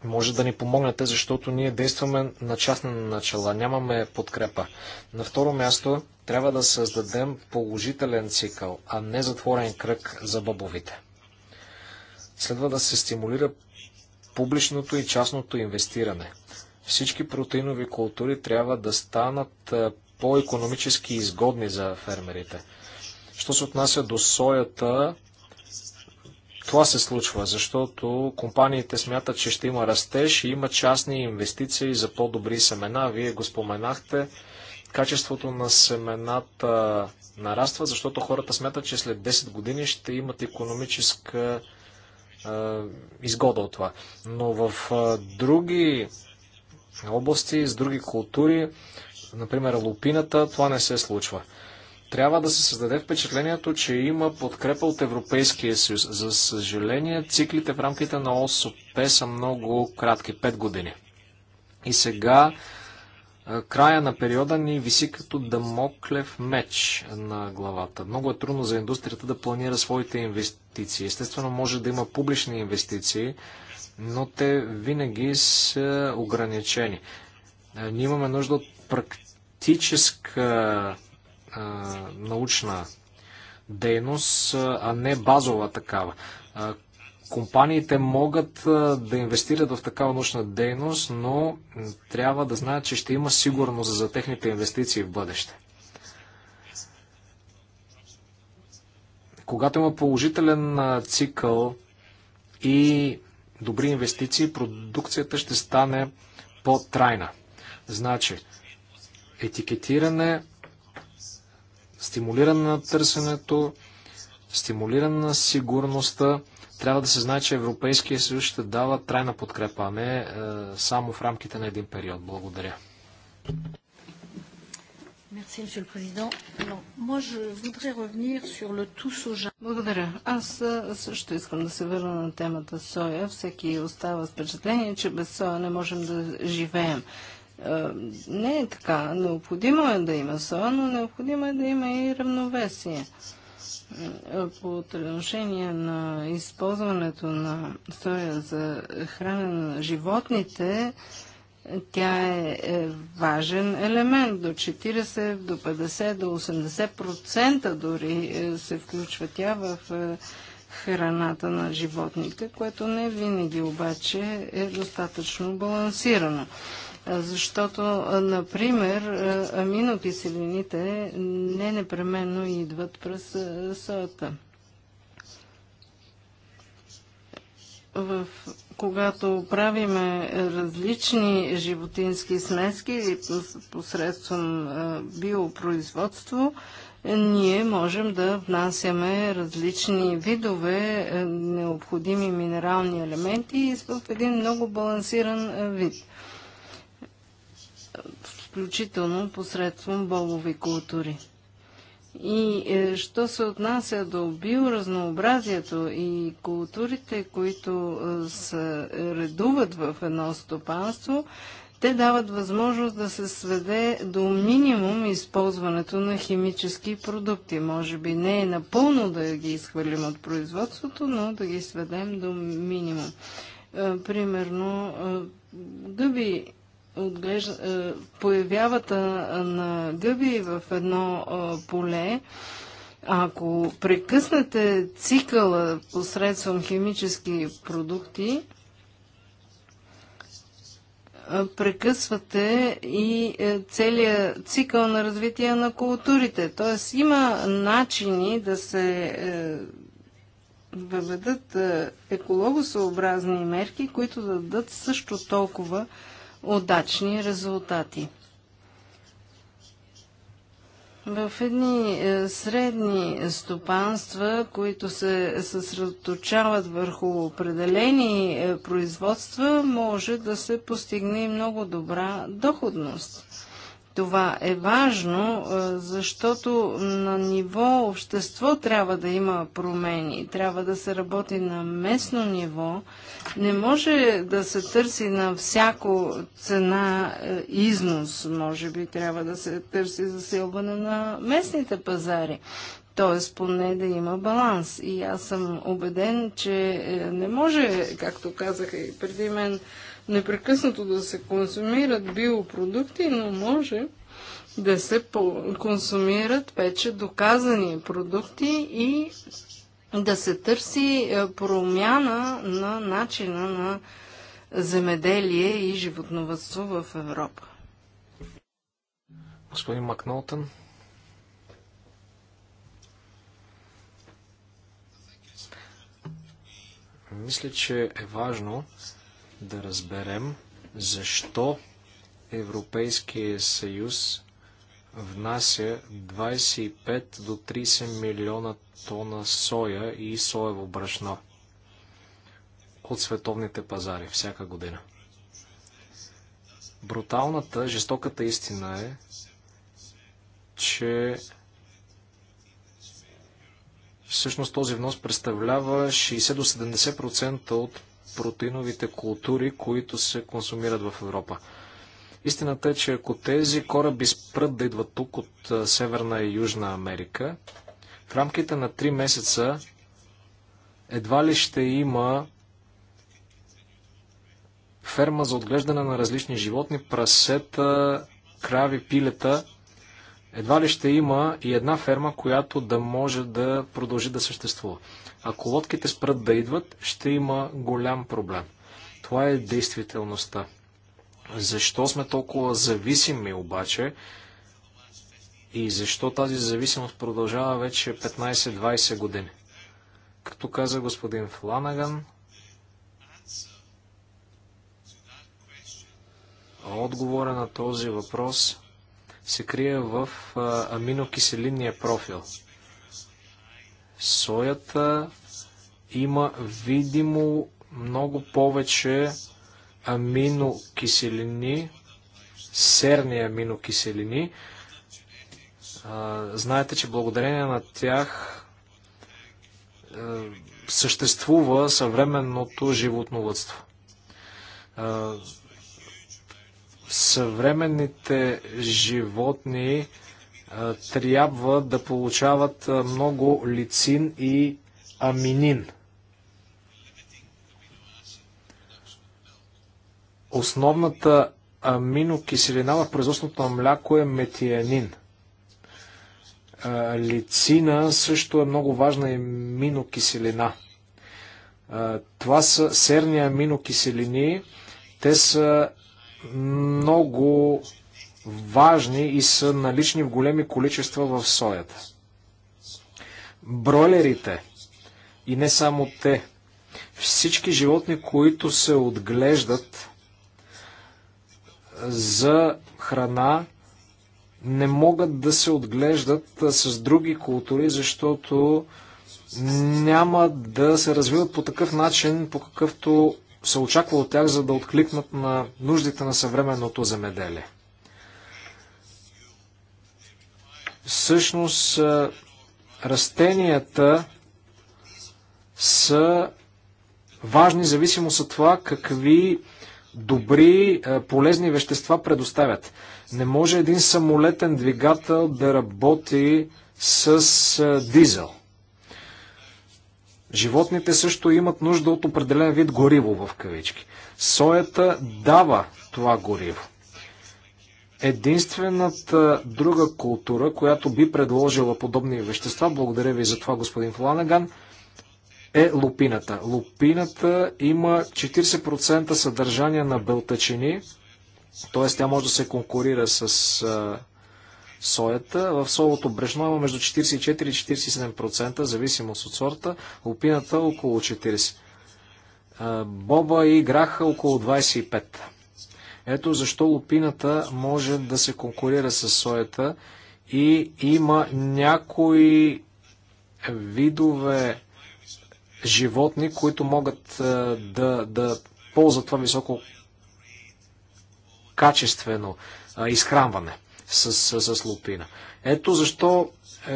Speaker 2: Може да ни помогнете, защото ние действаме на частна начала, нямаме подкрепа. На второ място, трябва да създадем положителен цикъл, а не затворен кръг за бабовите. Следва да се стимулира публичното и частното инвестиране. Всички протеинови култури трябва да станат по-економически изгодни за фермерите. Що се отнася до соята, това се случва, защото компаниите смятат, че ще има растеж и има частни инвестиции за по-добри семена. Вие го споменахте. Качеството на семената нараства, защото хората смятат, че след 10 години ще имат економическа е, изгода от това. Но в е, други области, с други култури, например лупината, това не се случва трябва да се създаде впечатлението, че има подкрепа от Европейския съюз. За съжаление, циклите в рамките на ОСП са много кратки, 5 години. И сега края на периода ни виси като дамоклев меч на главата. Много е трудно за индустрията да планира своите инвестиции. Естествено, може да има публични инвестиции, но те винаги са ограничени. Ние имаме нужда от практическа научна дейност, а не базова такава. Компаниите могат да инвестират в такава научна дейност, но трябва да знаят, че ще има сигурност за техните инвестиции в бъдеще. Когато има положителен цикъл и добри инвестиции, продукцията ще стане по-трайна. Значи, етикетиране, стимулиране на търсенето, стимулиране на сигурността. Трябва да се знае, че Европейския съюз ще дава трайна подкрепа, а не е, само в рамките на един период. Благодаря.
Speaker 3: Благодаря. Аз също искам да се върна на темата соя. Всеки остава с впечатление, че без соя не можем да живеем. Е, не е така. Необходимо е да има сова, но необходимо е да има и равновесие. Е, по отношение на използването на соя за хранене на животните, тя е, е важен елемент. До 40, до 50, до 80% дори се включва тя в храната на животните, което не винаги обаче е достатъчно балансирано. Защото, например, аминокиселините не непременно идват през соята. В, когато правиме различни животински смески посредством биопроизводство, ние можем да внасяме различни видове необходими минерални елементи в един много балансиран вид включително посредством болови култури. И е, що се отнася до биоразнообразието и културите, които е, се редуват в едно стопанство, те дават възможност да се сведе до минимум използването на химически продукти. Може би не е напълно да ги изхвърлим от производството, но да ги сведем до минимум. Е, примерно, е, гъби отглежда, е, появявата на гъби в едно поле, ако прекъснете цикъла посредством химически продукти, прекъсвате и е, целият цикъл на развитие на културите. Тоест има начини да се е, въведат екологосъобразни мерки, които да дадат също толкова удачни резултати. В едни е, средни стопанства, които се съсредоточават върху определени е, производства, може да се постигне много добра доходност. Това е важно, е, защото на ниво общество трябва да има промени, трябва да се работи на местно ниво. Не може да се търси на всяко цена е, износ, може би трябва да се търси засилване на местните пазари. Т.е. поне да има баланс. И аз съм убеден, че е, не може, както казаха и преди мен, непрекъснато да се консумират биопродукти, но може да се консумират вече доказани продукти и да се търси е, промяна на начина на земеделие и животновътство в Европа.
Speaker 2: Господин Макнолтън. Мисля, че е важно да разберем защо Европейския съюз внася 25 до 30 милиона тона соя и соево брашно от световните пазари всяка година. Бруталната, жестоката истина е, че всъщност този внос представлява 60 до 70% от протеиновите култури, които се консумират в Европа. Истината е, че ако тези кораби спрат да идват тук от Северна и Южна Америка, в рамките на 3 месеца едва ли ще има ферма за отглеждане на различни животни, прасета, крави, пилета едва ли ще има и една ферма, която да може да продължи да съществува. Ако лодките спрат да идват, ще има голям проблем. Това е действителността. Защо сме толкова зависими обаче и защо тази зависимост продължава вече 15-20 години? Както каза господин Фланаган, отговора на този въпрос се крие в аминокиселинния профил. Соята има видимо много повече аминокиселини, серни аминокиселини. Знаете, че благодарение на тях съществува съвременното животновътство съвременните животни а, трябва да получават много лицин и аминин. Основната аминокиселина в производството на мляко е метианин. лицина също е много важна аминокиселина. това са серни аминокиселини. Те са много важни и са налични в големи количества в соята. Бройлерите и не само те, всички животни, които се отглеждат за храна, не могат да се отглеждат с други култури, защото няма да се развиват по такъв начин, по какъвто се очаква от тях, за да откликнат на нуждите на съвременното земеделие. Всъщност, растенията са важни, зависимо от това какви добри, полезни вещества предоставят. Не може един самолетен двигател да работи с дизел – Животните също имат нужда от определен вид гориво в кавички. Соята дава това гориво. Единствената друга култура, която би предложила подобни вещества, благодаря ви за това, господин Фланаган, е лупината. Лупината има 40% съдържание на белтъчини, т.е. тя може да се конкурира с соята. В солото брешно има между 44 и 47%, зависимост от сорта, лупината около 40%, боба и граха около 25%. Ето защо лупината може да се конкурира с соята и има някои видове животни, които могат да, да ползват това високо качествено изхранване с, с, с лупина. Ето защо е,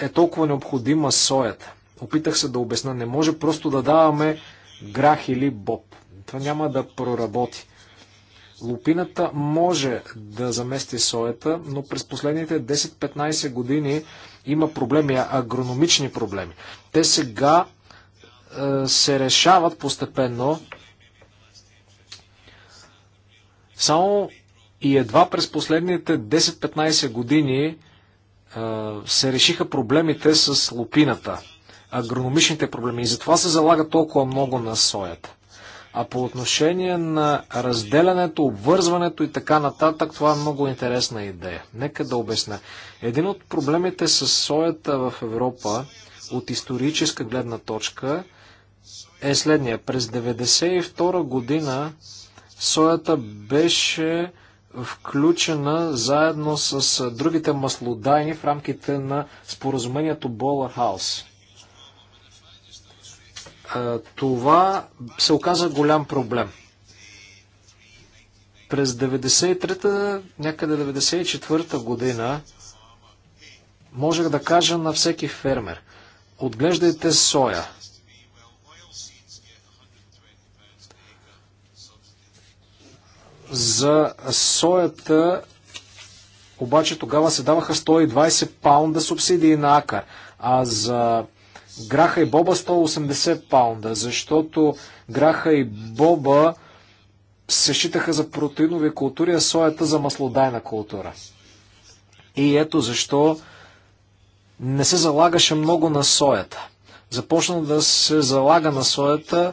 Speaker 2: е толкова необходима соята. Опитах се да обясна. Не може просто да даваме грах или боб. Това няма да проработи. Лупината може да замести соята, но през последните 10-15 години има проблеми, агрономични проблеми. Те сега е, се решават постепенно. Само и едва през последните 10-15 години се решиха проблемите с лупината, агрономичните проблеми. И затова се залага толкова много на соята. А по отношение на разделянето, обвързването и така нататък, това е много интересна идея. Нека да обясня. Един от проблемите с соята в Европа от историческа гледна точка е следния. През 1992 година соята беше включена заедно с другите маслодайни в рамките на споразумението Болър Хаус. Това се оказа голям проблем. През 93-та, някъде 94-та година, можех да кажа на всеки фермер, отглеждайте соя – За соята обаче тогава се даваха 120 паунда субсидии на акър, а за граха и боба 180 паунда, защото граха и боба се считаха за протеинови култури, а соята за маслодайна култура. И ето защо не се залагаше много на соята. Започна да се залага на соята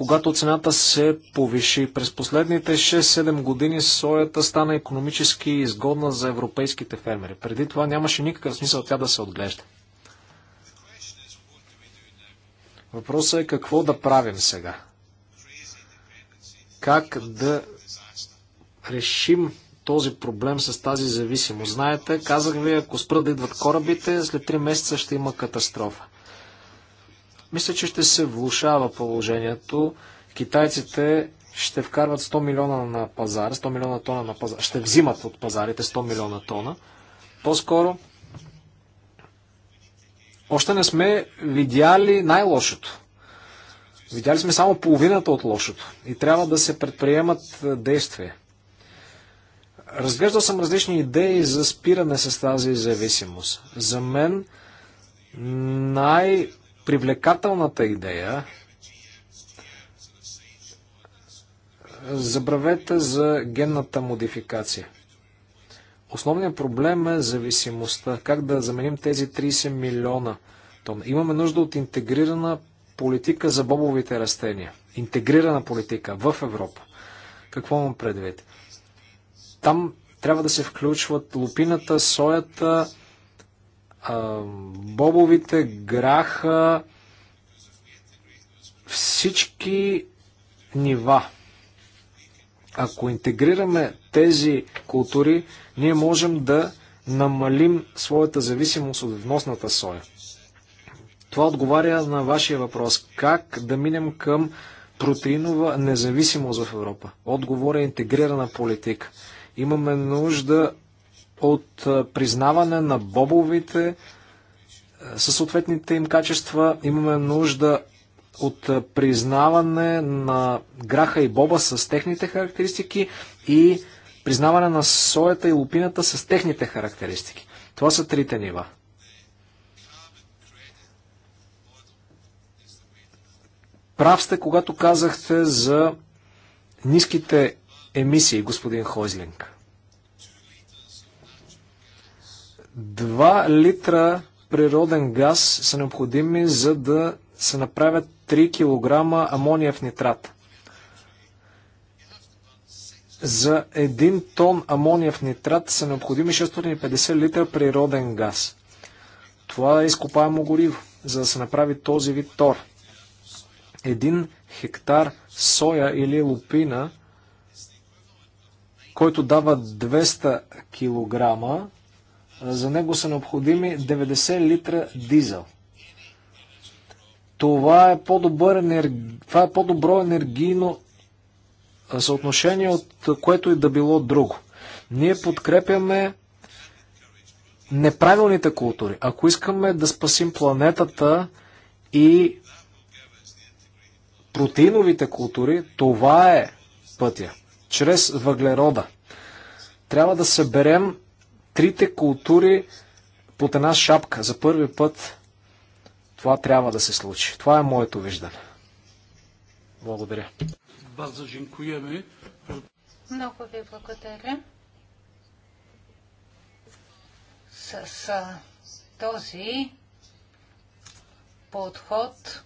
Speaker 2: когато цената се повиши. През последните 6-7 години соята стана економически изгодна за европейските фермери. Преди това нямаше никакъв смисъл тя да се отглежда. Въпросът е какво да правим сега. Как да решим този проблем с тази зависимост. Знаете, казах ви, ако спрат да идват корабите, след 3 месеца ще има катастрофа мисля, че ще се влушава положението. Китайците ще вкарват 100 милиона на пазар, 100 милиона тона на пазара, ще взимат от пазарите 100 милиона тона. По-скоро, още не сме видяли най-лошото. Видяли сме само половината от лошото и трябва да се предприемат е, действия. Разглеждал съм различни идеи за спиране с тази зависимост. За мен най- привлекателната идея. Забравете за генната модификация. Основният проблем е зависимостта. Как да заменим тези 30 милиона тона? Имаме нужда от интегрирана политика за бобовите растения. Интегрирана политика в Европа. Какво имам предвид? Там трябва да се включват лупината, соята, бобовите, граха, всички нива. Ако интегрираме тези култури, ние можем да намалим своята зависимост от вносната соя. Това отговаря на вашия въпрос. Как да минем към протеинова независимост в Европа? Отговор е интегрирана политика. Имаме нужда от признаване на бобовите със съответните им качества. Имаме нужда от признаване на граха и боба с техните характеристики и признаване на соята и лупината с техните характеристики. Това са трите нива. Прав сте, когато казахте за ниските емисии, господин Хойзлинг. 2 литра природен газ са необходими, за да се направят 3 кг амониев нитрат. За 1 тон амониев нитрат са необходими 650 литра природен газ. Това е изкопаемо гориво, за да се направи този вид тор. Един хектар соя или лупина, който дава 200 кг, за него са необходими 90 литра дизел. Това е по-добър енер... това е по-добро енергийно съотношение от което и да било друго. Ние подкрепяме неправилните култури. Ако искаме да спасим планетата и протеиновите култури, това е пътя. Чрез въглерода. Трябва да съберем Трите култури под една шапка за първи път това трябва да се случи. Това е моето виждане. Благодаря. Много
Speaker 1: ви благодаря. С, с този подход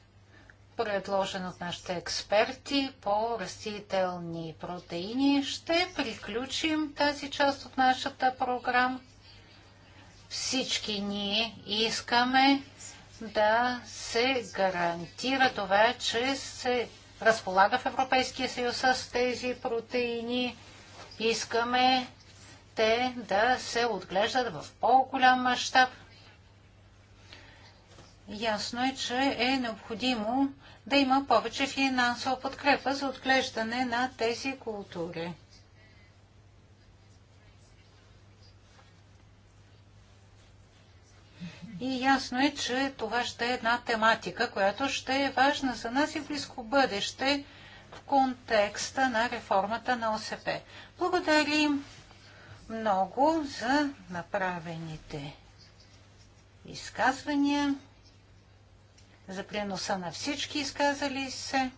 Speaker 1: предложен от нашите експерти по растителни протеини. Ще приключим тази част от нашата програма. Всички ние искаме да се гарантира това, че се разполага в Европейския съюз с тези протеини. Искаме те да се отглеждат в по-голям мащаб, Ясно е, че е необходимо да има повече финансова подкрепа за отглеждане на тези култури. И ясно е, че това ще е една тематика, която ще е важна за нас и близко бъдеще в контекста на реформата на ОСП. Благодарим много за направените изказвания за приноса на всички изказали се.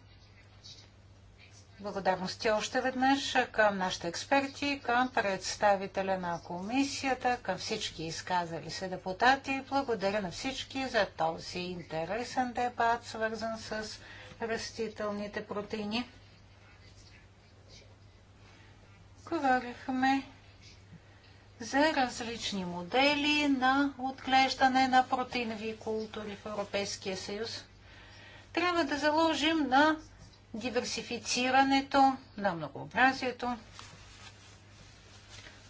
Speaker 1: Благодарности още веднъж към нашите експерти, към представителя на комисията, към всички изказали се депутати. Благодаря на всички за този интересен дебат, свързан с растителните протеини. Говорихме за различни модели на отглеждане на протеинови култури в Европейския съюз. Трябва да заложим на диверсифицирането, на многообразието.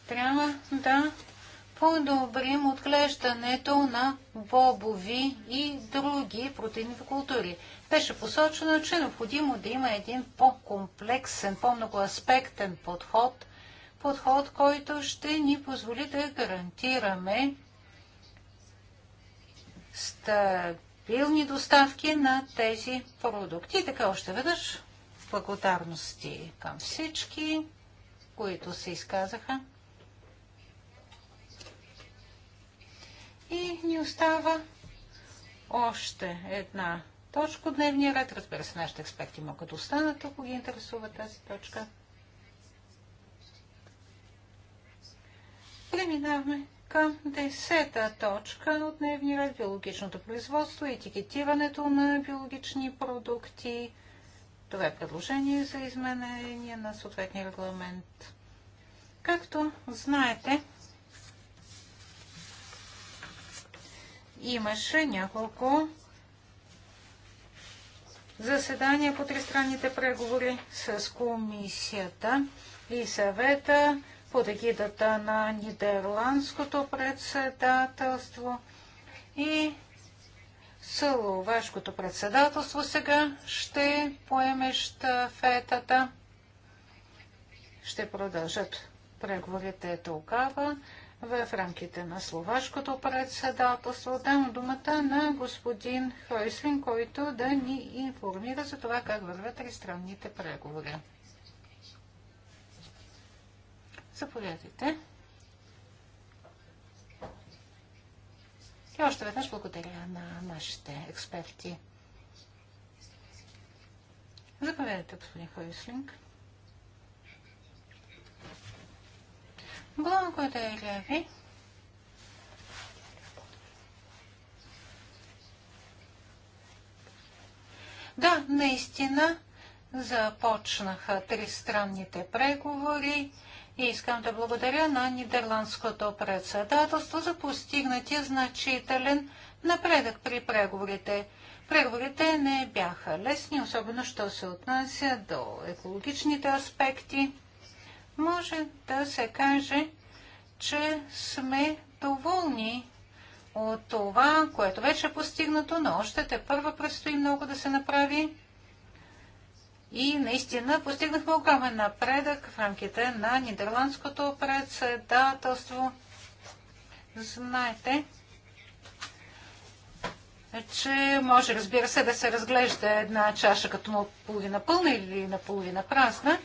Speaker 1: Трябва да подобрим отглеждането на бобови и други протеинови култури. Беше посочено, че е необходимо да има един по-комплексен, по-многоаспектен подход подход, който ще ни позволи да гарантираме стабилни доставки на тези продукти. Така още веднъж благодарности към всички, които се изказаха. И ни остава още една точка от дневния ред. Разбира се, нашите експерти могат да останат, ако ги интересува тази точка. Преминаваме към 10-та точка от дневния ред биологичното производство, етикетирането на биологични продукти. Това е предложение за изменение на съответния регламент. Както знаете, имаше няколко заседания по тристранните преговори с комисията и съвета под егидата на Нидерландското председателство и Словашкото председателство сега ще поеме фетата, Ще продължат преговорите тогава в рамките на Словашкото председателство. Дам думата на господин Хойслин, който да ни информира за това как вървят тристранните преговори. Заповядайте. И още веднъж благодаря на нашите експерти. Заповядайте, господин Хойслинг. Благодаря е ви. Да, наистина започнаха тристранните преговори. И искам да благодаря на Нидерландското председателство за постигнатия значителен напредък при преговорите. Преговорите не бяха лесни, особено що се отнася до екологичните аспекти. Може да се каже, че сме доволни от това, което вече е постигнато, но още те първа предстои много да се направи. И наистина постигнахме огромен напредък в рамките на нидерландското председателство. Знаете, че може, разбира се, да се разглежда една чаша като наполовина пълна или наполовина празна.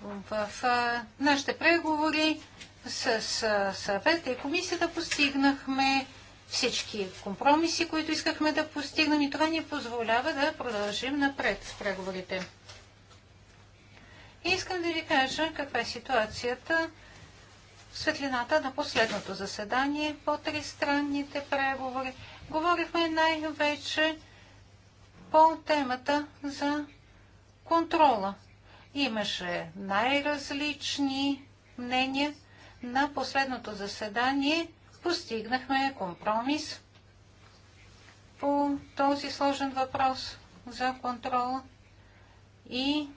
Speaker 1: В нашите преговори с съвета и комисията постигнахме всички компромиси, които искахме да постигнем и това ни позволява да продължим напред с преговорите. И искам да ви кажа каква е ситуацията в светлината на последното заседание по тристранните преговори. Говорихме най-вече по темата за контрола. Имаше най-различни мнения на последното заседание – постигнахме компромис по този сложен въпрос за контрол и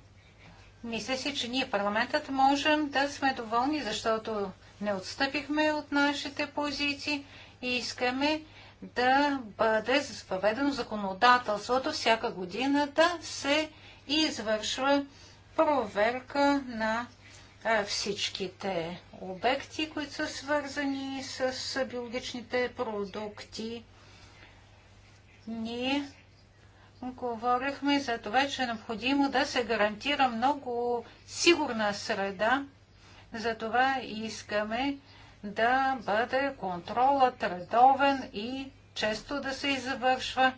Speaker 1: мисля си, че ние парламентът можем да сме доволни, защото не отстъпихме от нашите позиции и искаме да бъде въведено законодателството всяка година да се извършва проверка на всичките обекти, които са свързани с биологичните продукти. Ние говорихме за това, че е необходимо да се гарантира много сигурна среда. Затова искаме да бъде контролът редовен и често да се извършва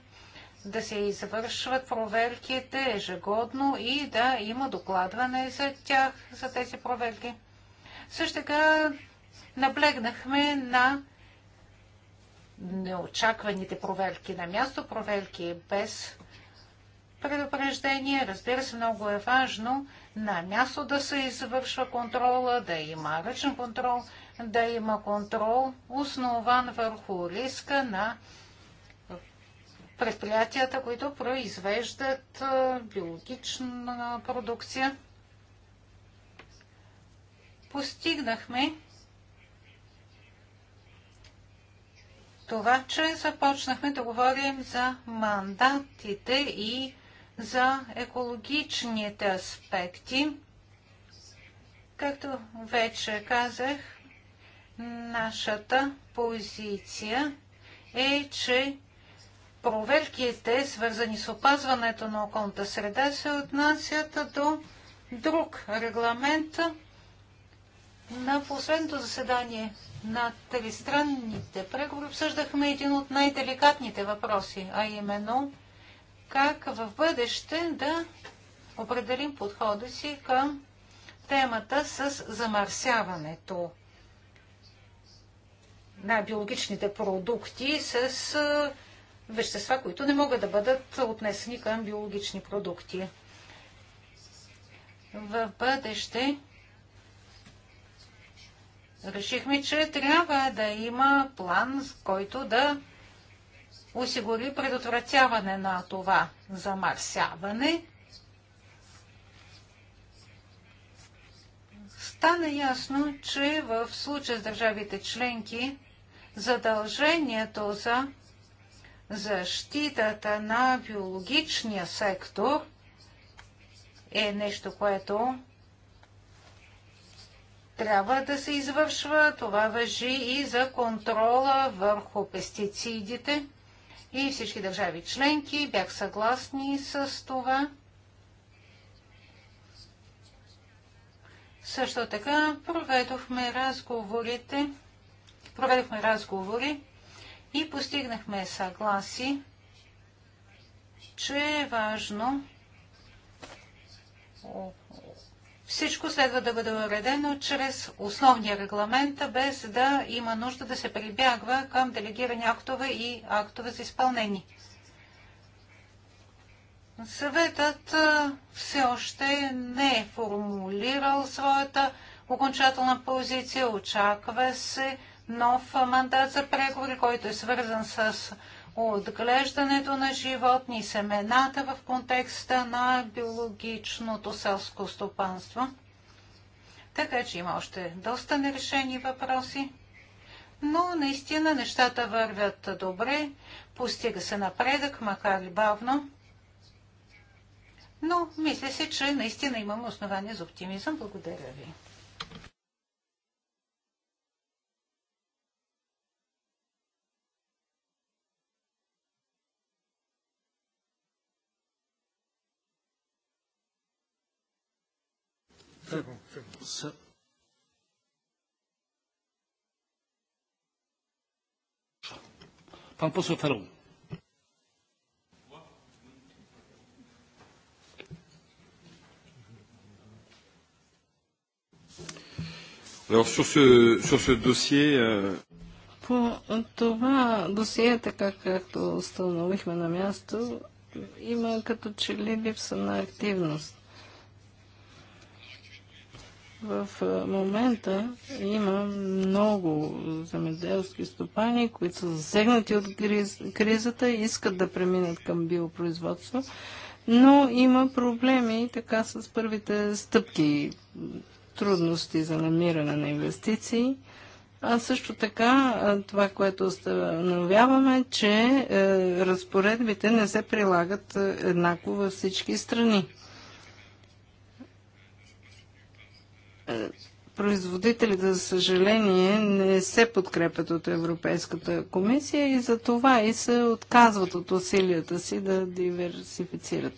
Speaker 1: да се извършват проверките ежегодно и да има докладване за тях, за тези проверки. Също така наблегнахме на неочакваните проверки на място, проверки без предупреждение. Разбира се, много е важно на място да се извършва контрола, да има ръчен контрол, да има контрол, основан върху риска на предприятията, които произвеждат биологична продукция. Постигнахме това, че започнахме да говорим за мандатите и за екологичните аспекти. Както вече казах, нашата позиция е, че проверките, свързани с опазването на околната среда, се отнасят до друг регламент. На последното заседание на тристранните преговори обсъждахме един от най-деликатните въпроси, а именно как в бъдеще да определим подхода си към темата с замърсяването на биологичните продукти с вещества, които не могат да бъдат отнесени към биологични продукти. В бъдеще решихме, че трябва да има план, с който да осигури предотвратяване на това замърсяване. Стана ясно, че в случая с държавите членки задължението за Защитата на биологичния сектор е нещо, което трябва да се извършва. Това въжи и за контрола върху пестицидите. И всички държави членки бях съгласни с това. Също така проведохме разговорите, проведохме разговори и постигнахме съгласи, че е важно всичко следва да бъде уредено чрез основния регламент, без да има нужда да се прибягва към делегирани актове и актове за изпълнение. Съветът все още не е формулирал своята окончателна позиция. Очаква се нов мандат за преговори, който е свързан с отглеждането на животни, семената в контекста на биологичното селско стопанство. Така че има още доста нерешени въпроси. Но наистина нещата вървят добре, постига се напредък, макар и бавно. Но мисля се, че наистина имаме основания за оптимизъм. Благодаря ви.
Speaker 2: Pan poseł Ferron.
Speaker 1: Alors sur ce, sur ce dossier, euh...
Speaker 3: По това досие, така както установихме на място, има като че ли липса на активност. В момента има много земеделски стопани, които са засегнати от кризата и искат да преминат към биопроизводство, но има проблеми така с първите стъпки, трудности за намиране на инвестиции. А също така това, което установяваме, че е, разпоредбите не се прилагат е, еднакво във всички страни. Е, производителите, за съжаление, не се подкрепят от Европейската комисия и за това и се отказват от усилията си да диверсифицират.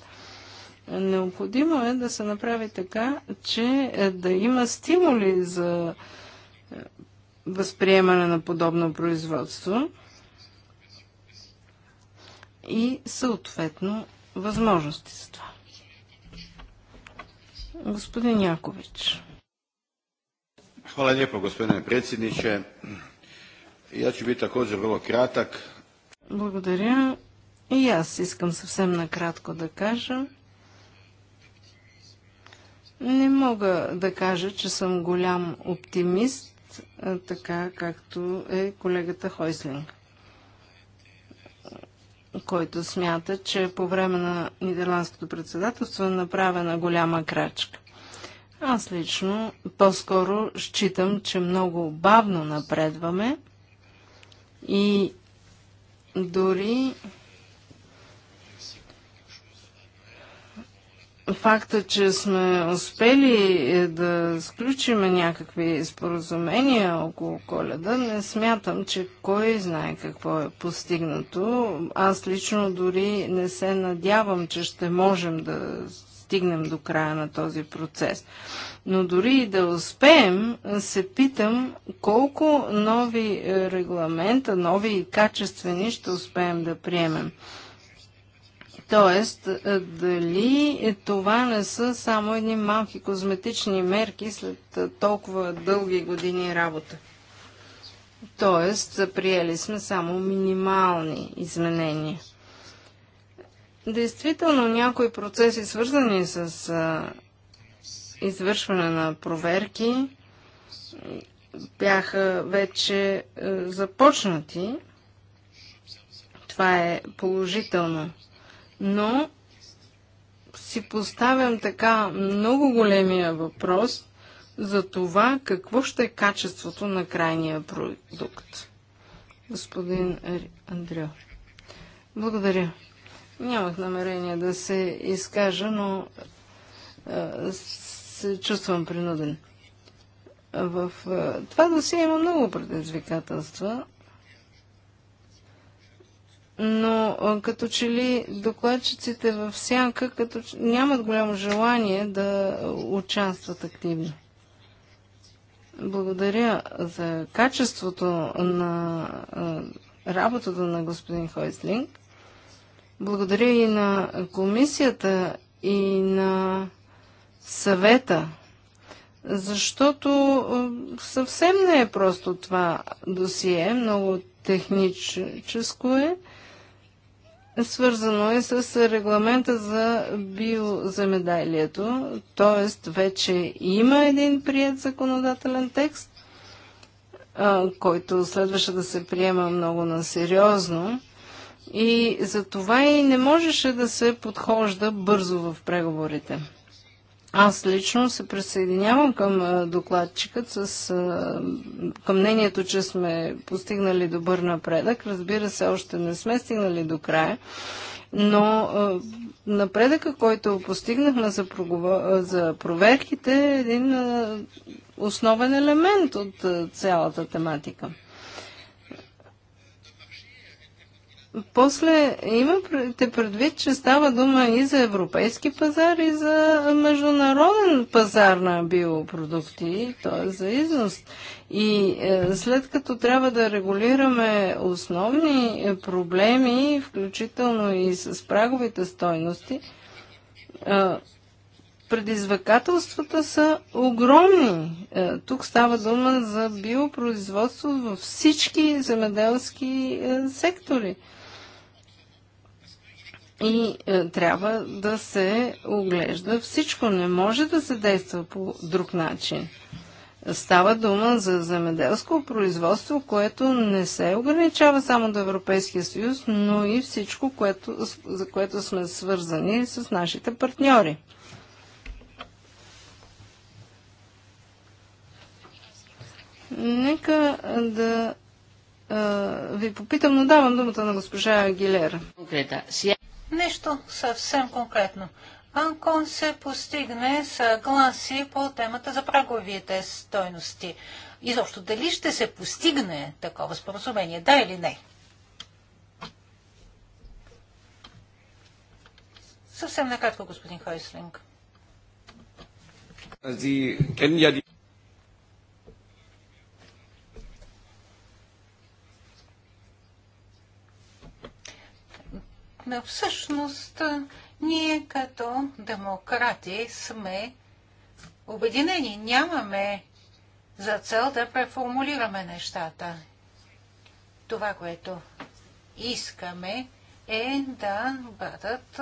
Speaker 3: Необходимо е да се направи така, че е, да има стимули за е, възприемане на подобно производство и съответно възможности за това. Господин Якович. Hvala lijepo gospodine predsjedniče.
Speaker 1: Ja ću biti također vrlo kratak.
Speaker 3: Благодаря. И аз искам съвсем накратко да кажа. Не мога да кажа, че съм голям оптимист, така както е колегата Хойслинг, който смята, че по време на Нидерландското председателство е направена голяма крачка. Аз лично по-скоро считам, че много бавно напредваме и дори факта, че сме успели да сключим някакви споразумения около коледа, не смятам, че кой знае какво е постигнато. Аз лично дори не се надявам, че ще можем да стигнем до края на този процес. Но дори и да успеем, се питам колко нови е, регламента, нови и качествени ще успеем да приемем. Тоест, е, дали това не са само едни малки козметични мерки след е, толкова дълги години работа? Тоест, приели сме само минимални изменения. Действително някои процеси, свързани с а, извършване на проверки, бяха вече а, започнати. Това е положително. Но си поставям така много големия въпрос за това какво ще е качеството на крайния продукт. Господин Андрю. Благодаря. Нямах намерение да се изкажа, но а, се чувствам принуден. В а, това досие има много предизвикателства, но а, като че ли докладчиците в сянка като че, нямат голямо желание да участват активно. Благодаря за качеството на а, работата на господин Хойслинг. Благодаря и на комисията и на съвета, защото съвсем не е просто това досие, много техническо е. Свързано е с регламента за биоземедалието, т.е. вече има един прият законодателен текст, който следваше да се приема много насериозно. сериозно и за това и не можеше да се подхожда бързо в преговорите. Аз лично се присъединявам към докладчикът с към мнението, че сме постигнали добър напредък. Разбира се, още не сме стигнали до края, но напредъка, който постигнахме за, за проверките е един основен елемент от цялата тематика. После имате предвид, че става дума и за европейски пазар, и за международен пазар на биопродукти, т.е. за износ. И е, след като трябва да регулираме основни проблеми, включително и с праговите стойности, е, предизвикателствата са огромни. Е, тук става дума за биопроизводство във всички земеделски сектори и е, трябва да се оглежда всичко. Не може да се действа по друг начин. Става дума за земеделско производство, което не се ограничава само до Европейския съюз, но и всичко, което, за което сме свързани с нашите партньори. Нека е, да е, ви попитам, но давам думата на госпожа Агилера.
Speaker 1: Нещо съвсем конкретно. Ако се постигне съгласие по темата за праговите стойности, изобщо дали ще се постигне такова споразумение, да или не? Съвсем накратко, господин Хойслинг. но всъщност ние като демократи сме обединени. Нямаме за цел да преформулираме нещата. Това, което искаме е да бъдат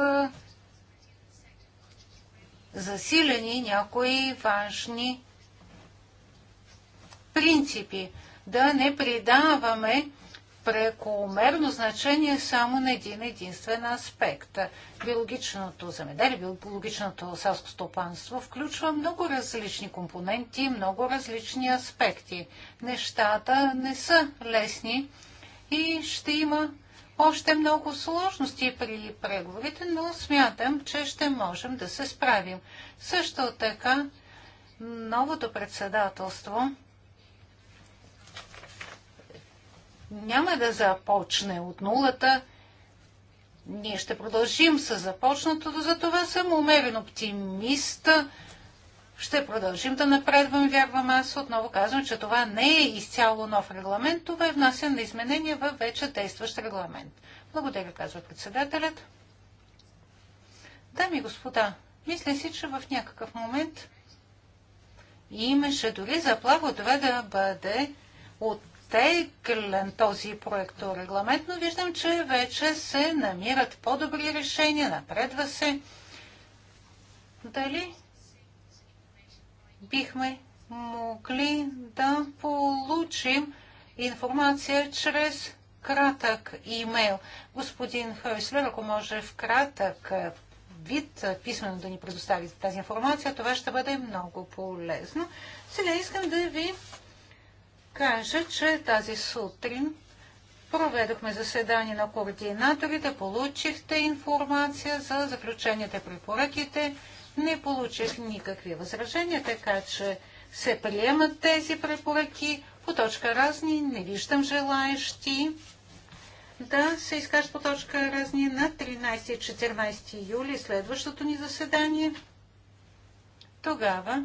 Speaker 1: засилени някои важни принципи. Да не придаваме прекомерно значение само на един единствен аспект. Биологичното замедали, биологичното селско стопанство включва много различни компоненти, много различни аспекти. Нещата не са лесни и ще има още много сложности при преговорите, но смятам, че ще можем да се справим. Също така, новото председателство няма да започне от нулата. Ние ще продължим с започнатото, затова съм умерен оптимист. Ще продължим да напредвам, вярвам аз. Отново казвам, че това не е изцяло нов регламент, това е внасен на изменения в вече действащ регламент. Благодаря, казва председателят. Дами и господа, мисля си, че в някакъв момент имаше дори заплаха това да бъде от изтеглен този проект регламент, но виждам, че вече се намират по-добри решения, напредва се. Дали бихме могли да получим информация чрез кратък имейл. Господин Хойслер, ако може в кратък вид писмено да ни предоставите тази информация, това ще бъде много полезно. Сега искам да ви кажа, че тази сутрин проведохме заседание на координаторите, получихте информация за заключенията при препоръките. не получих никакви възражения, така че се приемат тези препоръки. По точка разни не виждам желаещи да се изкажат по точка разни на 13 и 14 юли следващото ни заседание. Тогава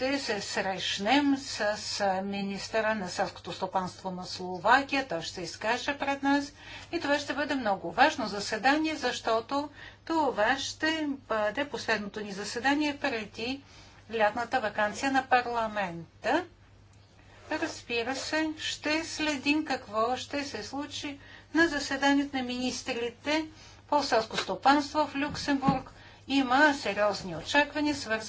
Speaker 1: ще се срещнем с министъра на селското стопанство на Словакия. Той ще се изкаже пред нас. И това ще бъде много важно заседание, защото това ще бъде последното ни заседание преди лятната вакансия на парламента. Разбира се, ще следим какво ще се случи на заседанието на министрите по селско стопанство в Люксембург. Има сериозни очаквания, свързани